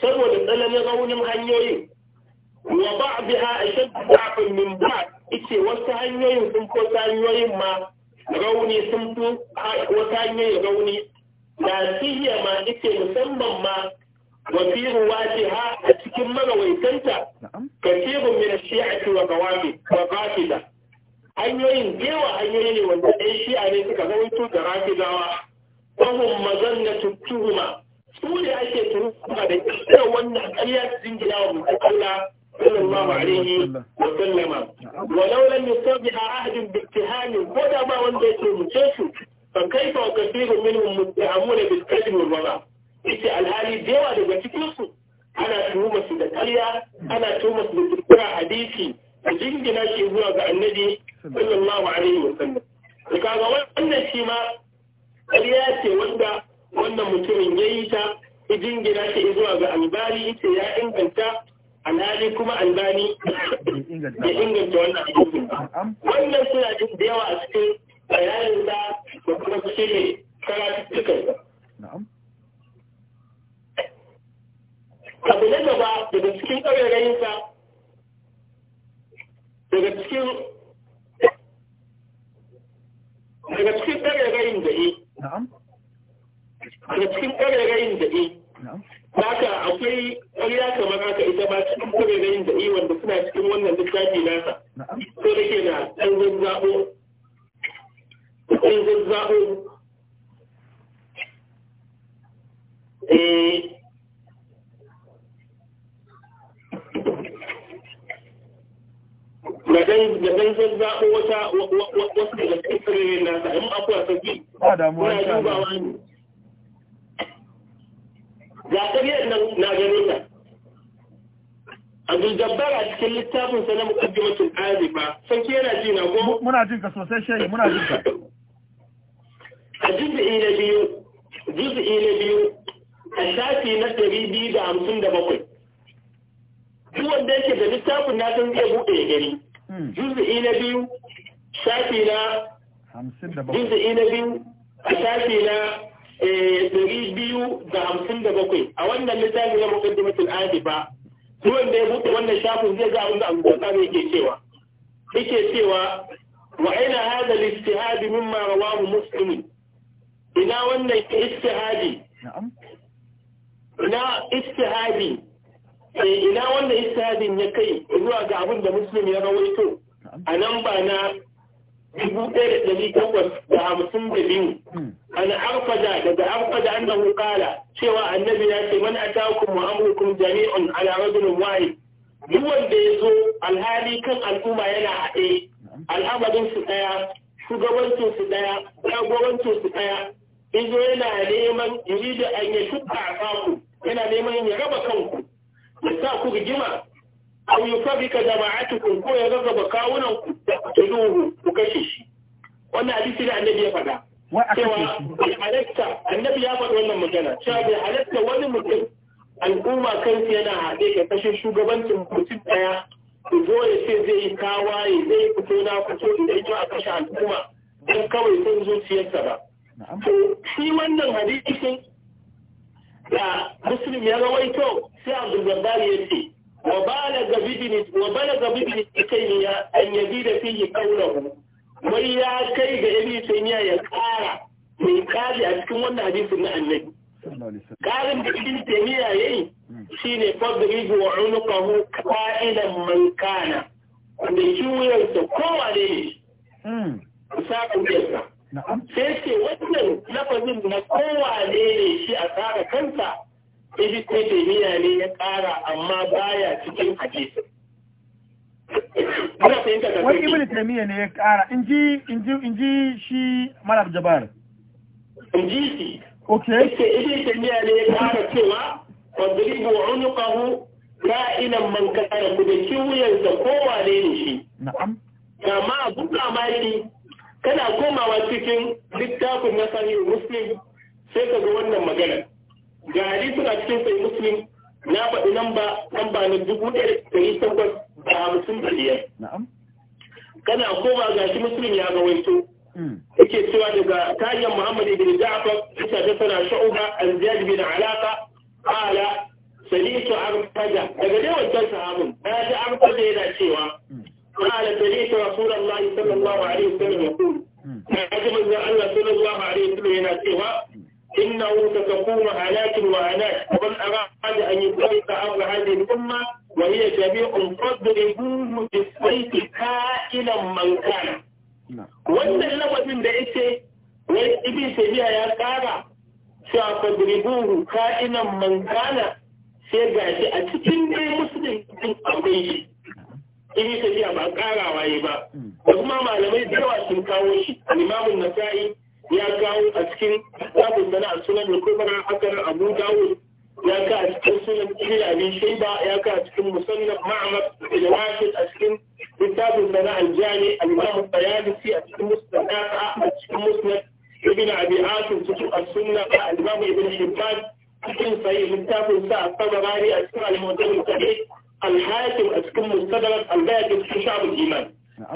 saboda tsananin raunin hanyoyin wa ba biha ashad da'fun min ba ita wasu hanyoyin sun ko hanyoyin ma rauni sun fi wasu hanyoyin rauni da siya ma ita musamman ma wa fi ha a cikin mai shi a shi'ati wa gawafi wa da hanyoyin gewa hanyoyi ne wanda ɗan a ne suka rawaito da hun mazan na tuhuma su ne ake turu kuma da a wannan ƙarya cikin gina wa mutakaula sallallahu alaihi wa sallama wa laulan ne so biya ahadin bittihani ko da ba wanda ya turmuce su ban kai ba ka fi rumin mutu da bittihani mu ba ita alhali da yawa daga cikinsu? ana tuhuma su da ƙarya ana tuhuma su da turkura hadisi da jingina ke zuwa ga annabi sallallahu alaihi wa sallam. Daga wannan shi ma ƙarya ce wanda wannan mutumin ya yi ta idin gida shi zuwa ga albani ita ya inganta nari kuma albani ya inganta wannan mutumin. wannan suna jin da yawa a cikin bayanin da da kuma cikin karatuttukan abu na gaba daga cikin ƙararrayinsa daga cikin daga cikin ƙararrayin da yi da cikin ƙarerayin da e haka akwai ƙarya kamar haka ita ba cikin ƙarerayin da e wanda suna cikin wannan littafi nasa ko da ke na ɗan zaɓo ɗan eh. na zaɓo wata wasu daga cikin nasa akwai sauki. Ba damuwa. ga ƙaryar nan na gani ta abu Jabbar a cikin littafin sa na ba azifa sarki yana ji na go muna jin ka sosai shehi muna jin ka a juz'i na biyu juz'i na biyu a shafi na ɗari biyu da hamsin da bakwai duk wanda yake da littafin na san zai buɗe ya gani hmm. juz'i na biyu shafi na juz'i na biyu a shafi na ɗari eh, biyu hamsin da bakwai a wannan littafi na muqaddimatul adiba duk wanda ya buɗe wannan shafin zai ga abin da Abu Bakar yake cewa yake cewa wa aina hadha al-istihad mimma rawahu muslim ina wannan istihadi ina istihadi eh, ina wannan istihadin ya kai zuwa ga abin da muslim ya rawaito a nan ba na dubu ɗaya da ɗari takwas da hamsin da biyu hmm. an arfaja daga arfaja annahu qala cewa annabi ya ce man atakum wa amrukum jami'un ala rajulin wahid duk wanda ya zo alhali kan al'umma yana haɗe al'amarin su ɗaya shugabancin su ɗaya jagorancin su ɗaya in zo yana neman yuridu an ya shukka a saku yana neman ya raba kanku ya sa ku rigima aw yusabbika jama'atukum ko ya rarraba kawunan ku da tuduhu ku kashe shi wannan hadisi da annabi ya faɗa cewa bai halatta annabi ya faɗi wannan magana cewa bai halatta wani mutum al'umma kansu yana haɗe ka kashe shugabancin mutum ɗaya ku zo ya ce zai yi kawaye zai yi fito na fito da yau a kashe al'umma don kawai sun zuciyarsa ba. Shi wannan hadisin da Muslim ya rawaito sai Abdul Jabbar ya ce wabalaga bibini ya an yabi da fiye kaunahu wai ya kai ga yabi taimiya ya kara mai kari a cikin wannan hadisin na annabi karin da ibini taimiya ya yi shi ne fadrigu wa unukahu ka'ilan man kana da kowa ne ne hmm. sa'a wuyarsa sai ce wannan lafazin na kowa ne shi a tsara kansa ibn miya ne ya ƙara amma baya cikin hadisi Wani fahimta da wani ne ya ƙara in ji shi Malak jabar in ji shi okay ce ibn taymiya ne ya ƙara cewa wadribu unuqahu ka'inan man kasara ku da kiwuyan da kowa ne ne shi na'am a abun mamaki kana komawa cikin littafin na sahih muslim sai ka ga wannan magana ga hadisi a cikin sai muslim na faɗi nan ba na dubu ɗaya da ɗari takwas da hamsin da biyar kana koma ga shi muslim ya gawaito hmm. yake cewa daga kayan muhammad ibn ja'far ita ta sana sha'uba an ziyad bin alaka ala salitu arfaja daga dai wancan sahabin na ji arfaja yana cewa hmm. ala salitu rasulullahi sallallahu alaihi wasallam ya kuma hmm. na ji manzon allah sallallahu alaihi wasallam yana cewa إنه ستكون هلاك وهلاك ومن أراد أن يطلق أمر هذه الأمة وهي جميع فاضربوه بالسيف كائنا من كان wannan lafazin da yake wai ibn tabiya ya ƙara, cewa fadribuhu ka'inan man kana sai gashi a cikin dai musulun din akwai shi ibn tabiya ba karawa yi ba kuma malamai da yawa sun kawo shi al nasa'i ya kawo a cikin kitabun da na sunan kubra hakan abu dawud ya ka a cikin sunan kilani shaiba ya ka a cikin musannaf ma'amad da washid a cikin kitabun da na aljani al bayani, bayadisi a cikin musnad a cikin musamman ibn abi asim cikin as-sunna al-imam ibn hibban cikin sahih littafin sa at-tabarani a cikin al-mu'tamil sahih al-hakim a cikin mustadrak al-bayhaqi cikin sha'ab iman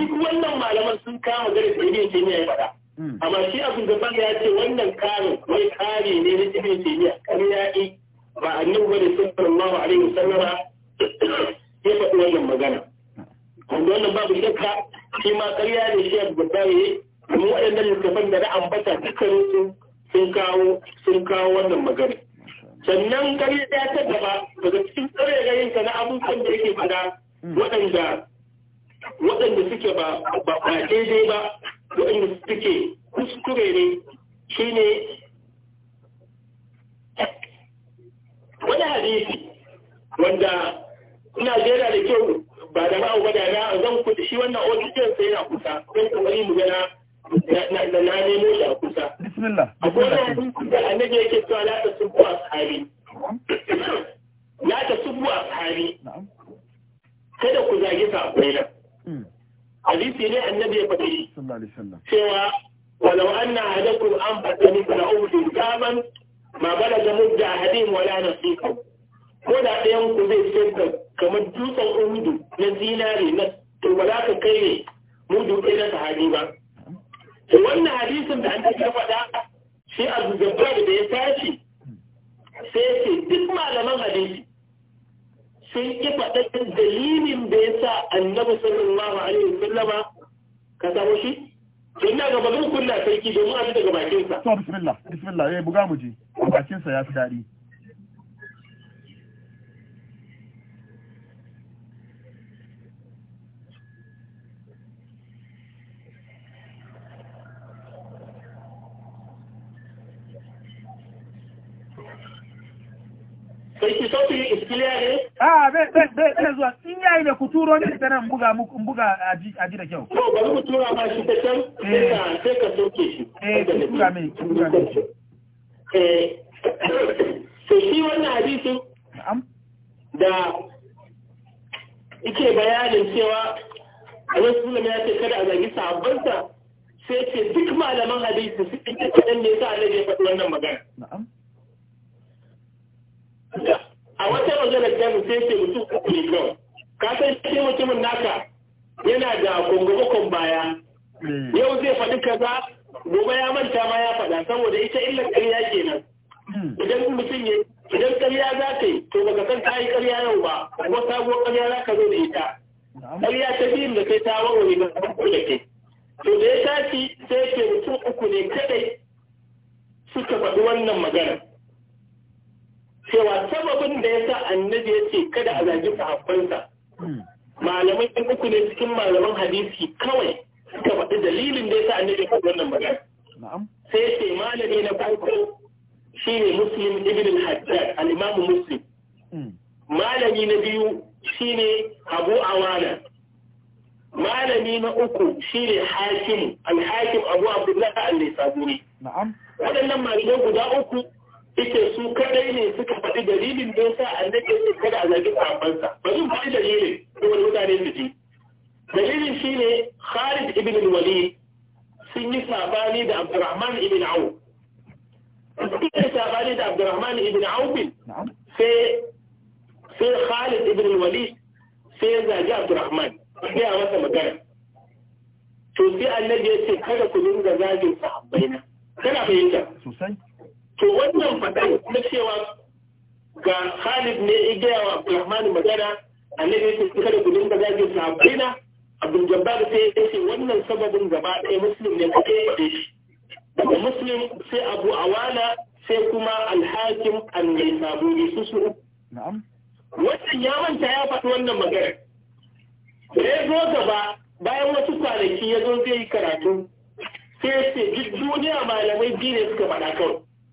duk wannan malaman sun kama gare da ibn taymiya ya faɗa Hmm. amma shi abin da ya ce wannan karin wai kare ne na ibn taymiya ya yi ba annabi bane sallallahu alaihi wasallama ya faɗi wannan magana wanda wannan babu shakka shi ma ƙarya ne shi gaban ya yi mu waɗannan littafan da na ambata dukkanin sun kawo sun kawo wannan magana sannan ƙarya ta gaba daga cikin ƙarya na abubuwan da yake faɗa hmm. waɗanda waɗanda suke ba ba daidai ba waɗanda suke kuskure ne shi ne wani hadisi wanda ina jera da kyau ba da ma'a ba da A zan kudu shi wannan ce sai na kusa don kamari mu gana na nemo shi a kusa. Bismillah. A kowane kusa da nage yake cewa la ta sufu a tsari La ta sufu a tsari Kada ku zagi akwai nan. Hmm. hadisi ne annabi ya faɗi cewa walau anna ahadakum an fata mithla uhudin kaman ma balaga mudda ahadin wala nasiqa ko da ɗayan ku zai fitar da kamar dutsen uhudu na zinare na to ba za ka kai mudu ɗaya na sahabi ba wannan hadisin da annabi ya faɗa shi abu da ya tashi sai ce duk malaman hadisi sun ki faɗaɗin dalilin da ya sa annabi sallallahu alaihi wasallama ka samu shi sun na gaba zan kunna sarki domin a daga bakinsa. to bismillah bismillah eh buga mu bakinsa ya fi daɗi. Ah, zai zuwa in yayi da ku turo ne nan buga a ji da kyau. To bari mu tura ma shi ta can sai ka eh. soke shi. Eh, eh wannan hadisin da yake bayanin cewa a wasu zulama ya ce kada a zagi sahabbansa sai ce duk malaman hadisi su ɗin kaɗan ne sa Allah ya faɗi wannan magana. a wata magana ta mutum sai mutum uku ne kawai ka san shi mutumin naka yana da kongobakon baya hmm. yau zai faɗi kaza gobe ya manta ma ya faɗa saboda ita illar ƙarya kenan hmm. idan mutum ya idan ƙarya za ta yi to baka san ta yi ƙarya yau ba kuma sabuwar ƙarya za ka zo da ita ƙarya ta biyu da kai ta warware na farko da ke to da ya tashi sai ke mutum uku ne kadai suka faɗi wannan magana cewa sababin da ya sa annabi ya ce kada a zagi sahabbansa hmm. malamai uku ne cikin malaman hadisi kawai suka faɗi dalilin da ya sa annabi ya faɗi wannan magana sai ce malami na farko shi ne muslim ibn al-hajjaj al muslim hmm. malami na biyu shi ne abu awana malami na uku shi ne hakim al-hakim abu abdullahi al-nisaburi waɗannan malamai guda uku ita su kadai ne suka faɗi dalilin da yasa annabi ya kada a zagi sahabbansa ba zan faɗi dalilin ko wani mutane su ji dalilin shine Khalid ibn al-Walid sun yi sabani da Abdurrahman ibn Auf sun yi sabani da Abdurrahman ibn Auf sai sai Khalid ibn al-Walid sai ya zagi Abdurrahman sai a masa magana to sai annabi ya ce kada ku dinga zagin sahabbaina kana fahimta sosai to wannan faɗan na cewa ga Khalid ne ya gaya wa Abdulrahman magana annabi ya ce kada ku dinga zagin sahabbaina Abdul Jabbar sai ya ce wannan sababin gaba ɗaya Muslim ne kuke da shi daga Muslim sai Abu Awala sai kuma Al-Hakim An-Naisaburi su su na'am wannan ya manta ya faɗi wannan magana da ya zo gaba bayan wasu kwanaki ya zo zai yi karatu sai ya ce duk duniya malamai biyu ne suka faɗa kawai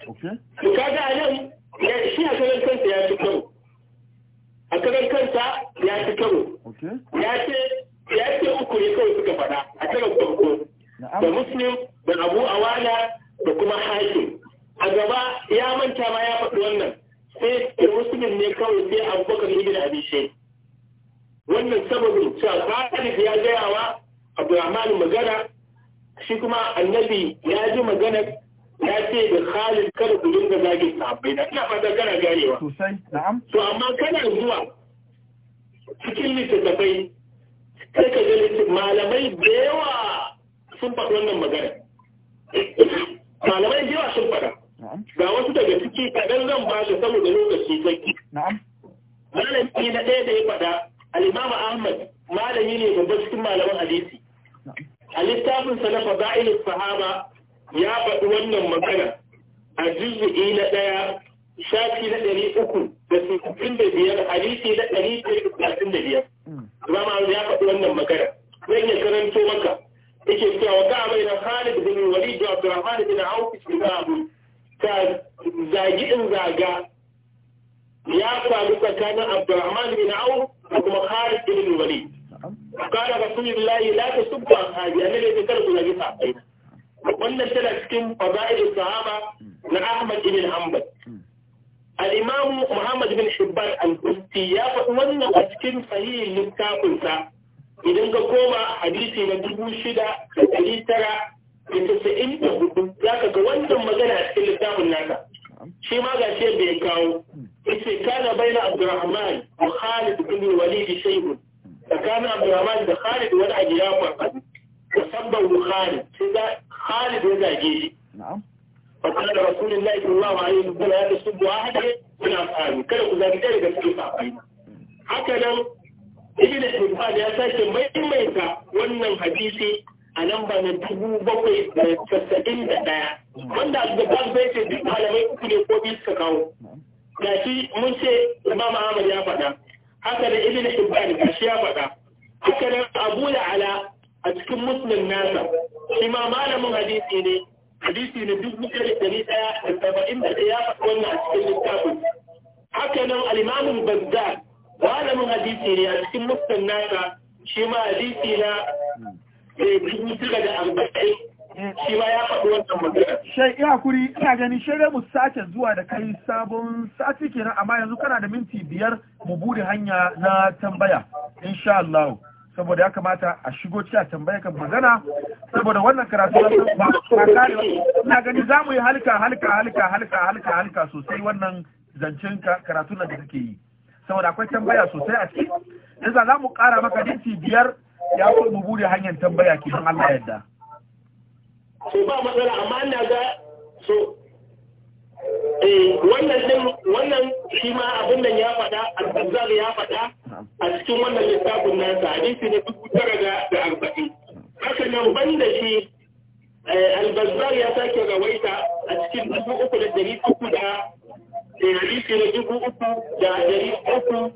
Ka ga ya nan shi a karan kansa ya ci karo. A karan kansa ya ci karo. Ya ce ya ce uku ne kawai suka faɗa a karan farko. Da Muslim da Abu Awana da kuma Hakim. A gaba ya manta ma ya faɗi wannan. Sai da Muslim ne kawai sai Abubakar Ibn Abi Wannan sababin cewa Khalid ya gaya wa Abdulrahman magana shi kuma annabi ya ji maganar ya ce da halin kada ku dinga zagin bai na ina fata kana ganewa sosai na'am to amma kana zuwa cikin littattafai sai ka ga malamai da yawa sun faɗi wannan magana malamai da yawa sun faɗa ga wasu daga ciki kaɗan zan ba da saboda lokaci sarki malami na ɗaya da ya faɗa al'imama ahmad malami ne babba cikin malaman hadisi a littafin sa na fada'ilus sahaba ya faɗi wannan magana a juz'i na ɗaya shafi na ɗari uku da sittin da biyar hadisi na ɗari da talatin da biyar zama ya faɗi wannan magana zan iya karanto maka yake cewa a mai na Khalid bin Walid da Abdurrahman bin Auf Islamu ka zagi in zaga ya faru tsakanin Abdurrahman bin Auf da kuma Khalid bin Walid قال رسول الله لا تسبوا أصحابي أنا ليس كرب نجس علينا wannan tana cikin fadail sahaba na Ahmad ibn Hanbal al-Imam Muhammad bin Hibban al-Busti ya faɗi wannan a cikin sahihin littafinsa idan ka koma hadisi na dubu shida da ɗari tara da za ka ga wannan magana a cikin littafin nasa shi ma ga shi yadda ya kawo yace kana baina Abdurrahman wa Khalid ibn Walid shay'un tsakanin Abdurrahman da Khalid wani abu ya faru sabban Khalid sai Khalid ya zage shi fakar da rasulun kada ku zage daga cikin safai haka nan ibn Hibban ya na dubu bakwai da da ɗaya wanda da ba zai ce duk malamai uku ne ko biyu suka kawo ga shi mun ce imam ahmad ya faɗa haka da ibn hibban ga shi ya faɗa haka da abu ala a cikin musulun nasa shi ma malamin hadisi ne hadisi ne duk muka da ɗari ɗaya da saba'in da ya faɗi wannan a cikin littafin haka nan alimamin bagdad malamin hadisi ne a cikin musulun nasa shi ma hadisi na dubu tara da arba'in shi ma ya faɗi wannan magana. Shai ina kuri ina gani shai dai mu sake zuwa da kai sabon sati kenan amma yanzu kana da minti biyar mu bude hanya na tambaya insha Allah. saboda ya kamata a shigo ci a tambaya kan magana saboda wannan karatu ba kare na gani za mu yi halka halka halka halka halka halka sosai wannan zancen karatu na da kake yi saboda akwai tambaya sosai a ciki yasa za mu kara maka dinci biyar ya so mu bude hanyar tambaya ke don Allah yadda. ba matsala amma ina ga so Eh, wannan din wannan shi ma abin nan ya faɗa al ya faɗa a cikin wannan littafin nasa hadisi ne dubu tara da arba'in haka nan ban da shi eh, al ya sake rawaita a cikin dubu uku da dari uku da eh, hadisi ne dubu uku da dari uku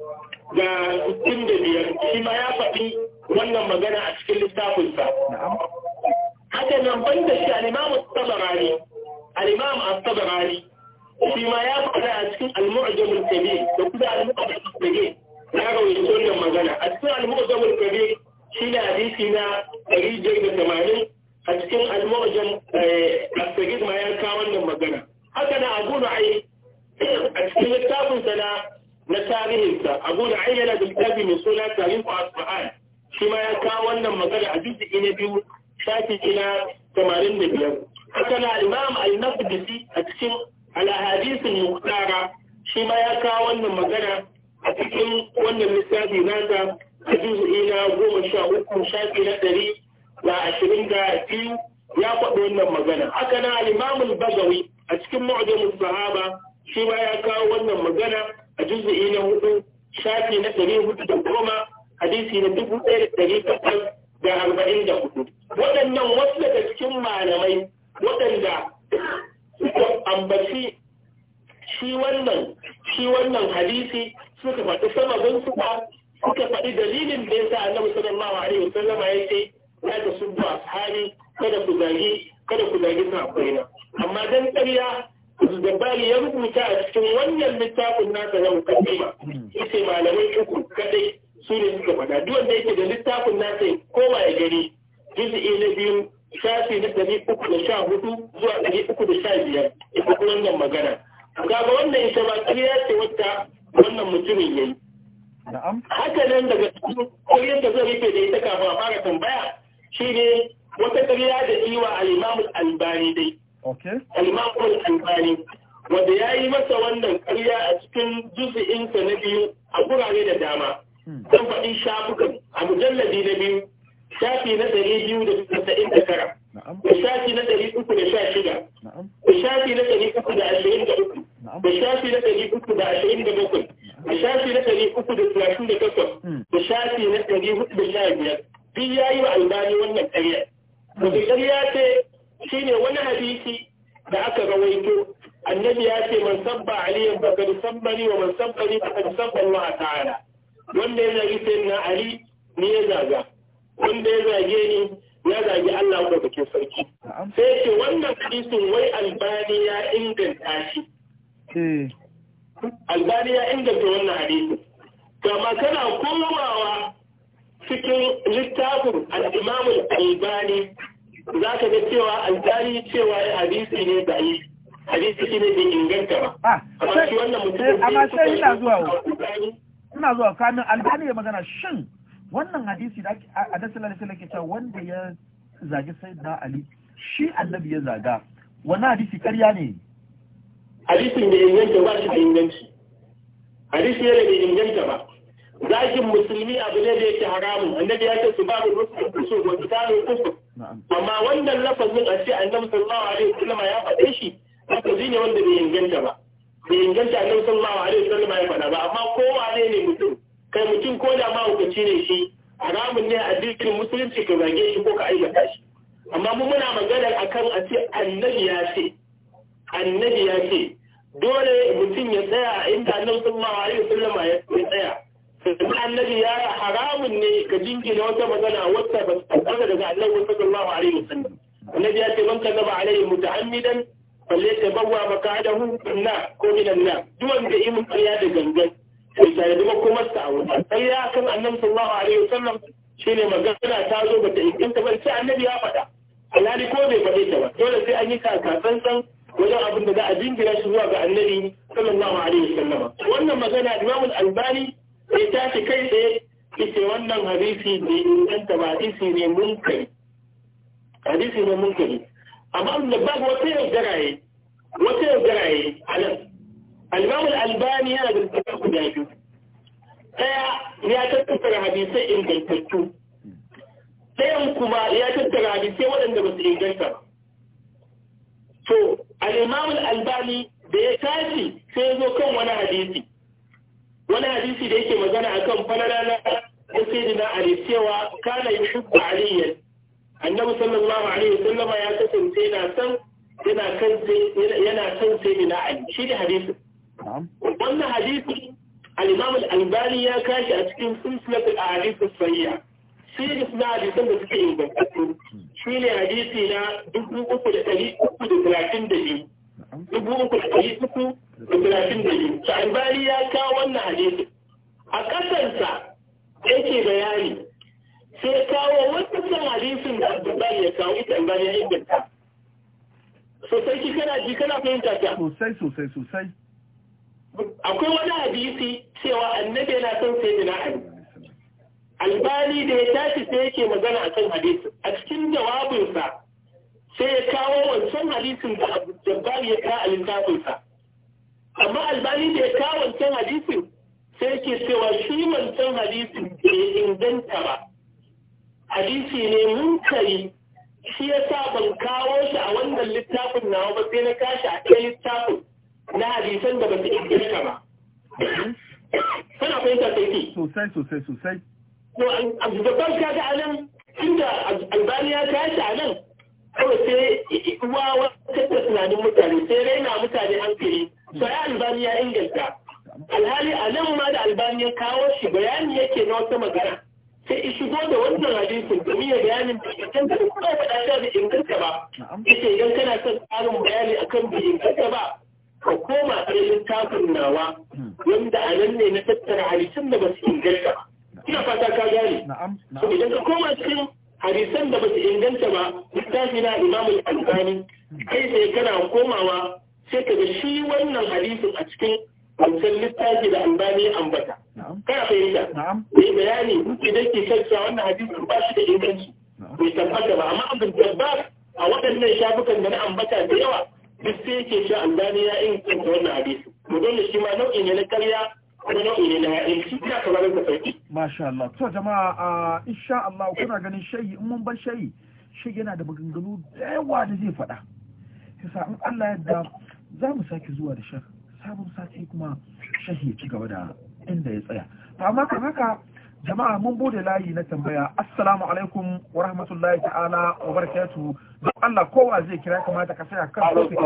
da sittin da biyar shi ma ya faɗi wannan magana a cikin littafinsa haka nan ban da shi Alimamu imam al-tabarani al-imam al-tabarani shi ya faɗa a cikin al-mu'jamul da kuma al-mu'jamul kabir ya rawaito wannan magana a cikin al-mu'jamul shi ne hadisi na ɗari biyar da tamanin a cikin al-mu'jam eh, as-sagir ma wannan magana haka na abu nu'ay a cikin littafinsa na na tarihinsa abu da yana da littafi mai suna tarihu asba'an shi ya kawo wannan magana a juz'i na biyu shafi ina tamanin da biyar haka na imam al a cikin ala hadisin muktara shi ma ya kawo wannan magana a cikin wannan lissafi nasa a juzu'i na goma sha uku shafi na ɗari da ashirin da biyu ya faɗi wannan magana haka na alimamul bagawi a cikin mu'jamus sahaba shi ma ya kawo wannan magana a juzu'i na hudu shafi na ɗari hudu da goma hadisi na dubu ɗaya da ɗari takwas da arba'in da hudu waɗannan wasu daga cikin malamai waɗanda suka ambaci shi wannan shi wannan hadisi suka faɗi sababin suka suka faɗi dalilin da ya yasa annabi sallallahu alaihi wasallam ya ce sun tasubbu hali kada ku zagi kada ku zagi na amma dan ƙarya bari ya rubuta a cikin wannan littafin nasa na mukaddima yace malamai uku kaɗai su ne suka faɗa duk wanda yake da littafin nasa kowa ya gani jizi'i na biyu shafi na ɗari uku da sha hudu zuwa ɗari uku da sha biyar ita wannan magana ga wannan ita ba kiriya ce wata wannan mutumin yayi haka nan daga cikin kuriyar da zai rufe da ita kafin a fara tambaya shi ne wata kariya da yi wa alimamul albani dai Alimamu albani wanda ya yi masa wannan kariya a cikin juzi'insa na biyu a gurare da dama don hmm. faɗin shafukan a mujallabi na biyu shafi na ɗari biyu da tasa'in da tara da shafi na ɗari uku da sha shida da shafi na ɗari uku da ashirin da uku da shafi na ɗari uku da ashirin da bakwai da shafi na ɗari uku da talatin da takwas hmm. da shafi na ɗari hudu da sha biyar duk ya yi wa albani wannan ƙarya hmm. wata ƙarya ce shi ne wani hadisi da aka rawaito annabi ya ce man sabba aliyan fakad sabbani wa man sabbani fakad sabba Allah ta'ala wanda ya zagi na ali ni ya zaga wanda ya zage ni ya zage Allah maɗaukakin sarki sai ce wannan hadisin wai albani ya inganta shi eh. albani ya inganta wannan hadisin kama kana komawa cikin littafin al albani za ka ga cewa albani cewa ya hadisi ne da yi hadisi ne da inganta ba ah, amma shi wannan mutum eh, amma sai ina zuwa ina zuwa kamin albani ya magana shin wannan hadisi da a da sallallahu alaihi ke cewa wanda ya zagi sayyidina ali shi annabi ya zaga wannan hadisi karya ne hadisin da inganta ba shi da inganci hadisi yana da inganta ba zagin musulmi abu ne da yake haramun annabi ya ce su ba mu rusu wa tsaro kufu amma wannan lafazin a ce annabi sallallahu alaihi wasallam ya faɗe shi lafazi ne wanda bai inganta ba bai inganta annabi sallallahu alaihi wasallam ya faɗa ba amma kowa ne ne mutum kai mutum ko da mahaukaci ne shi haramun ne a jirgin musulunci ka zage shi ko ka aibata shi amma mu muna magana akan a ce annabi ya ce annabi ya ce dole mutum ya tsaya a inda annabi sallallahu alaihi wasallam ya tsaya sannan annabi ya haramun ne ka jingina wata magana wata ba ta daga daga annabi sallallahu alaihi wasallam annabi ya ce man kazaba alaihi muta'ammidan mu ta bawa makadahu na ko minan na duk wanda yi mun ƙarya da gangan sai ta yi makomarsa a wuta sai ya san annabi sallallahu alaihi wasallam shine magana ta zo bata inganta ba sai annabi ya faɗa alhali ko bai faɗe ta ba dole sai an yi kaka wajen abin da za a jingina shi zuwa ga annabi sallallahu alaihi wasallam wannan magana imamul albani sai ta kai tsaye ita wannan hadisi bai inganta ba hadisi ne munkari hadisi ne munkari amma da babu wata yaudara yayi wata yaudara yayi a nan al-imam al-albani yana da littafin guda biyu daya ya tattara hadisai ingantattu dayan kuma ya tattara hadisai waɗanda ba su inganta ba to al-imam da ya tashi sai ya zo kan wani hadisi wani hadisi da yake magana akan falalala ya sai da ali cewa kana yuhibbu aliyan annabi sallallahu alaihi wasallam ya kasance yana san yana kan sai yana san sai da ali shi da hadisi wannan hadisi al-imam al-albani ya kashi a cikin silsilat al-ahadith as-sahiha series na hadisan da suke ingantattu shine hadisi na 3332 3332 al-albani ya kawo wannan hadisi a kasansa yake bayani sai kawo wannan hadisin da Abdullahi ya kawo ita al-albani ya inganta sosai ki kana ji kana fahimta ta sosai sosai sosai akwai wani hadisi cewa annabi yana son sai na ali albani da ya tashi sai yake magana a kan hadisin a cikin jawabinsa sai ya kawo wancan hadisin da jabbar ya kira a littafinsa amma albani da ya kawo wancan hadisin sai yake cewa shi wancan hadisin ya inganta ba hadisi ne munkari shi ya sa ban kawo shi a wannan littafin nawa ba sai na kashi a ɗaya littafin na hadisan da ba su inganta ba kana fahimta sai ki sosai sosai sosai to abubakar ka ga anan inda albaniya ta yi a nan kawai sai uwa wata tunanin mutane sai raina mutane hankali so ya albaniya inganta alhali a nan ma da albaniya kawo shi bayani yake na wata magana sai in shigo da wannan hadisin domin ya bayanin binciken da kuma faɗa ta da inganta ba ita idan kana son ƙarin bayani akan binciken ba ka koma ɗaya littafin nawa wanda a nan ne na tattara hadisan da ba su inganta ba ina fata ka gane idan ka koma cikin hadisan da ba su inganta ba littafi na imamul albani kai sai kana komawa sai ka ga shi wannan hadisin a cikin wancan littafi da albani ambata kana fahimta mai bayani idan ke sassa wannan hadisin ba shi da inganci bai tabbata ba amma abin da a waɗannan shafukan da na ambata da yawa duk sai yake shi albani ya kanta wannan hadisi mu dole shi ma nau'i ne na karya kuma nau'i ne na ha'ilci ina kamar ka sauki masha Allah to jama'a insha Allah kuna ganin shayi in mun bar shayi shi yana da maganganu da yawa da zai faɗa yasa in Allah yadda za mu sake zuwa da shan sabon sati kuma shahi ci gaba da inda ya tsaya amma kan haka jama'a mun bude layi na tambaya assalamu alaikum wa rahmatullahi ta'ala wa barakatu don Allah kowa zai kira kamata ka saya kan sofi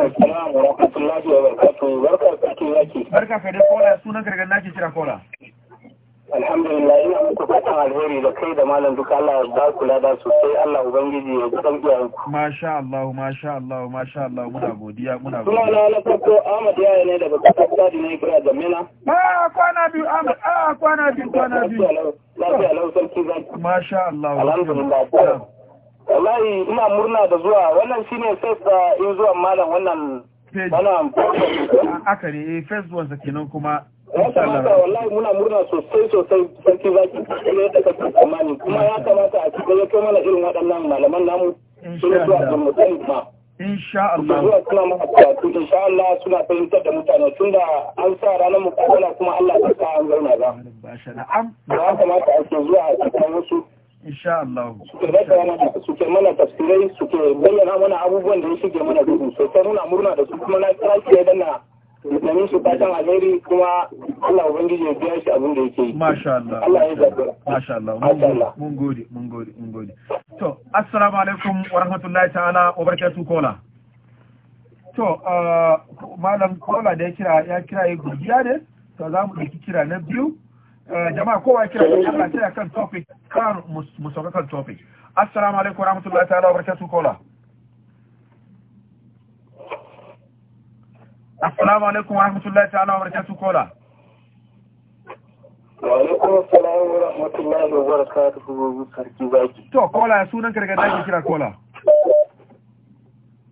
barka ka dai kola sunan gargan nake kira kola alhamdulillah ina muku fatan alheri da kai da malam duka Allah ya ba kula da sosai Allah ubangiji ya gudan iyayenku masha Allah masha Allah masha Allah muna godiya muna godiya kuma na farko Ahmad yayi ne daga kasar Sadi ne kira da Mina ah kwana biyu Ahmad ah kwana biyu kwana biyu lafiya lau sarki zaki masha Allah alhamdulillah ah. wallahi ina murna da zuwa wannan shine sai uh, in zuwa malam wannan wannan ah, aka ne eh first one kenan kuma ya kamata wallahi muna murna sosai sosai sarki zaki da ya daga tsammani kuma ya kamata a cikin ya kai mana irin waɗannan malaman namu suna zuwa ga mutum ma insha Allah zuwa suna mana karatu insha Allah suna fahimtar da mutane tun da an sa ranar mukabala kuma Allah ya sa an zauna ba na'am ya kamata a zuwa a cikin wasu insha Allah suke mana tafsirai suke bayyana mana abubuwan da ya shige mana duhu sosai muna murna da su kuma na kira ki dan na mutanen su fatan alheri kuma Allah ubangiji ya biya shi abin da yake yi masha Allah Allah ya zabura masha Allah mun gode mun gode mun gode to assalamu alaikum wa rahmatullahi ta'ala wa barakatuh kola to uh, malam kola da ya kira ya kira ya gurgiya ne to za mu ɗauki kira na biyu uh, jama'a kowa ya kira ya kira sai kan topic kan musauka kan topic assalamu alaikum wa rahmatullahi ta'ala wa barakatuh kola Assalamu alaikum wa rahmatullahi ta'ala wa barakatuh kola. Wa alaikum assalam sarki baki. To kola sunan ka daga kira kola.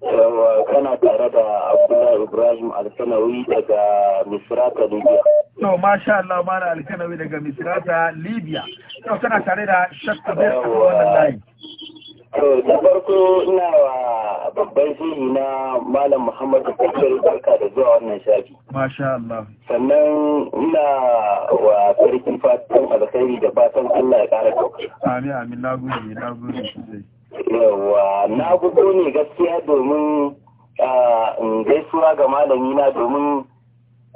Yawa kana tare da Abdullahi Ibrahim Alkanawi daga Misrata Libya. To masha Allah mala Alkanawi daga Misrata Libya. To kana tare da Shakka Kabir wannan layi. da farko ina wa babban shehi na malam muhammadu kakar barka da zuwa wannan shafi masha Allah sannan ina wa sarki fatan alkhairi da fatan Allah ya kara dauka amin amin na gudu gode na gode sosai yawa na gudu ne gaskiya domin ah, in gaisuwa ga malami na domin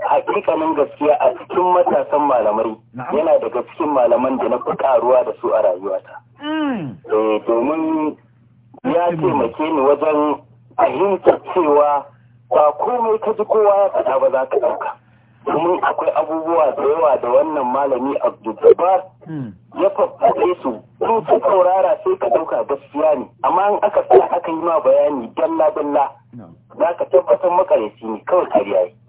hakikanin gaskiya a cikin matasan malamai yana da cikin malaman da na fi karuwa da su a rayuwata. Mm. Eh, domin ya taimake ni wajen fahimta cewa ba komai ka ji kowa ya faɗa ba za ka ɗauka. Domin akwai abubuwa da yawa da wannan malami Abdul mm. ya faɗaɗe su in ka saurara sai ka ɗauka gaskiya ne amma in aka sa aka yi ma bayani dalla-dalla za ka tabbatar makareci ne kawai kariya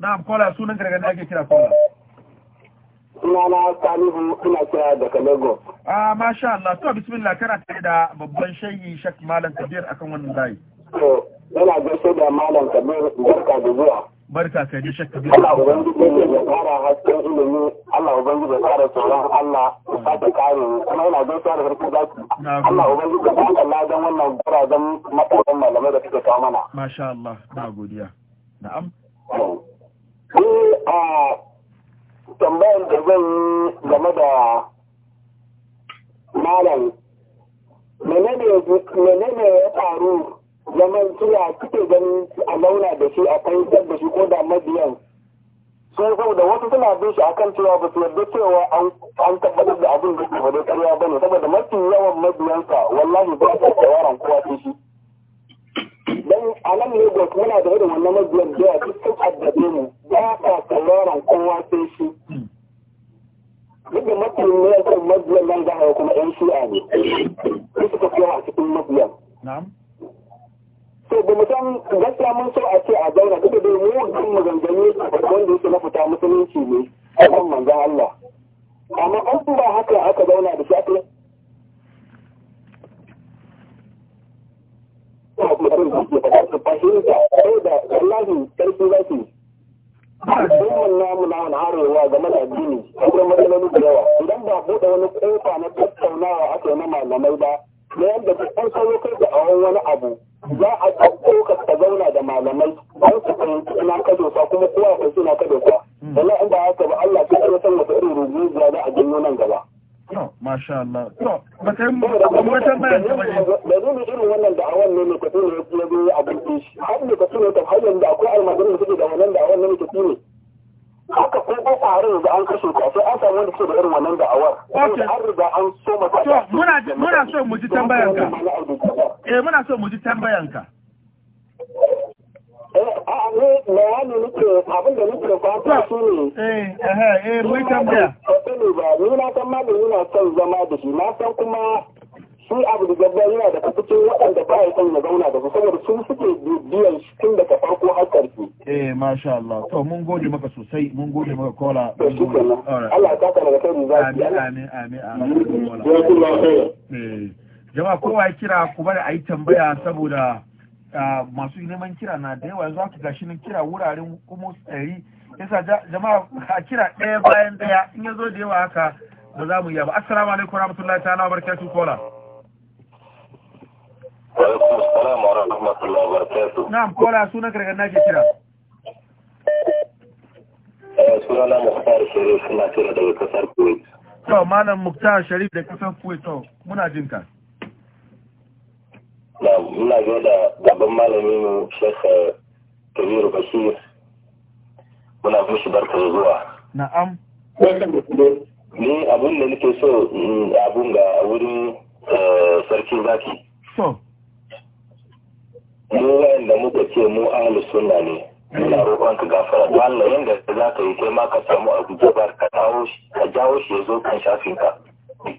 Na'am kola sunan gargar da ake kira kola. Sunana Salihu ina kira daga Lagos. Ah masha Allah to bismillah kana tare da babban shayi Sheikh Malam Kabir akan wannan layi. To yana gaishe da Malam Kabir barka da zuwa. barka ka ji shakka bi Allah ubangiji yake ya fara hasken ilimi Allah ubangiji da tsara tsoron Allah ya sake karin kuma ina gaisuwa tsara farko da ku Allah ubangiji tsara Allah dan wannan guraben matsayin malamai da suka kawo mana masha Allah na godiya na'am eh a tambayar da zan game da malam menene menene ya faru zaman suna kuke ganin a launa da shi a fahimtar da shi ko da mabiyan sun saboda wasu suna bin shi akan cewa ba su yarda cewa an tabbatar da abin da ke faɗo karya ba ne saboda mafi yawan mabiyansa wallahi ba ta tsawaran kowa ta shi dan a nan lagos muna da irin wannan mabiyan da ya duk sun addabe mu ba ta tsawaran kowa ta shi duk da mafi yawan mabiyan nan za kuma yan shi'a ne su suka fiye a cikin mabiyan. to ba mu san gaskiya mun so a ce a zauna duka dai mu kan maganganu wanda yake na fita musulunci ne a kan manzon Allah amma an ba haka aka zauna da shi aka fahimta sai da wallahi karfi zaki Dukkan namu na wani harewa game da addini a kuma matsaloli da yawa idan ba buɗe wani kofa na tattaunawa aka yi na malamai ba na yadda kusan sauyo kai da awon wani abu za a ɗauko ka zauna da malamai don su fahimci ina ka dosa kuma kowa ya fahimci ina ka dosa hmm. wallahi inda ba haka ba Allah sai ya san wata irin rubuciya za a janyo nan gaba to masha Allah to ba kai mu ba bayan ta bayan da zuwa irin wannan da ne ne ka tuna ya zo abin shi har ne ka tuna ta har da akwai almajirin da suke da wannan da ne ne ka tuna haka kun ko fara yanzu ka sai an samu wanda ke da irin wannan da'awar an so muna so mu ji tambayan ka eh muna so mu ji tambayan ka eh a ne bayani nake abin da nake fata shine eh eh eh mun tambaya ni na san na zama da shi na san kuma shi abu da gaggawa yana da cikin waɗanda ba ya son ya zauna da su saboda sun suke biyan shi tun daga farko har ƙarfi. eh masha Allah to mun gode maka sosai mun gode maka kola mun gode Allah ya taka daga kai zaki amin amin amin eh, jama'a kowa ya kira ku bari a yi tambaya saboda ah, masu neman kira na da yawa za ku gashi nan kira wuraren kuma tsari yasa jama'a a kira ɗaya bayan ɗaya in ya zo da yawa haka ba za mu yi ba assalamu alaikum warahmatullahi ta'ala wa barakatuh kola Alaikum salam wa rahmatullahi wa barakatuh. Na'am, kola sunan karkar nake kira. Eh, sunana Muktar Sharif suna kira daga kasar Kuwait. To, Malam Muktar Sharif da kasar Kuwait to, muna jin muna ga babban malami mu eh, Kabiru Bashir. Muna barka zuwa. Na'am. Ni abun da nake so mm, abun ga wurin eh, sarki zaki. So. mu wayanda muka ce mu ahlu sunna ne ina roƙon ka gafara don Allah yanda za ka yi kai ma ka samu abu jabar ka kawo ka jawo shi ya zo kan shafin ka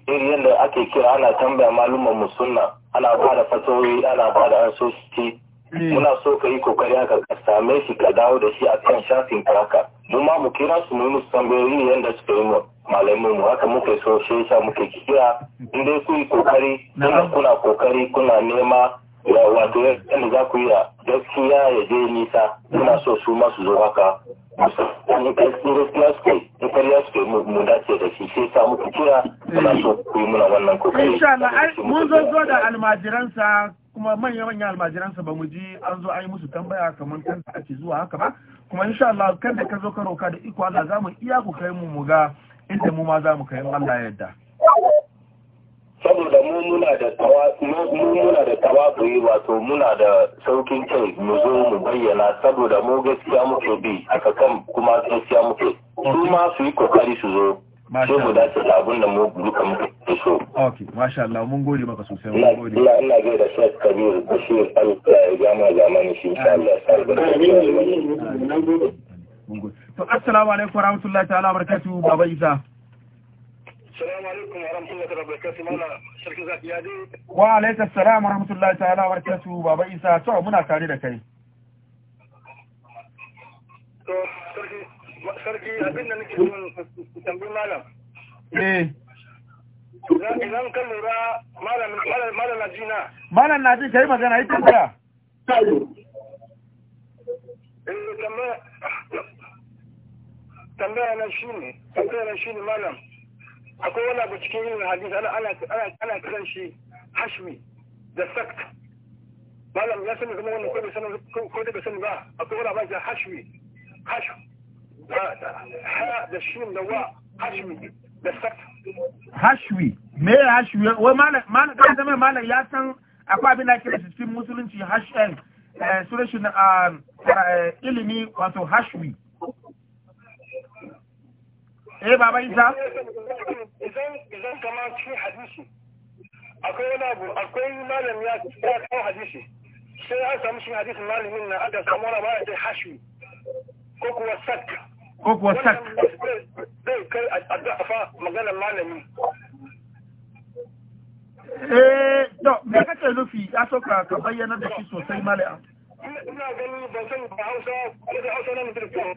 irin yadda ake kira ana tambaya malumman mu sunna ana ba da fatoyi ana ba da ansoshi muna so ka yi kokari haka ka same shi ka dawo da shi a kan shafin ka haka mu ma mu kira su mu yi musu tambayoyi yadda suka yi mu malamin mu haka muke so shi yasa muke kira in dai kokari kuna kokari kuna nema wato yadda za ku yi a gaskiya ya je nisa muna so su masu zo haka musamman gaskiya suke in kariya suke mu dace da shi sai sa muku kira muna so ku yi muna wannan kokari insha Allah mun zo zo da almajiransa kuma manya-manya almajiransa ba mu ji an zo an yi musu tambaya kamar kan ake zuwa haka ba kuma insha Allah kan da ka zo ka roka da iko Allah za mu iya ku kai mu mu ga inda mu ma za mu kai Allah ya yarda saboda mu muna da tawa muna da tawafi wato muna da saukin kai mu zo mu bayyana saboda mu gaskiya muke bi aka kan kuma gaskiya muke su ma su yi kokari su zo sai mu dace da abin da mu duka muke so ok masha Allah mun gode maka sosai mun gode ina ina ga da Sheikh Kabir Bashir al jama'a zamani shi insha Allah sai da mun gode to assalamu alaikum warahmatullahi ta'ala barakatuhu baba Isa Salamu alaikum wa rahmatullahi wa barakatuh sarki zaki ya dai. Wa alaikum salam wa rahmatullahi ta'ala wa barakatuh baba Isa to muna tare da kai. To sarki sarki abin da nake son tambayi malam. Eh. Idan ka lura malam malam na jina. Malam na ji kai magana yi tambaya. Eh tambaya tambaya na shine tambaya na shine malam. akwai wani abu cikin yin hadis ana kiran shi hashmi da sakt malam ya sani kuma wannan ko bai sani ko sani ba akwai wani abu da hashmi da shin da wa hashmi da sakt hashmi me ya hashmi wai malam malam kan zama malam ya san akwai abin da ke da cikin musulunci hashen eh, eh, sunan shi ah, eh, ilimi wato hashmi eh baba isa idan idan kama cikin hadisi akwai wani abu akwai malam ya kawo hadisi sai an samu shi hadisi malamin na aka samu wani bayan sai hashi ko kuwa sak ko kuwa sak zai kai a dafa maganar malami eh to me kake nufi ya so ka bayyana da shi sosai malam ina ganin ban san hausa ko da hausa na mutum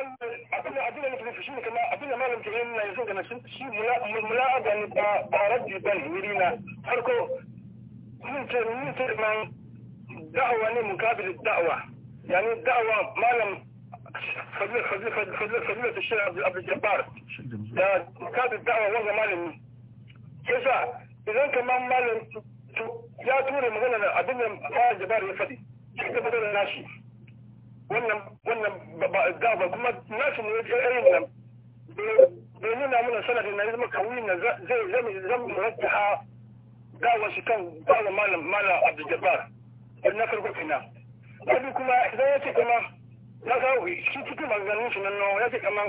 abin da abin da nake nufi shine kamar abin da malam ke yana yanzu ga nashin shi mula'aba ne ba ba raddi ba ne wuri na farko mun ce mun ce man da'awa ne mukabil da'awa yani da'awa malam فضيلة فضيلة فضيلة فضيلة الشيخ عبد الجبار ده كاد الدعوة وهو مالي كيسا إذا كمان مالي يا توري مغنى أبنى ما الجبار يفدي كيف بدل الناشي wannan wannan ba gaba kuma nasu mu irin nan bai nuna mana sanadin na zama kawai na zai zama zama murattaha gawa shi kan gawa malam malam abdul jabbar na farko kenan wani kuma idan ya ce kama na kawo shi cikin maganganun shi nan ya ce kama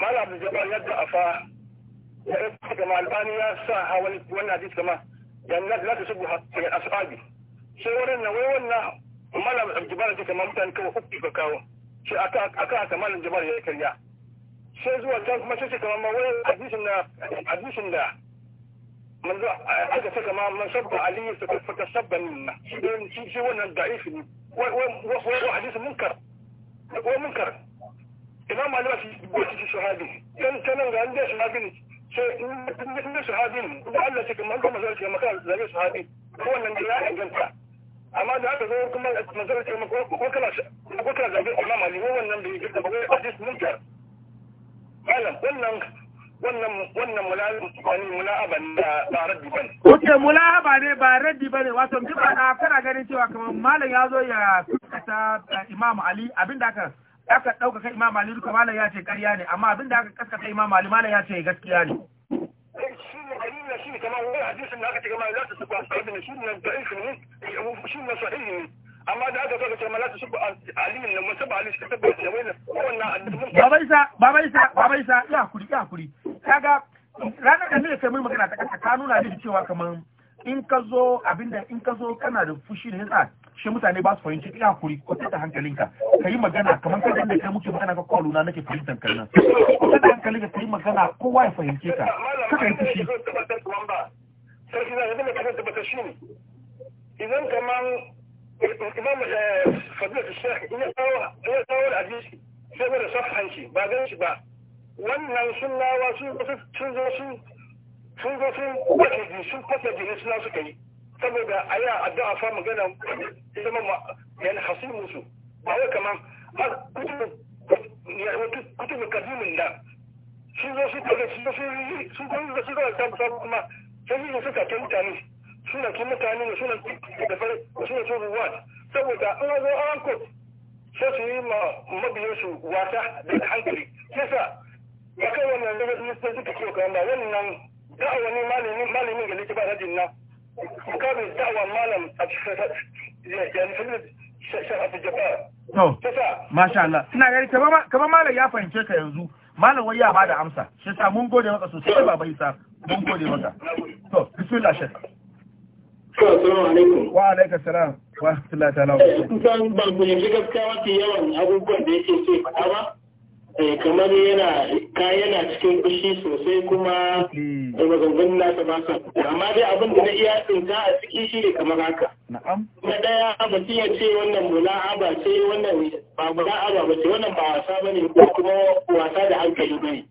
malam abdul jabbar yadda afa ya ce kama albani ya sa hawan wannan hadis kama ya na ta shubu hakkiyar ashabi sai wurin na wai wannan malam jibar ta kamar mutane kawai uku ka kawo shi aka aka malam jibar ya karya sai zuwa can kuma sai kamar ma wani hadisin da hadisin da manzo aka saka ma man sabba aliyu ta fata sabba minna shi shi wannan da'if ne wai wai hadisin munkar wai munkar imam ali ba shi goci shi sahabi kan tanan ga inda sahabi ne sai da ne da Allah ya kamar kuma zai zai wannan da ya inganta amma da haka zo kuma manzara ce ko kana ko kana zabe imam ali ko wannan da girka ba wai hadis munkar malam wannan wannan wannan mula'abani mula'aban da ba raddi bane wace mula'aba ne ba raddi bane wato duk ana kana ganin cewa kamar malam ya zo ya kaskata eh, imam ali abinda aka aka dauka kai imam ali duka malam ya ce ƙarya ne amma abinda aka kaskata imam ali malam ya ce gaskiya ne wannan shine kamar wani hadisin da aka ce kamar ne zaka eh, ce da wani ya kai mai magana ta ka nuna ni cewa kamar in ka zo abinda in ka zo kana da fushi da yasa shi mutane ba su fahimci ina hakuri ko ta hankalinka ka yi magana kamar ka da kai muke magana ka kwalo na nake fahimtar kan nan ko ta hankalinka ka yi magana kowa ya fahimce ka kaka yi fushi idan kaman imam eh, fadil shaikh ina kawo ya kawo hadisi sai da safanci ba gan shi ba wannan sunnawa sun sun zo sun sun zo sun kwace sun kwace jini suna suka yi saboda a yi addu'a sa magana zama yana hasu musu ba wai mai kutubu kadimin da sun zo su kaga sun zo sun zo su su zo su kuma sun zo su ta mutane suna ta mutane ne suna da fara suna ta ruwa saboda an zo an ko sai su yi ma mabiyansu wasa da hankali yasa ya kai wannan da suka ce kamar wannan da'a wani malamin malamin da lake ba rajin nan mukamin da'awa malam a cikin To, masha Allah. Ina gari, kamar malam ya fahimce ka yanzu, malam wai ya bada amsa. Shi sa mun gode maka sosai ba bai sa, mun gode maka. To, bismillah shek. To, Wa alaikum salam. Wa rahmatullahi ta'ala. Eh, Kun san ban ku yanzu gaskiya mafi yawan abubuwan da ce faɗa ba? Eh, kamar yana yana cikin kushi sosai kuma da hmm. maganganun nasa ba sa amma dai abin da na iya tsinta a ciki shi ne kamar haka na daya ba ya ce wannan mula'aba ce wannan ba mula'aba ba ce wannan ba wasa ba ne ko kuma wasa da hankali ba ne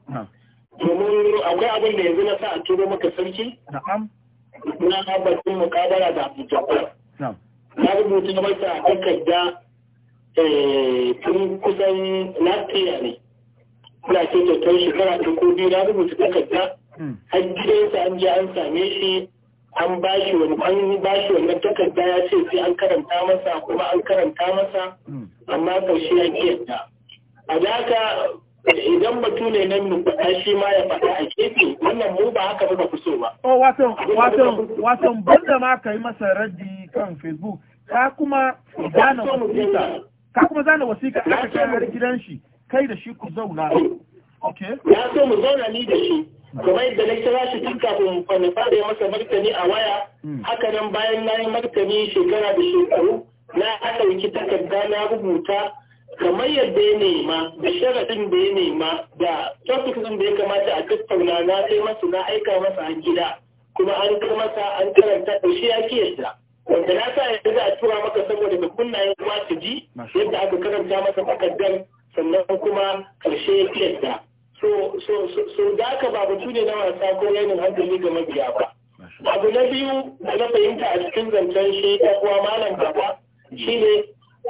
domin akwai abin da yanzu na sa a turo maka sarki na batun mukabara da abin jabbar na rubuta masa takarda eh, tun kusan lafiya ne ina ce kai shekara ta ko biyu na rubuta takarda har hmm. gidansa an je an same shi an ba shi wani an ba shi wannan takarda ya ce sai an karanta masa kuma an karanta masa hmm. amma karshe ya yadda a haka idan batu ne nan mu faɗa shi ma ya faɗa a kefe wannan mu ba haka ba ku so ba. o oh, wato wato wato banda ma kai masa raddi kan Facebook ka kuma zana wasiƙa ka kuma zana wasiƙa aka kai gidan shi. kai da shi ku zauna okay ya so mu zauna ni da shi kuma yadda na kira shi tun kafin na fara masa martani a waya hmm. haka nan bayan na yi martani shekara da shekaru na ɗauki takarda na rubuta kamar yadda ya nema da sharaɗin da ya nema da tafikin da ya kamata a tattauna na sai masu na aika masa a gida kuma an kar masa an karanta ɗaushe ya kiyasta wanda na sa yanzu a tura maka saboda da kunna ya kuma ji yadda aka karanta masa takardar sannan kuma ƙarshe yadda so so so da haka ba batu ne na wasa ko rainin hankali ga mabiya ba abu na biyu da na fahimta a cikin zancen shi ɗan uwa malam gaba shine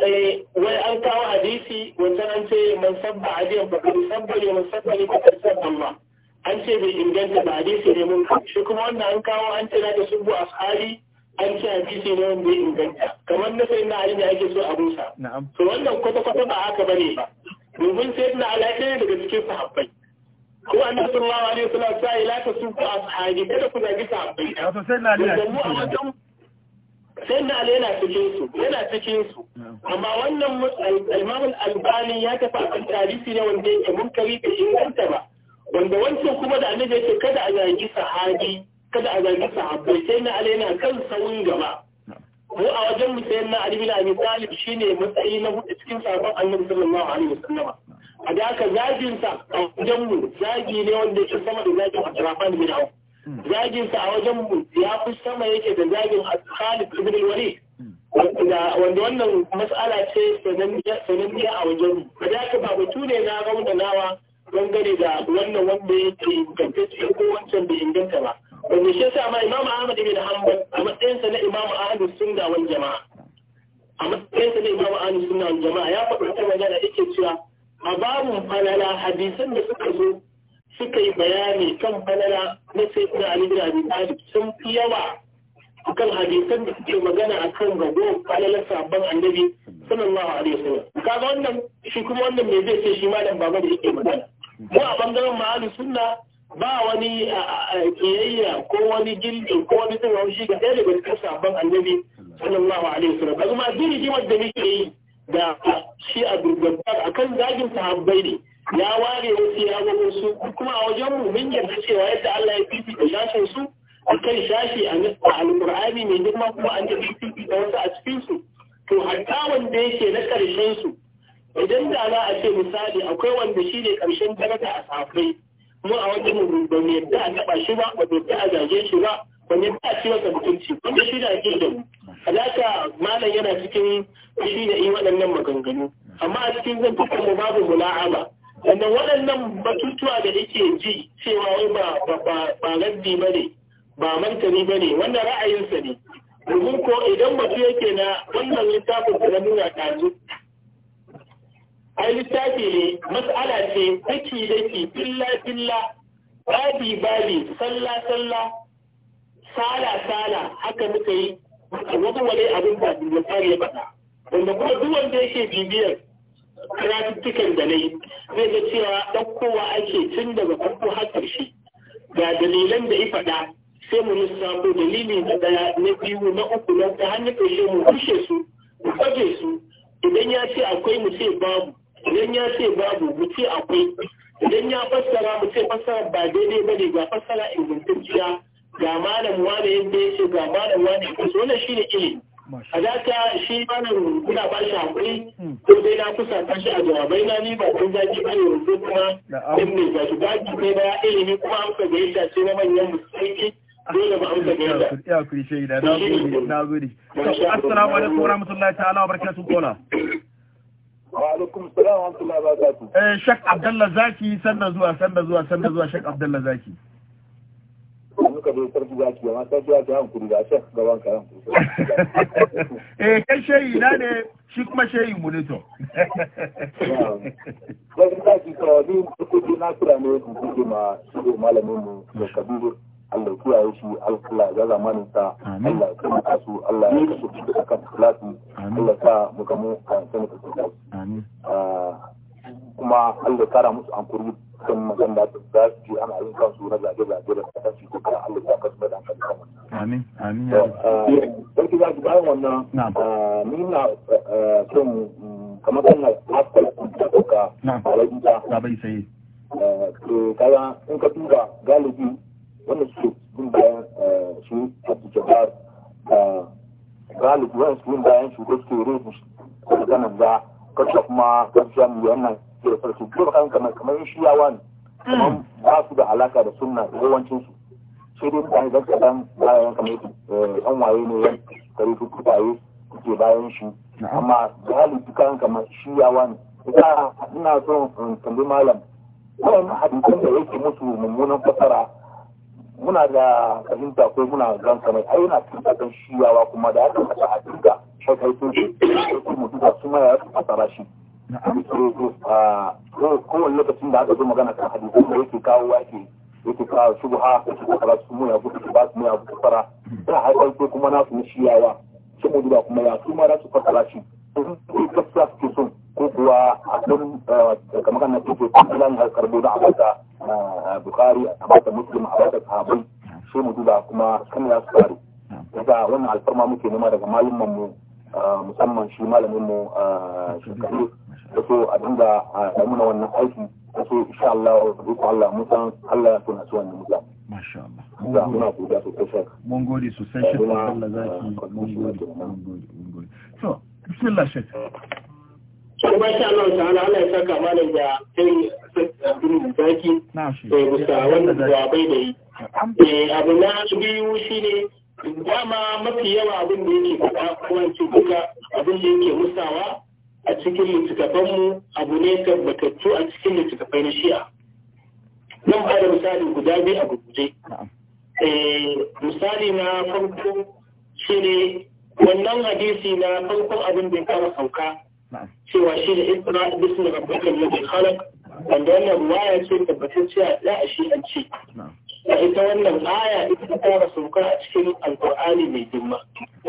eh, wai an kawo hadisi wancan an ce man sabba hadiyan fa kadu sabba ne man sabba ne fa sabba ma an ce bai inganta ba hadisi ne mun shi kuma wannan an kawo an ce da su bu asali an ce hadisi ne wanda ya inganta kamar na sai na ali da ake so a rusa to wannan kwata-kwata ba haka ba ne ba domin sai na ala ɗaya daga cikin sahabbai ko annabi sallallahu alaihi wasallam sai la ta su ku ashabi kada ku zagi sahabbai wato sai na ali sai na ali yana cikin su yana cikin su amma wannan al-imam al-albani ya tafi a kan tarihi ne wanda ya munkari da inganta ba wanda wancan kuma da annabi ya ce kada a zagi sahabi kada a zagi sahabbai sai na alai na kan sawun gaba ko a wajen mu sai na ali na abi talib shine matsayi na hudu cikin sahabban annabi sallallahu alaihi wasallama a da aka zagin sa a wajen mu zagi ne wanda yake sama da zagin Abdurrahman bin Auf zagin sa a wajen mu ya fi sama yake da zagin Khalid ibn al-Walid wanda wannan mas'ala ce sananniya a wajen mu a da aka ba batu ne na raunanawa dangane da wannan wanda yake ingantacce ko wancan bai inganta ba wanda shi yasa amma Imam Ahmad ibn Hanbal a matsayin sa na Imam Ahlus Sunna wal Jama'a a matsayin sa na Imam Ahlus Sunna wal Jama'a ya faɗi wata magana yake cewa a babun falala hadisan da suka zo suka yi bayani kan falala na Sayyidina Ali bin Abi Talib sun fi yawa akan hadisan da suke magana akan rago falalar sabon annabi sallallahu alaihi wasallam kaga wannan shi kuma wannan me zai ce shi malam baba da yake magana mu a bangaren ma'alu sunna ba wani kiyayya ko wani gildin ko wani tsoron shi ga ɗaya daga cikin sabon annabi sallallahu alaihi wasallam kaga ma duk rigimar da muke yi da shi a a akan zagin sahabbai ne ya ware wasu ya wasu kuma a wajen mu mun yarda cewa yadda Allah ya da shashin su kan shashi a alqur'ani ne duk ma kuma an da wasu a cikin su to hatta wanda yake na karshen su idan da za a ce misali akwai wanda shi ne karshen daraja a sahabbai mu a wajen mu ba mu yadda a taɓa shi ba ba mu yadda a zage shi ba ba mu yadda a ci masa mutunci wanda shi da ake da mu alaka malam yana cikin shi da yi waɗannan maganganu amma a cikin zan tuka mu babu mula'aba Wannan waɗannan batutuwa da yake ji cewa wai ba ba raddi ba ne ba martani ba ne wannan ra'ayinsa ne domin ko idan batu yake na wannan littafin da na nuna ɗazu ai littafi ne mas'ala ce da ke filla filla babi babi salla salla sala sala haka muka yi wani wani abin da misali ya faɗa wanda kuma duk wanda yake bibiyar karatuttukan da na yi zai ga cewa ɗaukowa ake tun daga farko har ƙarshe ga dalilan da ya faɗa sai mu lissafo dalili na ɗaya na biyu na uku na ta hanyar ƙarshe mu kushe su mu baje su idan ya ce akwai mu ce babu idan ya ce babu mu ce akwai idan ya fassara mu ce fassara ba daidai ba ne ga fassara ingantacciya ga malam wane yadda ya ce ga malam wane ya so wannan shi ne ilimi a data shi malam kuna ba shi hakuri ko dai na kusa ta shi a jawabai na ni ba kun zaki ba ne wanzu kuma ɗin ne ga shi zaki kai ba ilimi kuma an ga yadda ce na manyan musulunci ya kuri shaida na gode assalamu alaikum warahmatullahi ta'ala wa barakatuh kola Wa salam wa eh, Abdullah Zaki sanda zuwa sanda zuwa sanda zuwa Sheikh Abdullah Zaki. bai gaban ka an kuri. [LAUGHS] Eh kai shehi na ne shi kuma shehi mu ne to. Zaki zaki ko ni na kura ne ku ma shi malamin mu da Kabiru. Allah ya kiyaye su Allah ya zamanin sa Allah ya kuma su Allah ya kashe su da kan salatu Allah sa mu gamu a sanin ka salatu kuma Allah ya kara musu ankuri kan maganda da za su ji ana yin kansu na zage zage da ta shi ko kan Allah ya kashe da kan kansu amin amin ya rabbi zaki ah, bayan wannan ah, ni na ah, son mm, kamar kan na ka na ba sai eh to kaga in ka tuba galibi wanda suke bin bayan eh, shi abu jabar eh, galib wani suke bayan shi da suke su da maganan da kacce kuma kacce mu yana ke da farko kuma kan kamar kamar shi ya ne kamar mm. ba su da alaka da sunna da yawancin su sai dai mutane da dan bayan kamar yan eh, waye ne yan kare su kutaye suke bayan shi amma galib kan kamar shi yawa ne ina son in tambayi malam wannan hadisin da yake musu mummunan fasara muna da fahimta ko muna gan kamar ai yana cikin kasan shiyawa kuma da haka kasa a duka shakaitun shi eh, eh, ko mu duka su mara ya fasara shi wani lokacin da aka zo magana kan hadisin da yake kawo wake yake kawo shubha yake kokara su mu ya gudu ba su mu ya gudu fara sai haifar ko kuma na na shiyawa sai mu duba kuma ya su mara su fasara shi gaskiya suke son ko kuwa abin kamar kan nake ce har karbo da abata eh, bukari abata muslim abata sahabai shi mu duba kuma kan ya su faru daga wannan alfarma muke nema daga malumman mu eh, musamman shi malamin mu eh, shekaru da so a dinga a damuna wannan aiki da so insha Allah ku Allah musan Allah ya tona su wannan mutan masha Allah mun gode sosai mun gode sosai shi Allah zaki mun gode mun gode so bismillah shekara kuma sha Allah ta'ala Allah ya saka malam da sai abin zaki da musa eh, wannan jawabai da yi eh, abu na biyu shi ne dama mafi yawa abin da yake faɗa ko an ce duka abin da yake musawa a cikin littattafanmu abu ne tabbatattu a cikin littattafai na shi'a zan ba da misali guda biyu a gurguje eh, misali na farko shi ne wannan hadisi na farkon abin da ya kama sauka cewa shi da isra bismi rabbika alladhi khalaq wanda wannan waya ce tabbatacciya da a shi an ce da ita wannan aya ita ta fara sauka a cikin alkur'ani mai girma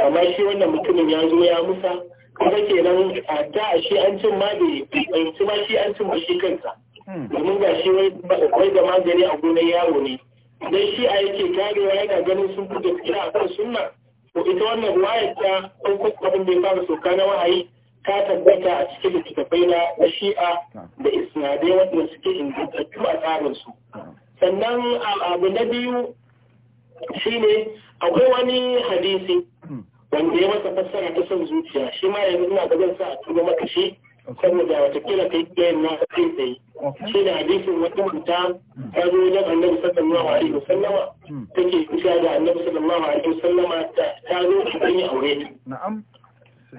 amma shi wannan mutumin ya zo ya musa kuma kenan a da a shi an cin ma bai yanzu ma shi an cin ba shi kansa hmm. domin ga shi wai da magani a gonar yaro ne idan shi a yake karewa yana ganin sun fi tsira a kan sunna to ita wannan wayar ta ɗaukar abin da fara sauka na wahayi ta tabbata a cikin littattafai na shi'a da isnadai waɗanda suke ingantattu a tsarin su. sannan abu na biyu shine akwai wani hadisi wanda ya masa fassara ta son zuciya shi ma yanzu ina ga zan sa a tuba maka shi saboda watakila kai kiyayen na kai tsaye shi da hadisin wata mata ta zo wajen annabi sallallahu alaihi wasallama hmm. take kusa da annabi sallallahu alaihi wasallama ta zo a ɗanyi aure ta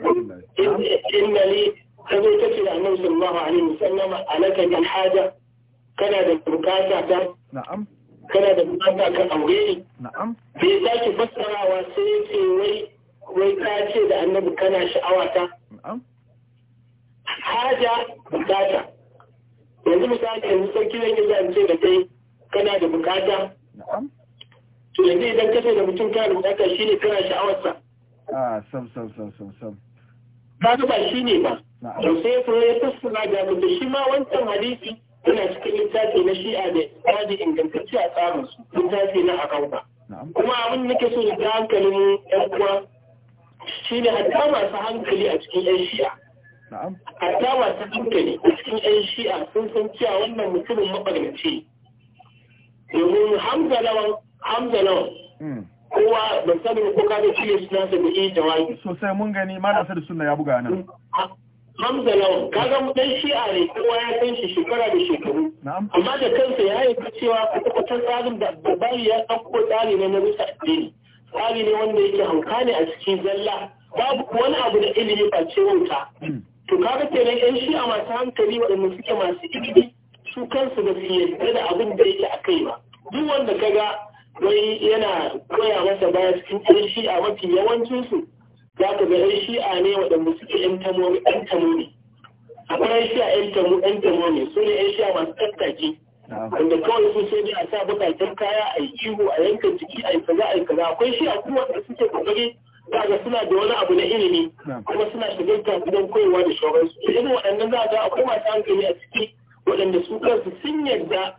إن لي هذا يتكلم عن نفس الله عليه وسلم عليك من حاجة كان هذا المكاسع نعم كان هذا المكاسع كأوغيل نعم بيساك بسرع وسيسي وي ويكاسي لأنه كان شعواتا نعم حاجة مكاسع يعني مثال كان مستكيل أن يجب أن تقول لدي كان هذا المكاسع نعم يعني إذا كتب لبتون كان مكاسع شيني كان شعواتا آه سم سم سم سم سم kaga ba shi ne ba to sai ya fara ya fassara ga mutum shi ma wancan hadisi yana cikin littafi na shi'a da tsari ingantacce a tsarin su littafi na akauta kuma abin da nake so da hankalin yan uwa shine hatta masu hankali a cikin yan shi'a hatta masu hankali a cikin yan shi'a sun san cewa wannan mutumin mabarnaci domin hamza lawan hamza lawan hmm. kowa ban sani ko ka ga shi suna da yi jawabi sosai mun gani malam sai sunna ya buga nan Hamza yau kaga mu dan shi'a ne kowa ya san shi shekara da shekaru amma da kansa ya yi cewa kwatakwatan tsarin da babari ya ɗauko tsari ne na rusa addini tsari ne wanda yake hauka ne a cikin zalla babu wani abu da ilimi ba ce wauta hmm. to kaga kenan yan shi'a masu hankali waɗanda suke masu ilimi su kansu ba su yarda da abin da yake a kai ba duk wanda kaga wai yana koya masa baya cikin ɗan shi'a mafi yawancinsu za ka ga ɗan shi'a ne waɗanda suke ɗan tamori ɗan tamori akwai ɗan shi'a ɗan tamu ɗan tamori su ne ɗan shi'a masu tattaki wanda kawai su sai a sa bukatar kaya a yi ihu a yankan jiki a yi kaza a yi kaza akwai shi'a kuma da suke kokari kaga suna da wani abu na ilimi kuma suna shigarta don koyarwa da shauransu irin waɗannan za a ga akwai masu hankali a ciki waɗanda su kansu sun yarda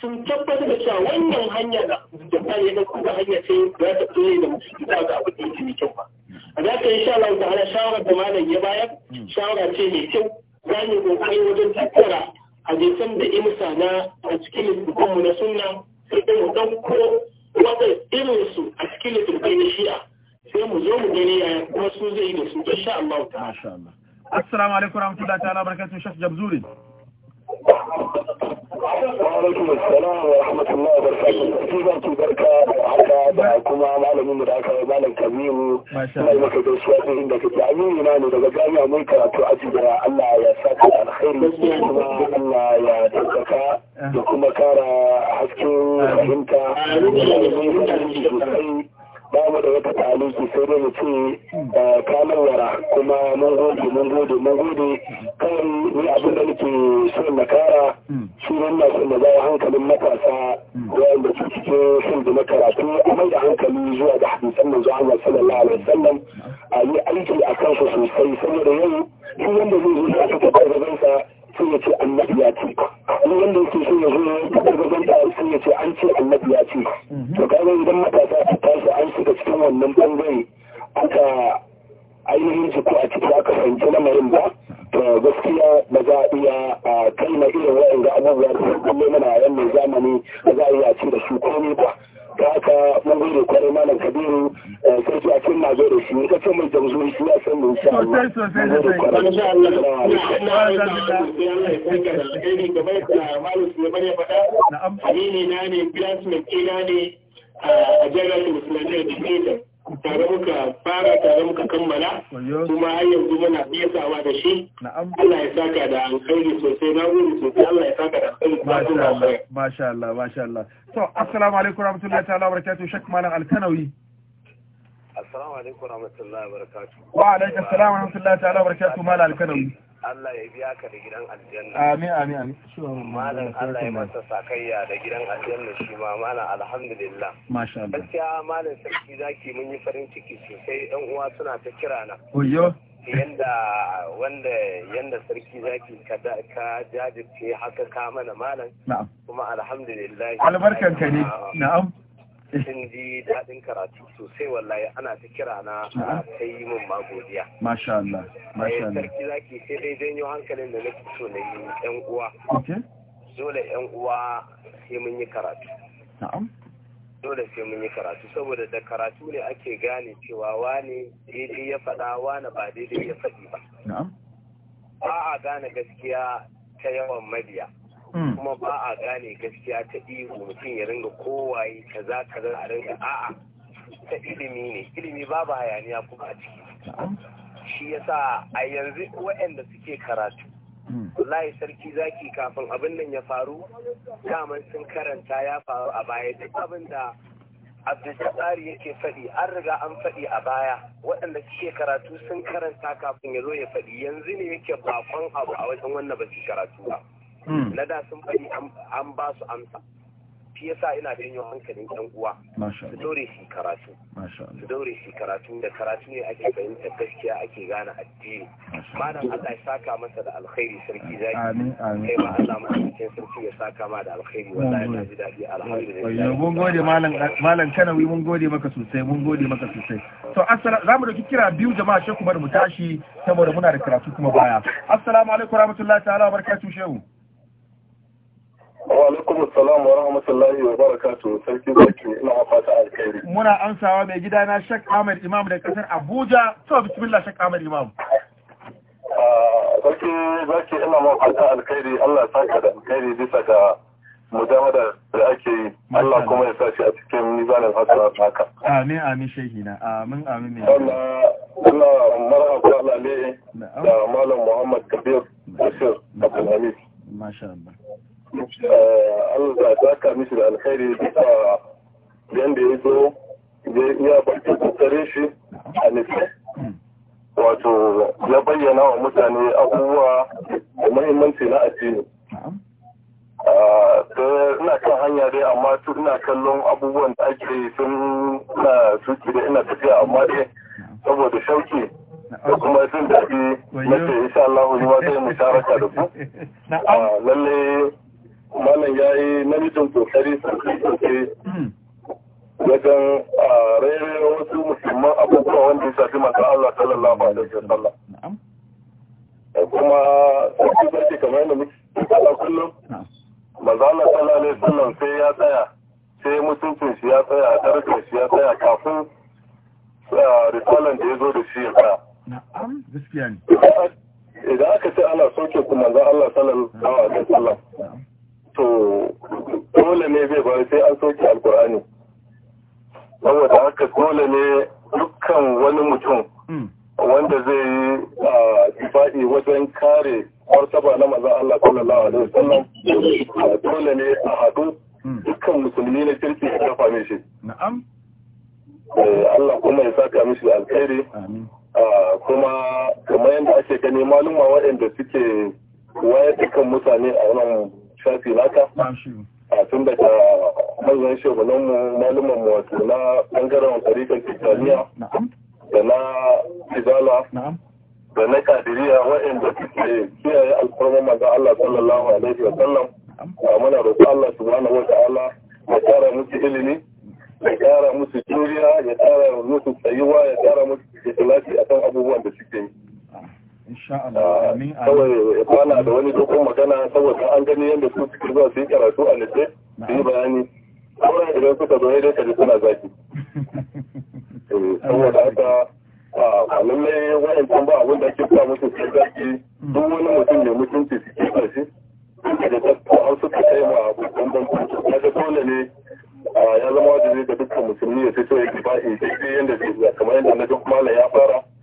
sun tabbatar da cewa wannan hanya da jama'a ya dauko da hanya ce za ta tsoye da mutum da ga abu da yake kyau ba a za ka yi sha Allah ta'ala shawarar da malam ya bayar shawara ce mai kyau za mu kokari wajen tattara hadisan da imsa na a cikin mu na sunna sai mu dauko wata irin su a cikin littattafai na shi'a sai mu zo mu gani yaya kuma su zai yi da su sha Allah ta'ala assalamu alaikum warahmatullahi ta'ala barakatuh shaf jabzuri Wa'alaikun salam wa rahmatullahi wa barakatuhu. Kizan barka da haka da kuma malamin da aka malam Kamilu. Ina gaisuwa ta inda ne daga jami'a mai karatu aji da Allah ya saka alkhairi kuma Allah ya daukaka da kuma kara hasken fahimta. Ina ba mu da wata ta'aliki sai dai mu ce kamar wara kuma mun gode mun gode mun gode kawai ni abin da nake so na kara hmm. shi ne na so na hankalin matasa wanda su cikin shin da karatu a mai da hankali zuwa ga hadisan nan zuwa Allah sallallahu alaihi wasallam a yi aiki a kansu sosai saboda yau shi wanda zai zo ya fita da sai ya ce annabi ya ce in wanda yake so ya zo ya taɓa gaban da sai ya ce an ce annabi ya ce mhm. to kaga idan matasa su tashi an shiga cikin wannan bangare aka ainihin jiko a ciki aka fahimci lamarin ba to gaskiya ba za a iya kai na irin wa'in ga abubuwa da sun kulle mana a wannan zamani ba za a iya ce da su komai ba da haka mabiru kwarai malam kabiru sarki a cin nazo da shi ka ce mai jamzuri shi ya san mu insha Allah sosai sosai Allah na ne ne a jami'ar Islamiyya tare muka fara tare muka kammala kuma har yanzu muna iya sawa da shi Allah ya saka da alkhairi sosai na gudu sosai Allah ya saka da alkhairi masha Allah masha Allah masha Allah to assalamu alaikum rahmatullahi ta'ala barakatuh shak malam alkanawi assalamu alaikum warahmatullahi wabarakatuh wa alaikum assalam rahmatullahi ta'ala barakatuh malam alkanawi Allah ya biya ka da gidan aljanna. Amin amin amin. Malam Allah ya masa sakayya da gidan aljanna shi ma malam alhamdulillah. Masha Allah. Gaskiya malam sarki zaki mun yi farin ciki sosai ɗan uwa suna ta kira na. Oyo. Yanda wanda yanda sarki zaki ka da ka jajirce haka ka mana malam. Na'am. Kuma alhamdulillah. Albarkanka ne. Na'am. sun ji daɗin karatu sosai wallahi ana ta kira na ta yi min ma godiya. Masha Allah. Masha Allah. Eh, sarki zaki sai dai janyo hankalin da na so na yi ƴan uwa. Dole ƴan uwa sai mun yi karatu. Na'am. Dole sai mun yi karatu saboda da karatu ne ake gane cewa wane daidai ya faɗa wane ba daidai ya faɗi ba. Na'am. Ba a gane gaskiya ta yawan mabiya. Mm. kuma ba a gane gaskiya ta ihu mutum ya ringa kowaye kaza kaza a ringa a'a ta ilimi ne ilimi babu hayaniya kuma a ciki shi yasa a yanzu waɗanda suke karatu mm. wallahi sarki zaki kafin abin nan ya faru daman sun karanta ya faru a baya duk abin da abdulsabari yake faɗi an riga an faɗi a baya waɗanda suke karatu sun karanta kafin ya zo ya faɗi yanzu ne yake bakon abu a wajen wannan ba su karatu ba Hmm. na da sun faɗi an ba su amsa shi yasa ina da yin hankalin ɗan uwa su dore shi karatu su dore shi karatu da karatu ne ake fahimta gaskiya ake gane addini malam Allah ya saka masa da alkhairi sarki zaki kai ba Allah ma cikin sarki ya saka ma da alkhairi wallahi na ji dadi alhamdulillah mun gode malam malam Kanawi mun gode maka sosai mun gode maka sosai to assalamu zamu da kira biyu jama'a shehu bar mu tashi saboda muna da karatu kuma baya assalamu alaikum warahmatullahi ta'ala wa shehu Wa alaikum assalam wa rahmatullahi wa barakatu sarki zaki ina fata alkhairi. Muna amsawa mai gida na Sheikh Ahmed Imam da kasar Abuja. To bismillah Sheikh Ahmed Imam. Ah, sarki zaki ina ma fata alkhairi Allah saka da alkhairi bisa ga mujamada da ake yi Allah kuma ya sa a cikin mizanin hasana haka. Amin amin shehi na amin amin ne. Allah marhaba Allah ne da Malam Muhammad Kabir Bashir Abdulhamid. Masha Allah. Eh, Allah zaka ta kami da alkhairi bisa yanda ya zo ya bakin kokarin shi a nufi wato ya bayyana wa mutane abubuwa da muhimmanci na addini ah, ta ina kan hanya dai amma ina kallon abubuwan da ake sun na suke da ina tafiya amma dai saboda shauki da kuma jin daɗi na ce insha Allah yi ma zai musharaka da ku [LAUGHS] malam ya yi namijin kokari sosai wajen a rere wasu musulman abubuwa wanda ya shafi masu Allah sallallahu alaihi wasallam kuma sai da ke kamar yadda muke kala kullum maza Allah sallallahu alaihi sallam sai ya tsaya sai mutuncin shi ya tsaya darajar shi ya tsaya kafin risalan da ya zo da shi ya tsaya idan aka ce ana soke kuma za Allah sallallahu alaihi wasallam to dole ne zai bari sai an soke alkur'ani saboda haka dole ne dukkan wani mutum hmm. wanda zai yi a faɗi wajen kare martaba na maza Allah sallallahu alaihi wasallam dole ne a haɗu hmm. dukkan musulmi na kirki ya kafa mishi na'am eh, Allah kuma ya saka mishi alkhairi kuma kamar yadda ake gani maluma waɗanda suke wayar da mutane a wannan shafi naka a tun daga manyan shugabanmu malumanmu wato na bangaren tsarikan tijjaniya da na tijala da na kadiriya waɗanda suke kiyaye alfarmar manzo Allah sallallahu alaihi wa sallam muna roƙo Allah subhanahu wa ta'ala ya ƙara musu ilimi ya ƙara musu juriya ya ƙara musu tsayuwa ya ƙara musu ikhlasi akan abubuwan da suke yi Ah, kawai kwana da wani dogon magana saboda an gani yadda su suke zuwa su yi karatu a nufe su yi bayani kawai idan suka zo yadda ka suna zaki [LAUGHS] eh, saboda haka ah, a lallai wa'ancan ba abin da ake sa musu su zaki hmm. duk wani mutum ne mutunci su ke ƙarshe suka da tattu har suka kai ma abokan bankunci na ga dole ne ah, ya zama wajibi ga dukkan musulmi ya fito ya gaba in daidai yadda zai kamar yadda na malam ya fara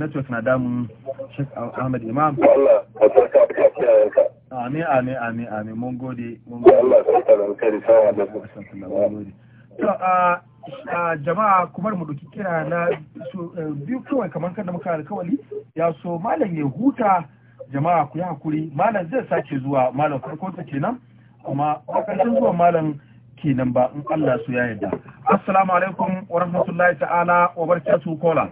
network na damun shek ahmad imam Allah a tsarka da mun gode mun gode da to a jama'a kuma mu duki kira na eh, biyu kawai kamar kada muka alkawali ya so malam ya huta jama'a ku yi hakuri malam zai sake zuwa malam farko ta kenan kuma bakancin zuwa malam kenan ba in Allah su ya yarda assalamu alaikum wa rahmatullahi ta'ala wa barakatuhu kola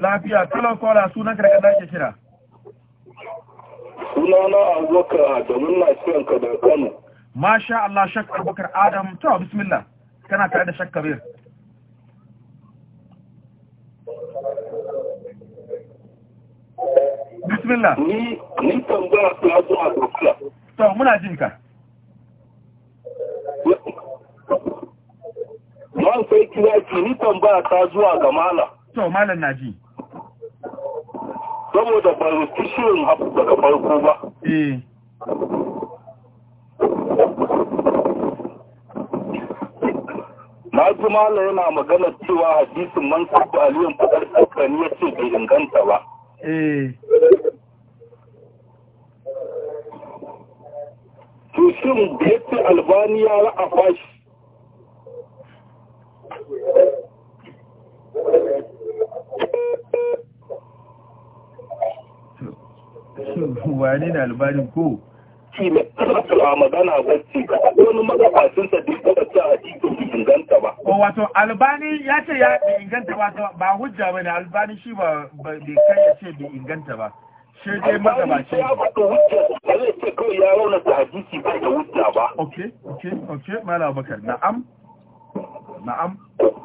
Lafiya, kalan kola sunan ka daga ke kira. Sunana Abubakar Adamu na kiran ka Kano. Masha Allah Shak Abubakar Adam to bismillah. Kana tare da Shak Kabir. Bismillah. Ni ni tambaya ta zuwa dokla. To muna jin ka. man kai kira ki ni tambaya ta zuwa ga malam to malam naji saboda ba rufi shirin haku daga farko ba eh na ji malam yana magana cewa hadisin man sabu aliyan fadar tsakani ya ce bai inganta ba Tushin eh. to da ya ce albani ya ra'afa shi [LAUGHS] wane ne albanin ko shi ne a magana ga wani magabacin sa duk da ta a cikin inganta ba ko wato albani ya ce ya bi inganta ba ba hujja ba ne, albani shi ba bai kai ya ce bai inganta ba shi dai magabacin ya faɗi hujja ba zai ce kawai ya rauna ta hadisi ba da hujja ba Ok, ok, ok, malam bakar na'am na'am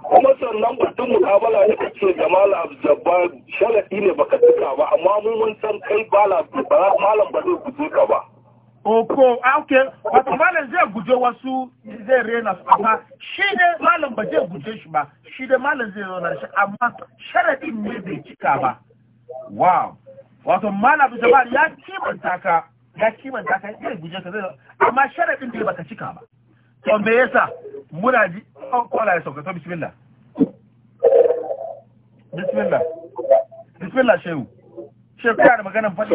kuma sannan batun mukabala da kace da malam jabbar sharadi ne baka tuka ba amma mun mun san kai bala malam ba zai guje ka ba Oko, ah, okay, wato malam zai guje wasu zai rena su amma shi ne malam ba zai guje shi ba, shi da malam zai zauna shi amma sharadin ne bai cika ba. Wow, wato malam Jamal ya kimanta ka, ya kimanta ka zai guje ka zai amma sharadin ne baka cika ba. To me yasa? muna ji an kola ya sauka to bismillah bismillah bismillah shehu shehu kana da maganar fadi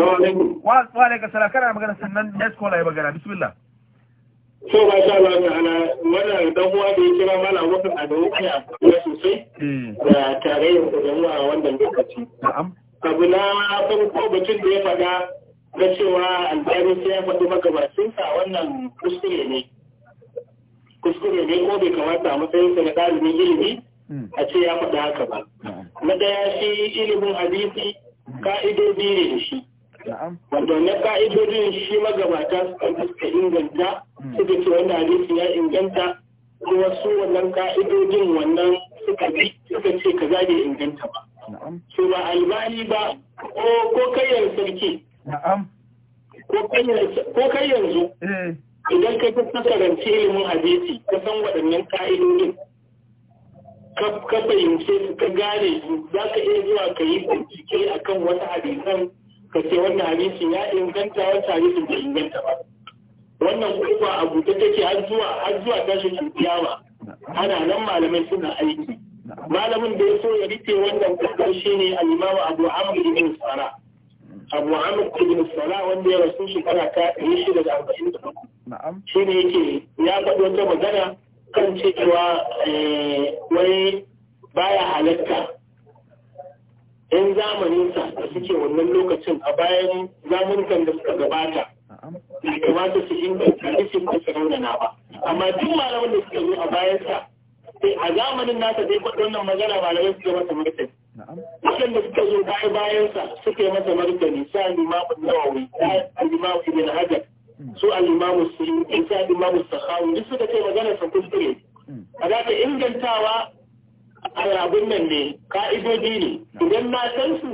wa wa ka sala kana da maganar sannan next kola ya magana bismillah so ba sha Allah ana wannan dan uwa da ya kira mala wasu a da wuce ya sosai eh. da tarayyar da jama'a wannan lokaci na'am abu na farko batun da ya faɗa na cewa albani sai ya faɗi magabacinsa wannan kuskure ne kuskure ne ko bai kamata a matsayinsa na ɗalibin ilimi mm. a ce ya faɗi haka ba. Na ɗaya shi ilimin hadisi ka'idodi ne da shi. Wanda na ne shi magabata suka inganta mm. suka ce wani hadisi ya inganta kuma su wannan ka'idodin wannan suka bi suka ce ka bai inganta ba. Su ba albani ba ko kayyar sarki. Ko kai yanzu. idan ka ka karanci ilimin hadisi ka san waɗannan ka'idodin ka fahimce su ka gane za ka iya zuwa ka yi bincike a kan wata hadisan ka ce wannan hadisin ya inganta wata hadisin bai inganta ba wannan kuma a buɗe take har zuwa har zuwa kiyama ana nan malamai suna aiki malamin da ya so ya rike wannan kasar shine al-imamu Abu Amr ibn Sara abu amurka da sala wanda ya rasu shekara ta yi shi daga arba'in da uku shi ne yake ya faɗi wata magana kan cewa eh, wani baya halatta yan zamaninsa da suke wannan lokacin a bayan zamunukan da suka gabata bai kamata su inganta rikin da saraunana ba amma duk malamin da suka zo a bayansa a zamanin nasa dai faɗi wannan magana malamai suka masa martani Waɗanda suka zo baya bayansa suka yi masa martani sa limamu Nawawi, sa limamu Ibn Hajar, hmm. su al-imamu Suyuti, sa limamu Sakhawi, duk suka ce magana sa kuskure. Hmm. A za ta ingantawa a rabun nan ne, ka'idodi ne, idan na san su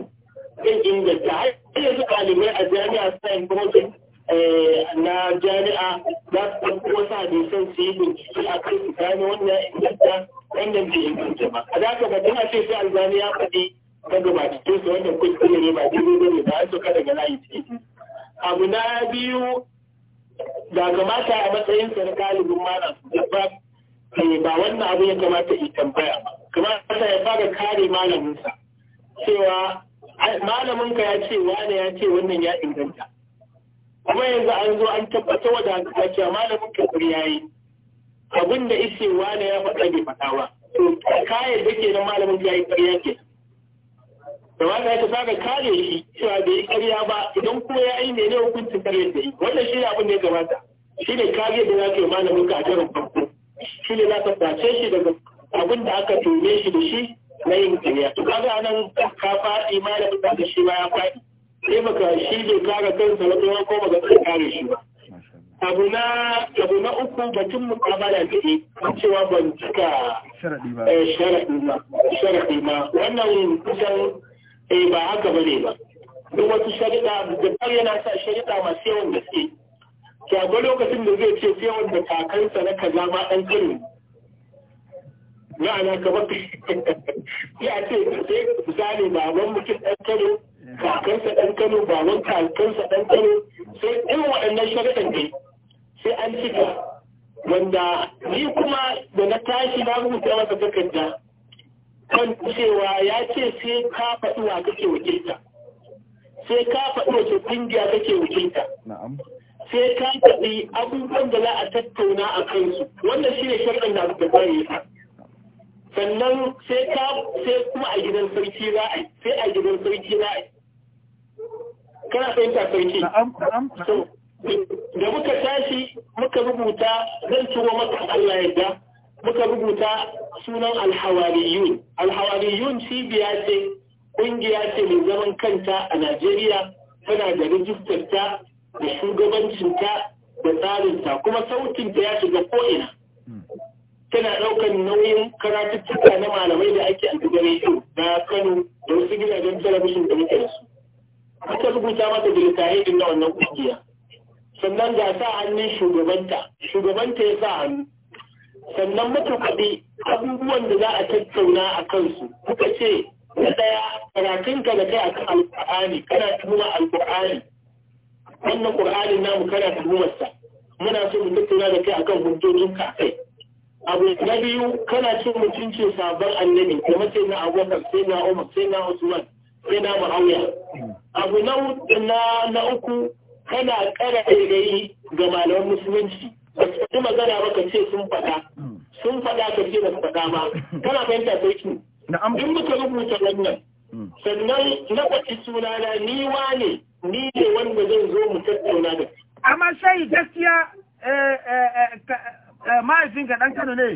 zan inganta har yanzu ɗalibai a jami'a sa information Eh, na jami'a za su ɗauko wasu hadisan su yi bincike a kai su gane wannan inganta wannan bai inganta ba a za ka batun a ce sai alzani ya faɗi magabatatun su wannan kuskure ne ba daidai ba ne ba a soka daga layi ciki abu na biyu da kamata a matsayin sa na galibin mana su ba eh, ba wannan abu ya kamata ya tambaya ba kamata ya fara kare malaminsa cewa malamin ka ya ce wane ya ce wannan ya inganta kuma yanzu an zo an tabbatar da hankali cewa malamin kabir ya yi abin da ishe wane ya faɗa bai faɗa ba yi da ke nan malamin ya yi ƙarya ke da wanda ya saka kare shi cewa bai yi ƙarya ba idan kuma ya yi mene hukuncin ƙarya da yi wannan shi ne abin da ya gabata shi ne kariya da za ka yi malamin ka a jarin farko shi ne za ka sace shi daga abin da aka tume shi da shi na yin ƙarya to kaga anan ka faɗi malamin da shi ma ya faɗi sai baka shi bai kara kansa ba kuma ko baka sai kare shi ba abu na abu na uku batun da ne cewa ban cika sharaɗi ba eh, sharadi ma wannan kusan eh ba haka bane ba duk wata sharaɗa da yana sa sharaɗa masu yawan da ke akwai lokacin da zai ce sai wanda kakansa na kaza ma dan irin ma'ana kamar ya [LAUGHS] ce sai misali baban mutum dan kano kakansa ɗan kano wanka kakansa ɗan kano sai ɗan waɗannan sharaɗin dai sai an cika wanda ni kuma da na tashi na rubuta masa takarda kan cewa ya ce sai ka faɗi wa kake wakilta sai ka faɗi wa ƙungiya kake wakilta sai ka faɗi abubuwan da za a tattauna a kansu wannan shi ne sharɗin da abu da yi sannan sai kuma a gidan sarki za a sai a gidan sarki za a kana fahimta sarki da muka tashi muka rubuta zan ciro maka Allah yadda muka rubuta sunan alhawariyun alhawariyun cibiya ce ƙungiya ce mai zaman kanta a Najeriya tana da rijistarta da shugabancinta da tsarinta kuma sautinta ya shiga ko'ina hmm. tana ɗaukar nauyin karatuttuka na malamai da ake a gidan na Kano da wasu gidajen talabijin da muke da su aka rubuta mata birkaye din na wannan kungiya sannan ga sa hannun shugabanta shugabanta ya sa hannu sannan mutu faɗi abubuwan da za a tattauna a kansu kuka ce na ɗaya karatunka da kai akan alƙur'ani kana tuhuma alƙur'ani wannan ƙur'ani namu kana tuhumarsa muna so mu tattauna da kai akan hujjojin a kai abu na biyu kana cin mutunci sabon annabi kuma sai na abubakar sai na umar sai na usman sai na muawiya abu na uku kana kara yanayi ga malaman musulunci ba su magana ba ka ce sun faɗa sun faɗa ka ce da faɗa ba kana fahimta sai ki in muka rubuta wannan hmm. sannan na kwaci sunana ni wa ne ni ne wanda zan zo mu tattauna da amma sai gaskiya mahaifin eh, eh, eh, ka ɗan kano ne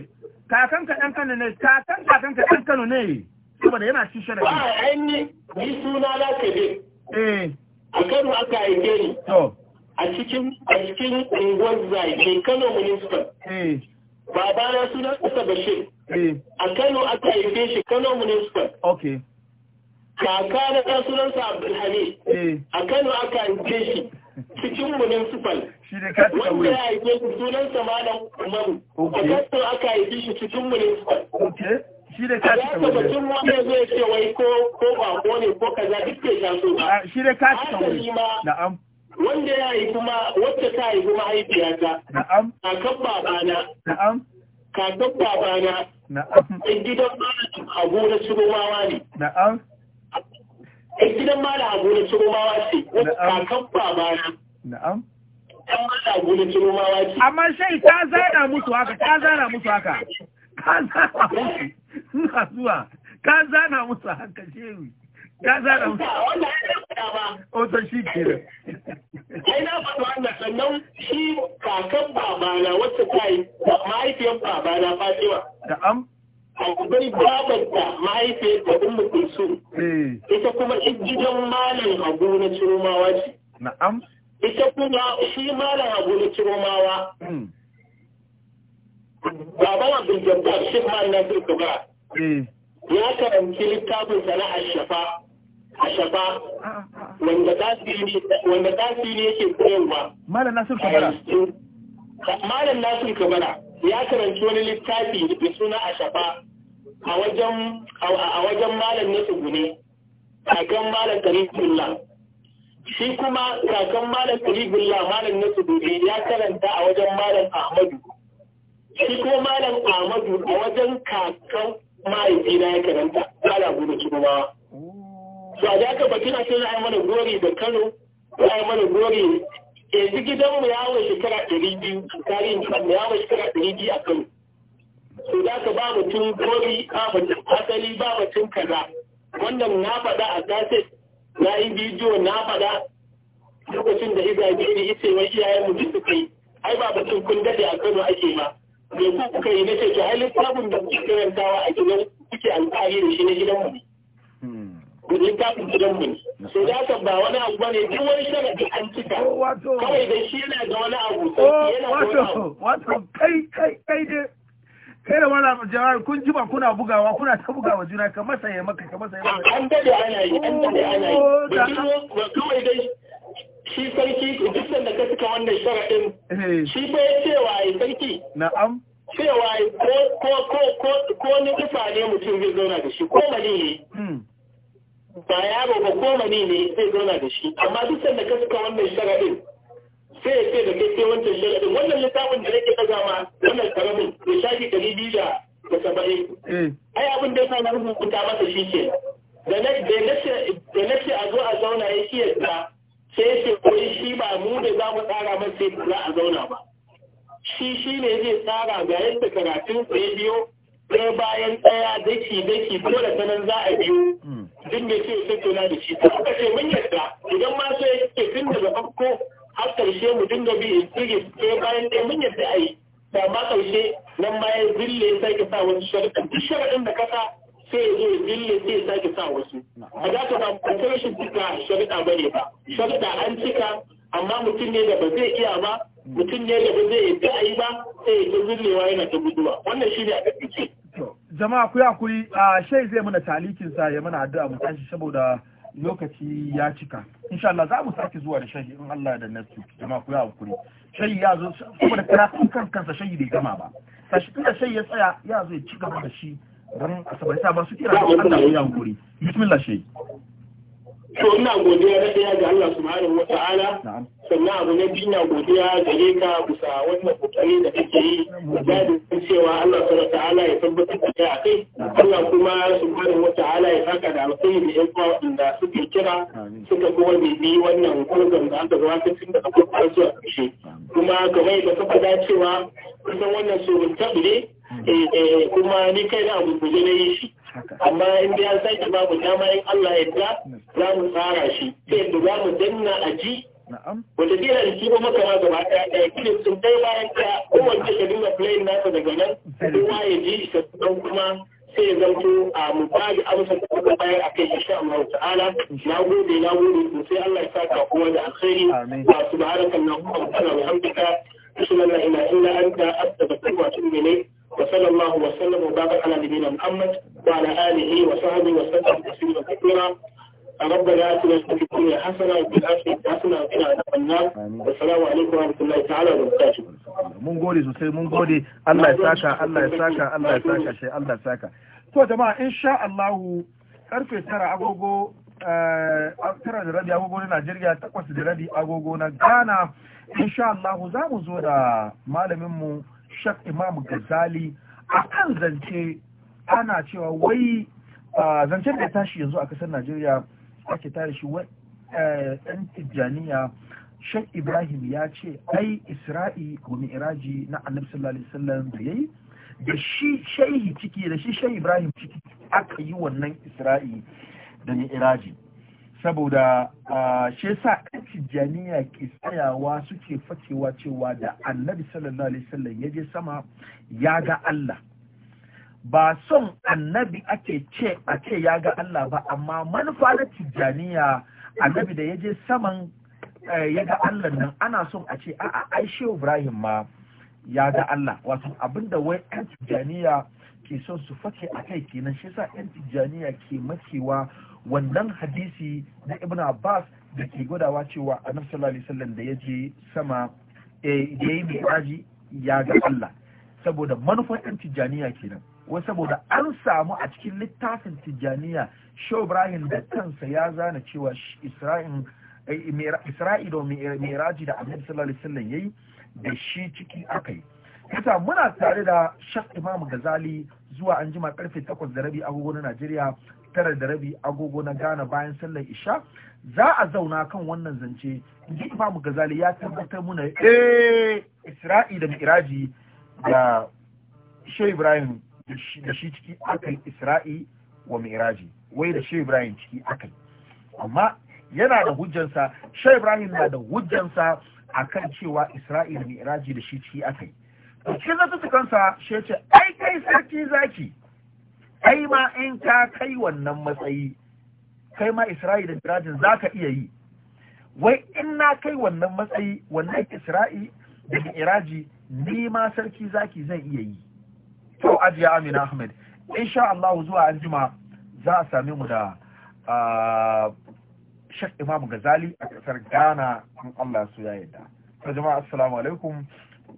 kakan ka ɗan kano ne kakan kakan ka ɗan kano ne saboda yana shi shara ba ai ni ni suna na ke Eh. a kano aka haife ni a cikin a cikin unguwar zai kano municipal eh. babana kusa ba bashir eh. a kano aka haife shi kano municipal kaka na sunansa abdulhamid a kano aka haife shi cikin municipal wanda ya haife shi sunansa malam umaru a kano aka haife shi cikin municipal shi da kashi kan wuri mutum wanda zai ce wai ko ko ne ko kaza duk ba shi kan wuri na'am wanda ya yi kuma wacce ta yi kuma ta. na'am kakan babana na'am kakan babana na'am gidan malam abu na shigomawa ne na'am gidan malam abu na shigomawa ce kakan babana na'am Amma shai ta zana musu haka, ta zana musu haka. zana musu. suna zuwa ka zana musu haka shehu ka zana musu wanda ya faɗa ba oto shi kira ai na faɗa wannan sannan shi kakan babana wacce ta yi mahaifiyar babana fatima na'am akwai babanta mahaifiyar ta ummu su. Eh. ita kuma in gidan malam hagu na ciromawa ce am ita kuma shi malam hagu na ciromawa hmm. baban abin Ba, shi ma na ba eh. ya karanci littafin sana'ar shafa a shafa ah, wanda tasiri yake koyarwa malam nasir kabara malam nasir kabara ya karanci wani littafi da suna a shafa a wajen a wajen malam na tsugune kakan malam karibullah shi kuma kakan malam karibullah malam na tsugune ya karanta a wajen malam ahmadu shi ko malam Ahmadu a wajen kakan mahaifina ya karanta ana gudu kuma to a daga baki na za a mana gori da Kano za a mana gori yanzu gidanmu ya hawa shekara ɗari biyu tarihin kan mu hawa shekara ɗari biyu a Kano to da ka ba mutum gori ba mutum asali ba mutum kaza wannan na faɗa a kaset na yi bidiyo na faɗa lokacin da izabi ne ita wani iyayen mu duk su kai ai ba batun kun dade a Kano ake ba me ku kuka yi na ce to ai littafin da kuke karantawa a gidan kuke alfahari da shi na gidanmu ne hmm. littafin gidanmu ne sai da haka ba wani abu bane duk wani sharadi an cika oh, kawai da shi yana da wani abu oh, sai yana da wani abu wato kai kai kai dai kai da wani jawar kun ji ba kuna bugawa kuna ta bugawa juna ka masa ya maka ka masa ya maka an dade ana yi an dade ana yi oh, ba kawai dai shi sarki duk da ka cika wannan sharaɗin eh. shi fa ya cewa ya sarki na'am cewa ko ko ko ko ko ni kufa ne mutum zai zauna da shi ko mani ne hmm. ba ya ba ko mani ne zai zauna da shi amma duk da ka cika wannan sharaɗin sai ya ce da kai sai wancan sharaɗin wannan littafin da nake ɗaga ma wannan karamin ya shafi ɗari biyu da saba'in eh. ai abin da ya sa na rubuta masa shi ke da na ce a zo a zauna ya shi sai ce wai shi ba mu da za mu tsara sai yadda za a zauna ba shi shi ne zai tsara ga yadda karatun ya biyo ɗaya bayan ɗaya daki daki ko da sanin za a biyo hmm. duk da ce tattauna da shi suka ce mun yadda idan ma so yake tun daga farko har karshe mu dinga bi tsige ɗaya bayan ɗaya mun yadda a yi da ma karshe nan ma ya zille sai ka sa wani sharaɗin duk sharaɗin da kasa sai zai bille sai sake sa wasu a za ka samu kwanciyar shi cika sharaɗa ba ne ba sharaɗa an cika amma mutum ne da ba zai iya ba mutum ne da ba zai yadda a ba sai ya ta zullewa yana ta guduwa wannan shi ne a ƙarfice. jama'a ku hakuri a shai zai mana talikin sa ya mana addu'a mu tashi saboda lokaci ya cika insha Allah za mu sake zuwa da shayi in Allah da nasu jama'a ku hakuri shayi ya zo saboda kan kansa shayi bai gama ba sashi tunda shayi ya tsaya ya zo ya ci gaba da shi ran asabar sa ba su kira don Allah ya hankuri bismillah shi to ina godiya da daya ga Allah subhanahu wa ta'ala sannan abu na biyu na godiya gare ka bisa wannan kokari da kake yi da cewa Allah subhanahu wa ta'ala ya tabbatar da kai akai Allah kuma subhanahu wa ta'ala ya saka da alkhairi da yan uwa da suke kira suka ga wani bi wannan kurgan da aka gabatar tun daga farko zuwa ƙarshe kuma kamar yadda ka faɗa cewa kusan wannan surun tabi ne Eh, eh, kuma ni kai na abu guje na yi shi amma in ya sake babu dama in Allah ya da za mu tsara shi ta yadda za mu danna a ji wata biyar da kiwo maka ma gaba ɗaya ɗaya kilif sun kai bayan ka kowace ka dinga na nasa daga nan kuma ya ji shi kuma sai ya zanto a mu ba da amsa ko ka bayar a kai insha Allah ta'ala na gode na gode sai Allah ya saka kowa da alkhairi wa subhanaka allahumma wa bihamdika سبحانه إلا إلا أنت أستبتك وأتوب إليك وصلى الله وسلم وبارك على نبينا محمد وعلى آله وصحبه وسلم تسليما كثيرا ربنا آتنا في الدنيا حسنة وفي الآخرة حسنة وقنا عذاب النار والسلام عليكم ورحمة الله تعالى وبركاته mun gode sosai mun gode Allah ya saka Allah ya saka Allah ya saka sai Allah ya saka to jama'a insha Allah karfe tara agogo tara da rabi agogo na Najeriya takwas da rabi agogo na Ghana insha Allah za mu zo da malaminmu Sheikh Imam Ghazali a kan zance ana cewa wai zancen da ya tashi yanzu a kasar Najeriya ake tare shi ɗan Tijjaniya Sheikh Ibrahim ya ce ai Isra'i ko Mi'raji na Annabi sallallahu alaihi wasallam da yayi da shi shehi ciki da shi Sheikh Ibrahim ciki aka yi wannan Isra'i da Mi'raji saboda shi yasa ɗan tijjaniya ke tsayawa suke fakewa cewa da annabi sallallahu alaihi wasallam ya je sama ya ga Allah ba son annabi ake ce a ce ya ga Allah ba amma manufa na tijjaniya annabi da ya je saman ya ga Allah nan ana son a ce a'a ai Ibrahim ma ya ga Allah wato abinda wai ɗan tijjaniya ke son su fake a kai kenan shi yasa ɗan tijjaniya ke makewa wannan hadisi na ibn abbas da ke gwadawa cewa annabi sallallahu alaihi wasallam da ya je sama eh, da ya yi mi'raji ya ga Allah saboda manufar tijjaniya kenan wai saboda an samu a cikin littafin tijjaniya shaw Ibrahim da kansa ya zana cewa Isra'in Isra'ilo eh, Miraji da Annabi sallallahu alaihi wasallam yayi da shi ciki aka yi. Kusa muna tare da Sheikh Imam Ghazali zuwa anjima karfe 8 da rabi agogo na Najeriya tara da rabi agogo na Ghana bayan sallar Isha za a zauna kan wannan zance ba mu gazali ya tabbatar muna eh Isra'i da Mi'raji da Shehu Ibrahim da shi ciki akai Isra'i wa Mi'raji wai da Shehu Ibrahim ciki akai amma yana da hujjansa Shehu Ibrahim na da hujjansa akan cewa Isra'i da Mi'raji da shi ciki akai cikin zata kansa shi ce ai kai sarki zaki kai ma in ka kai wannan matsayi kai ma isra'i da jirajin za ka iya yi wai in na kai wannan matsayi wannan isra'i da miraji ni ma sarki zaki zan iya yi to ajiya amina ahmed insha Allah zuwa anjima za a sami mu da Sheikh Imam zali a ƙasar Ghana in Allah su ya yarda. Ta jama'a assalamu alaikum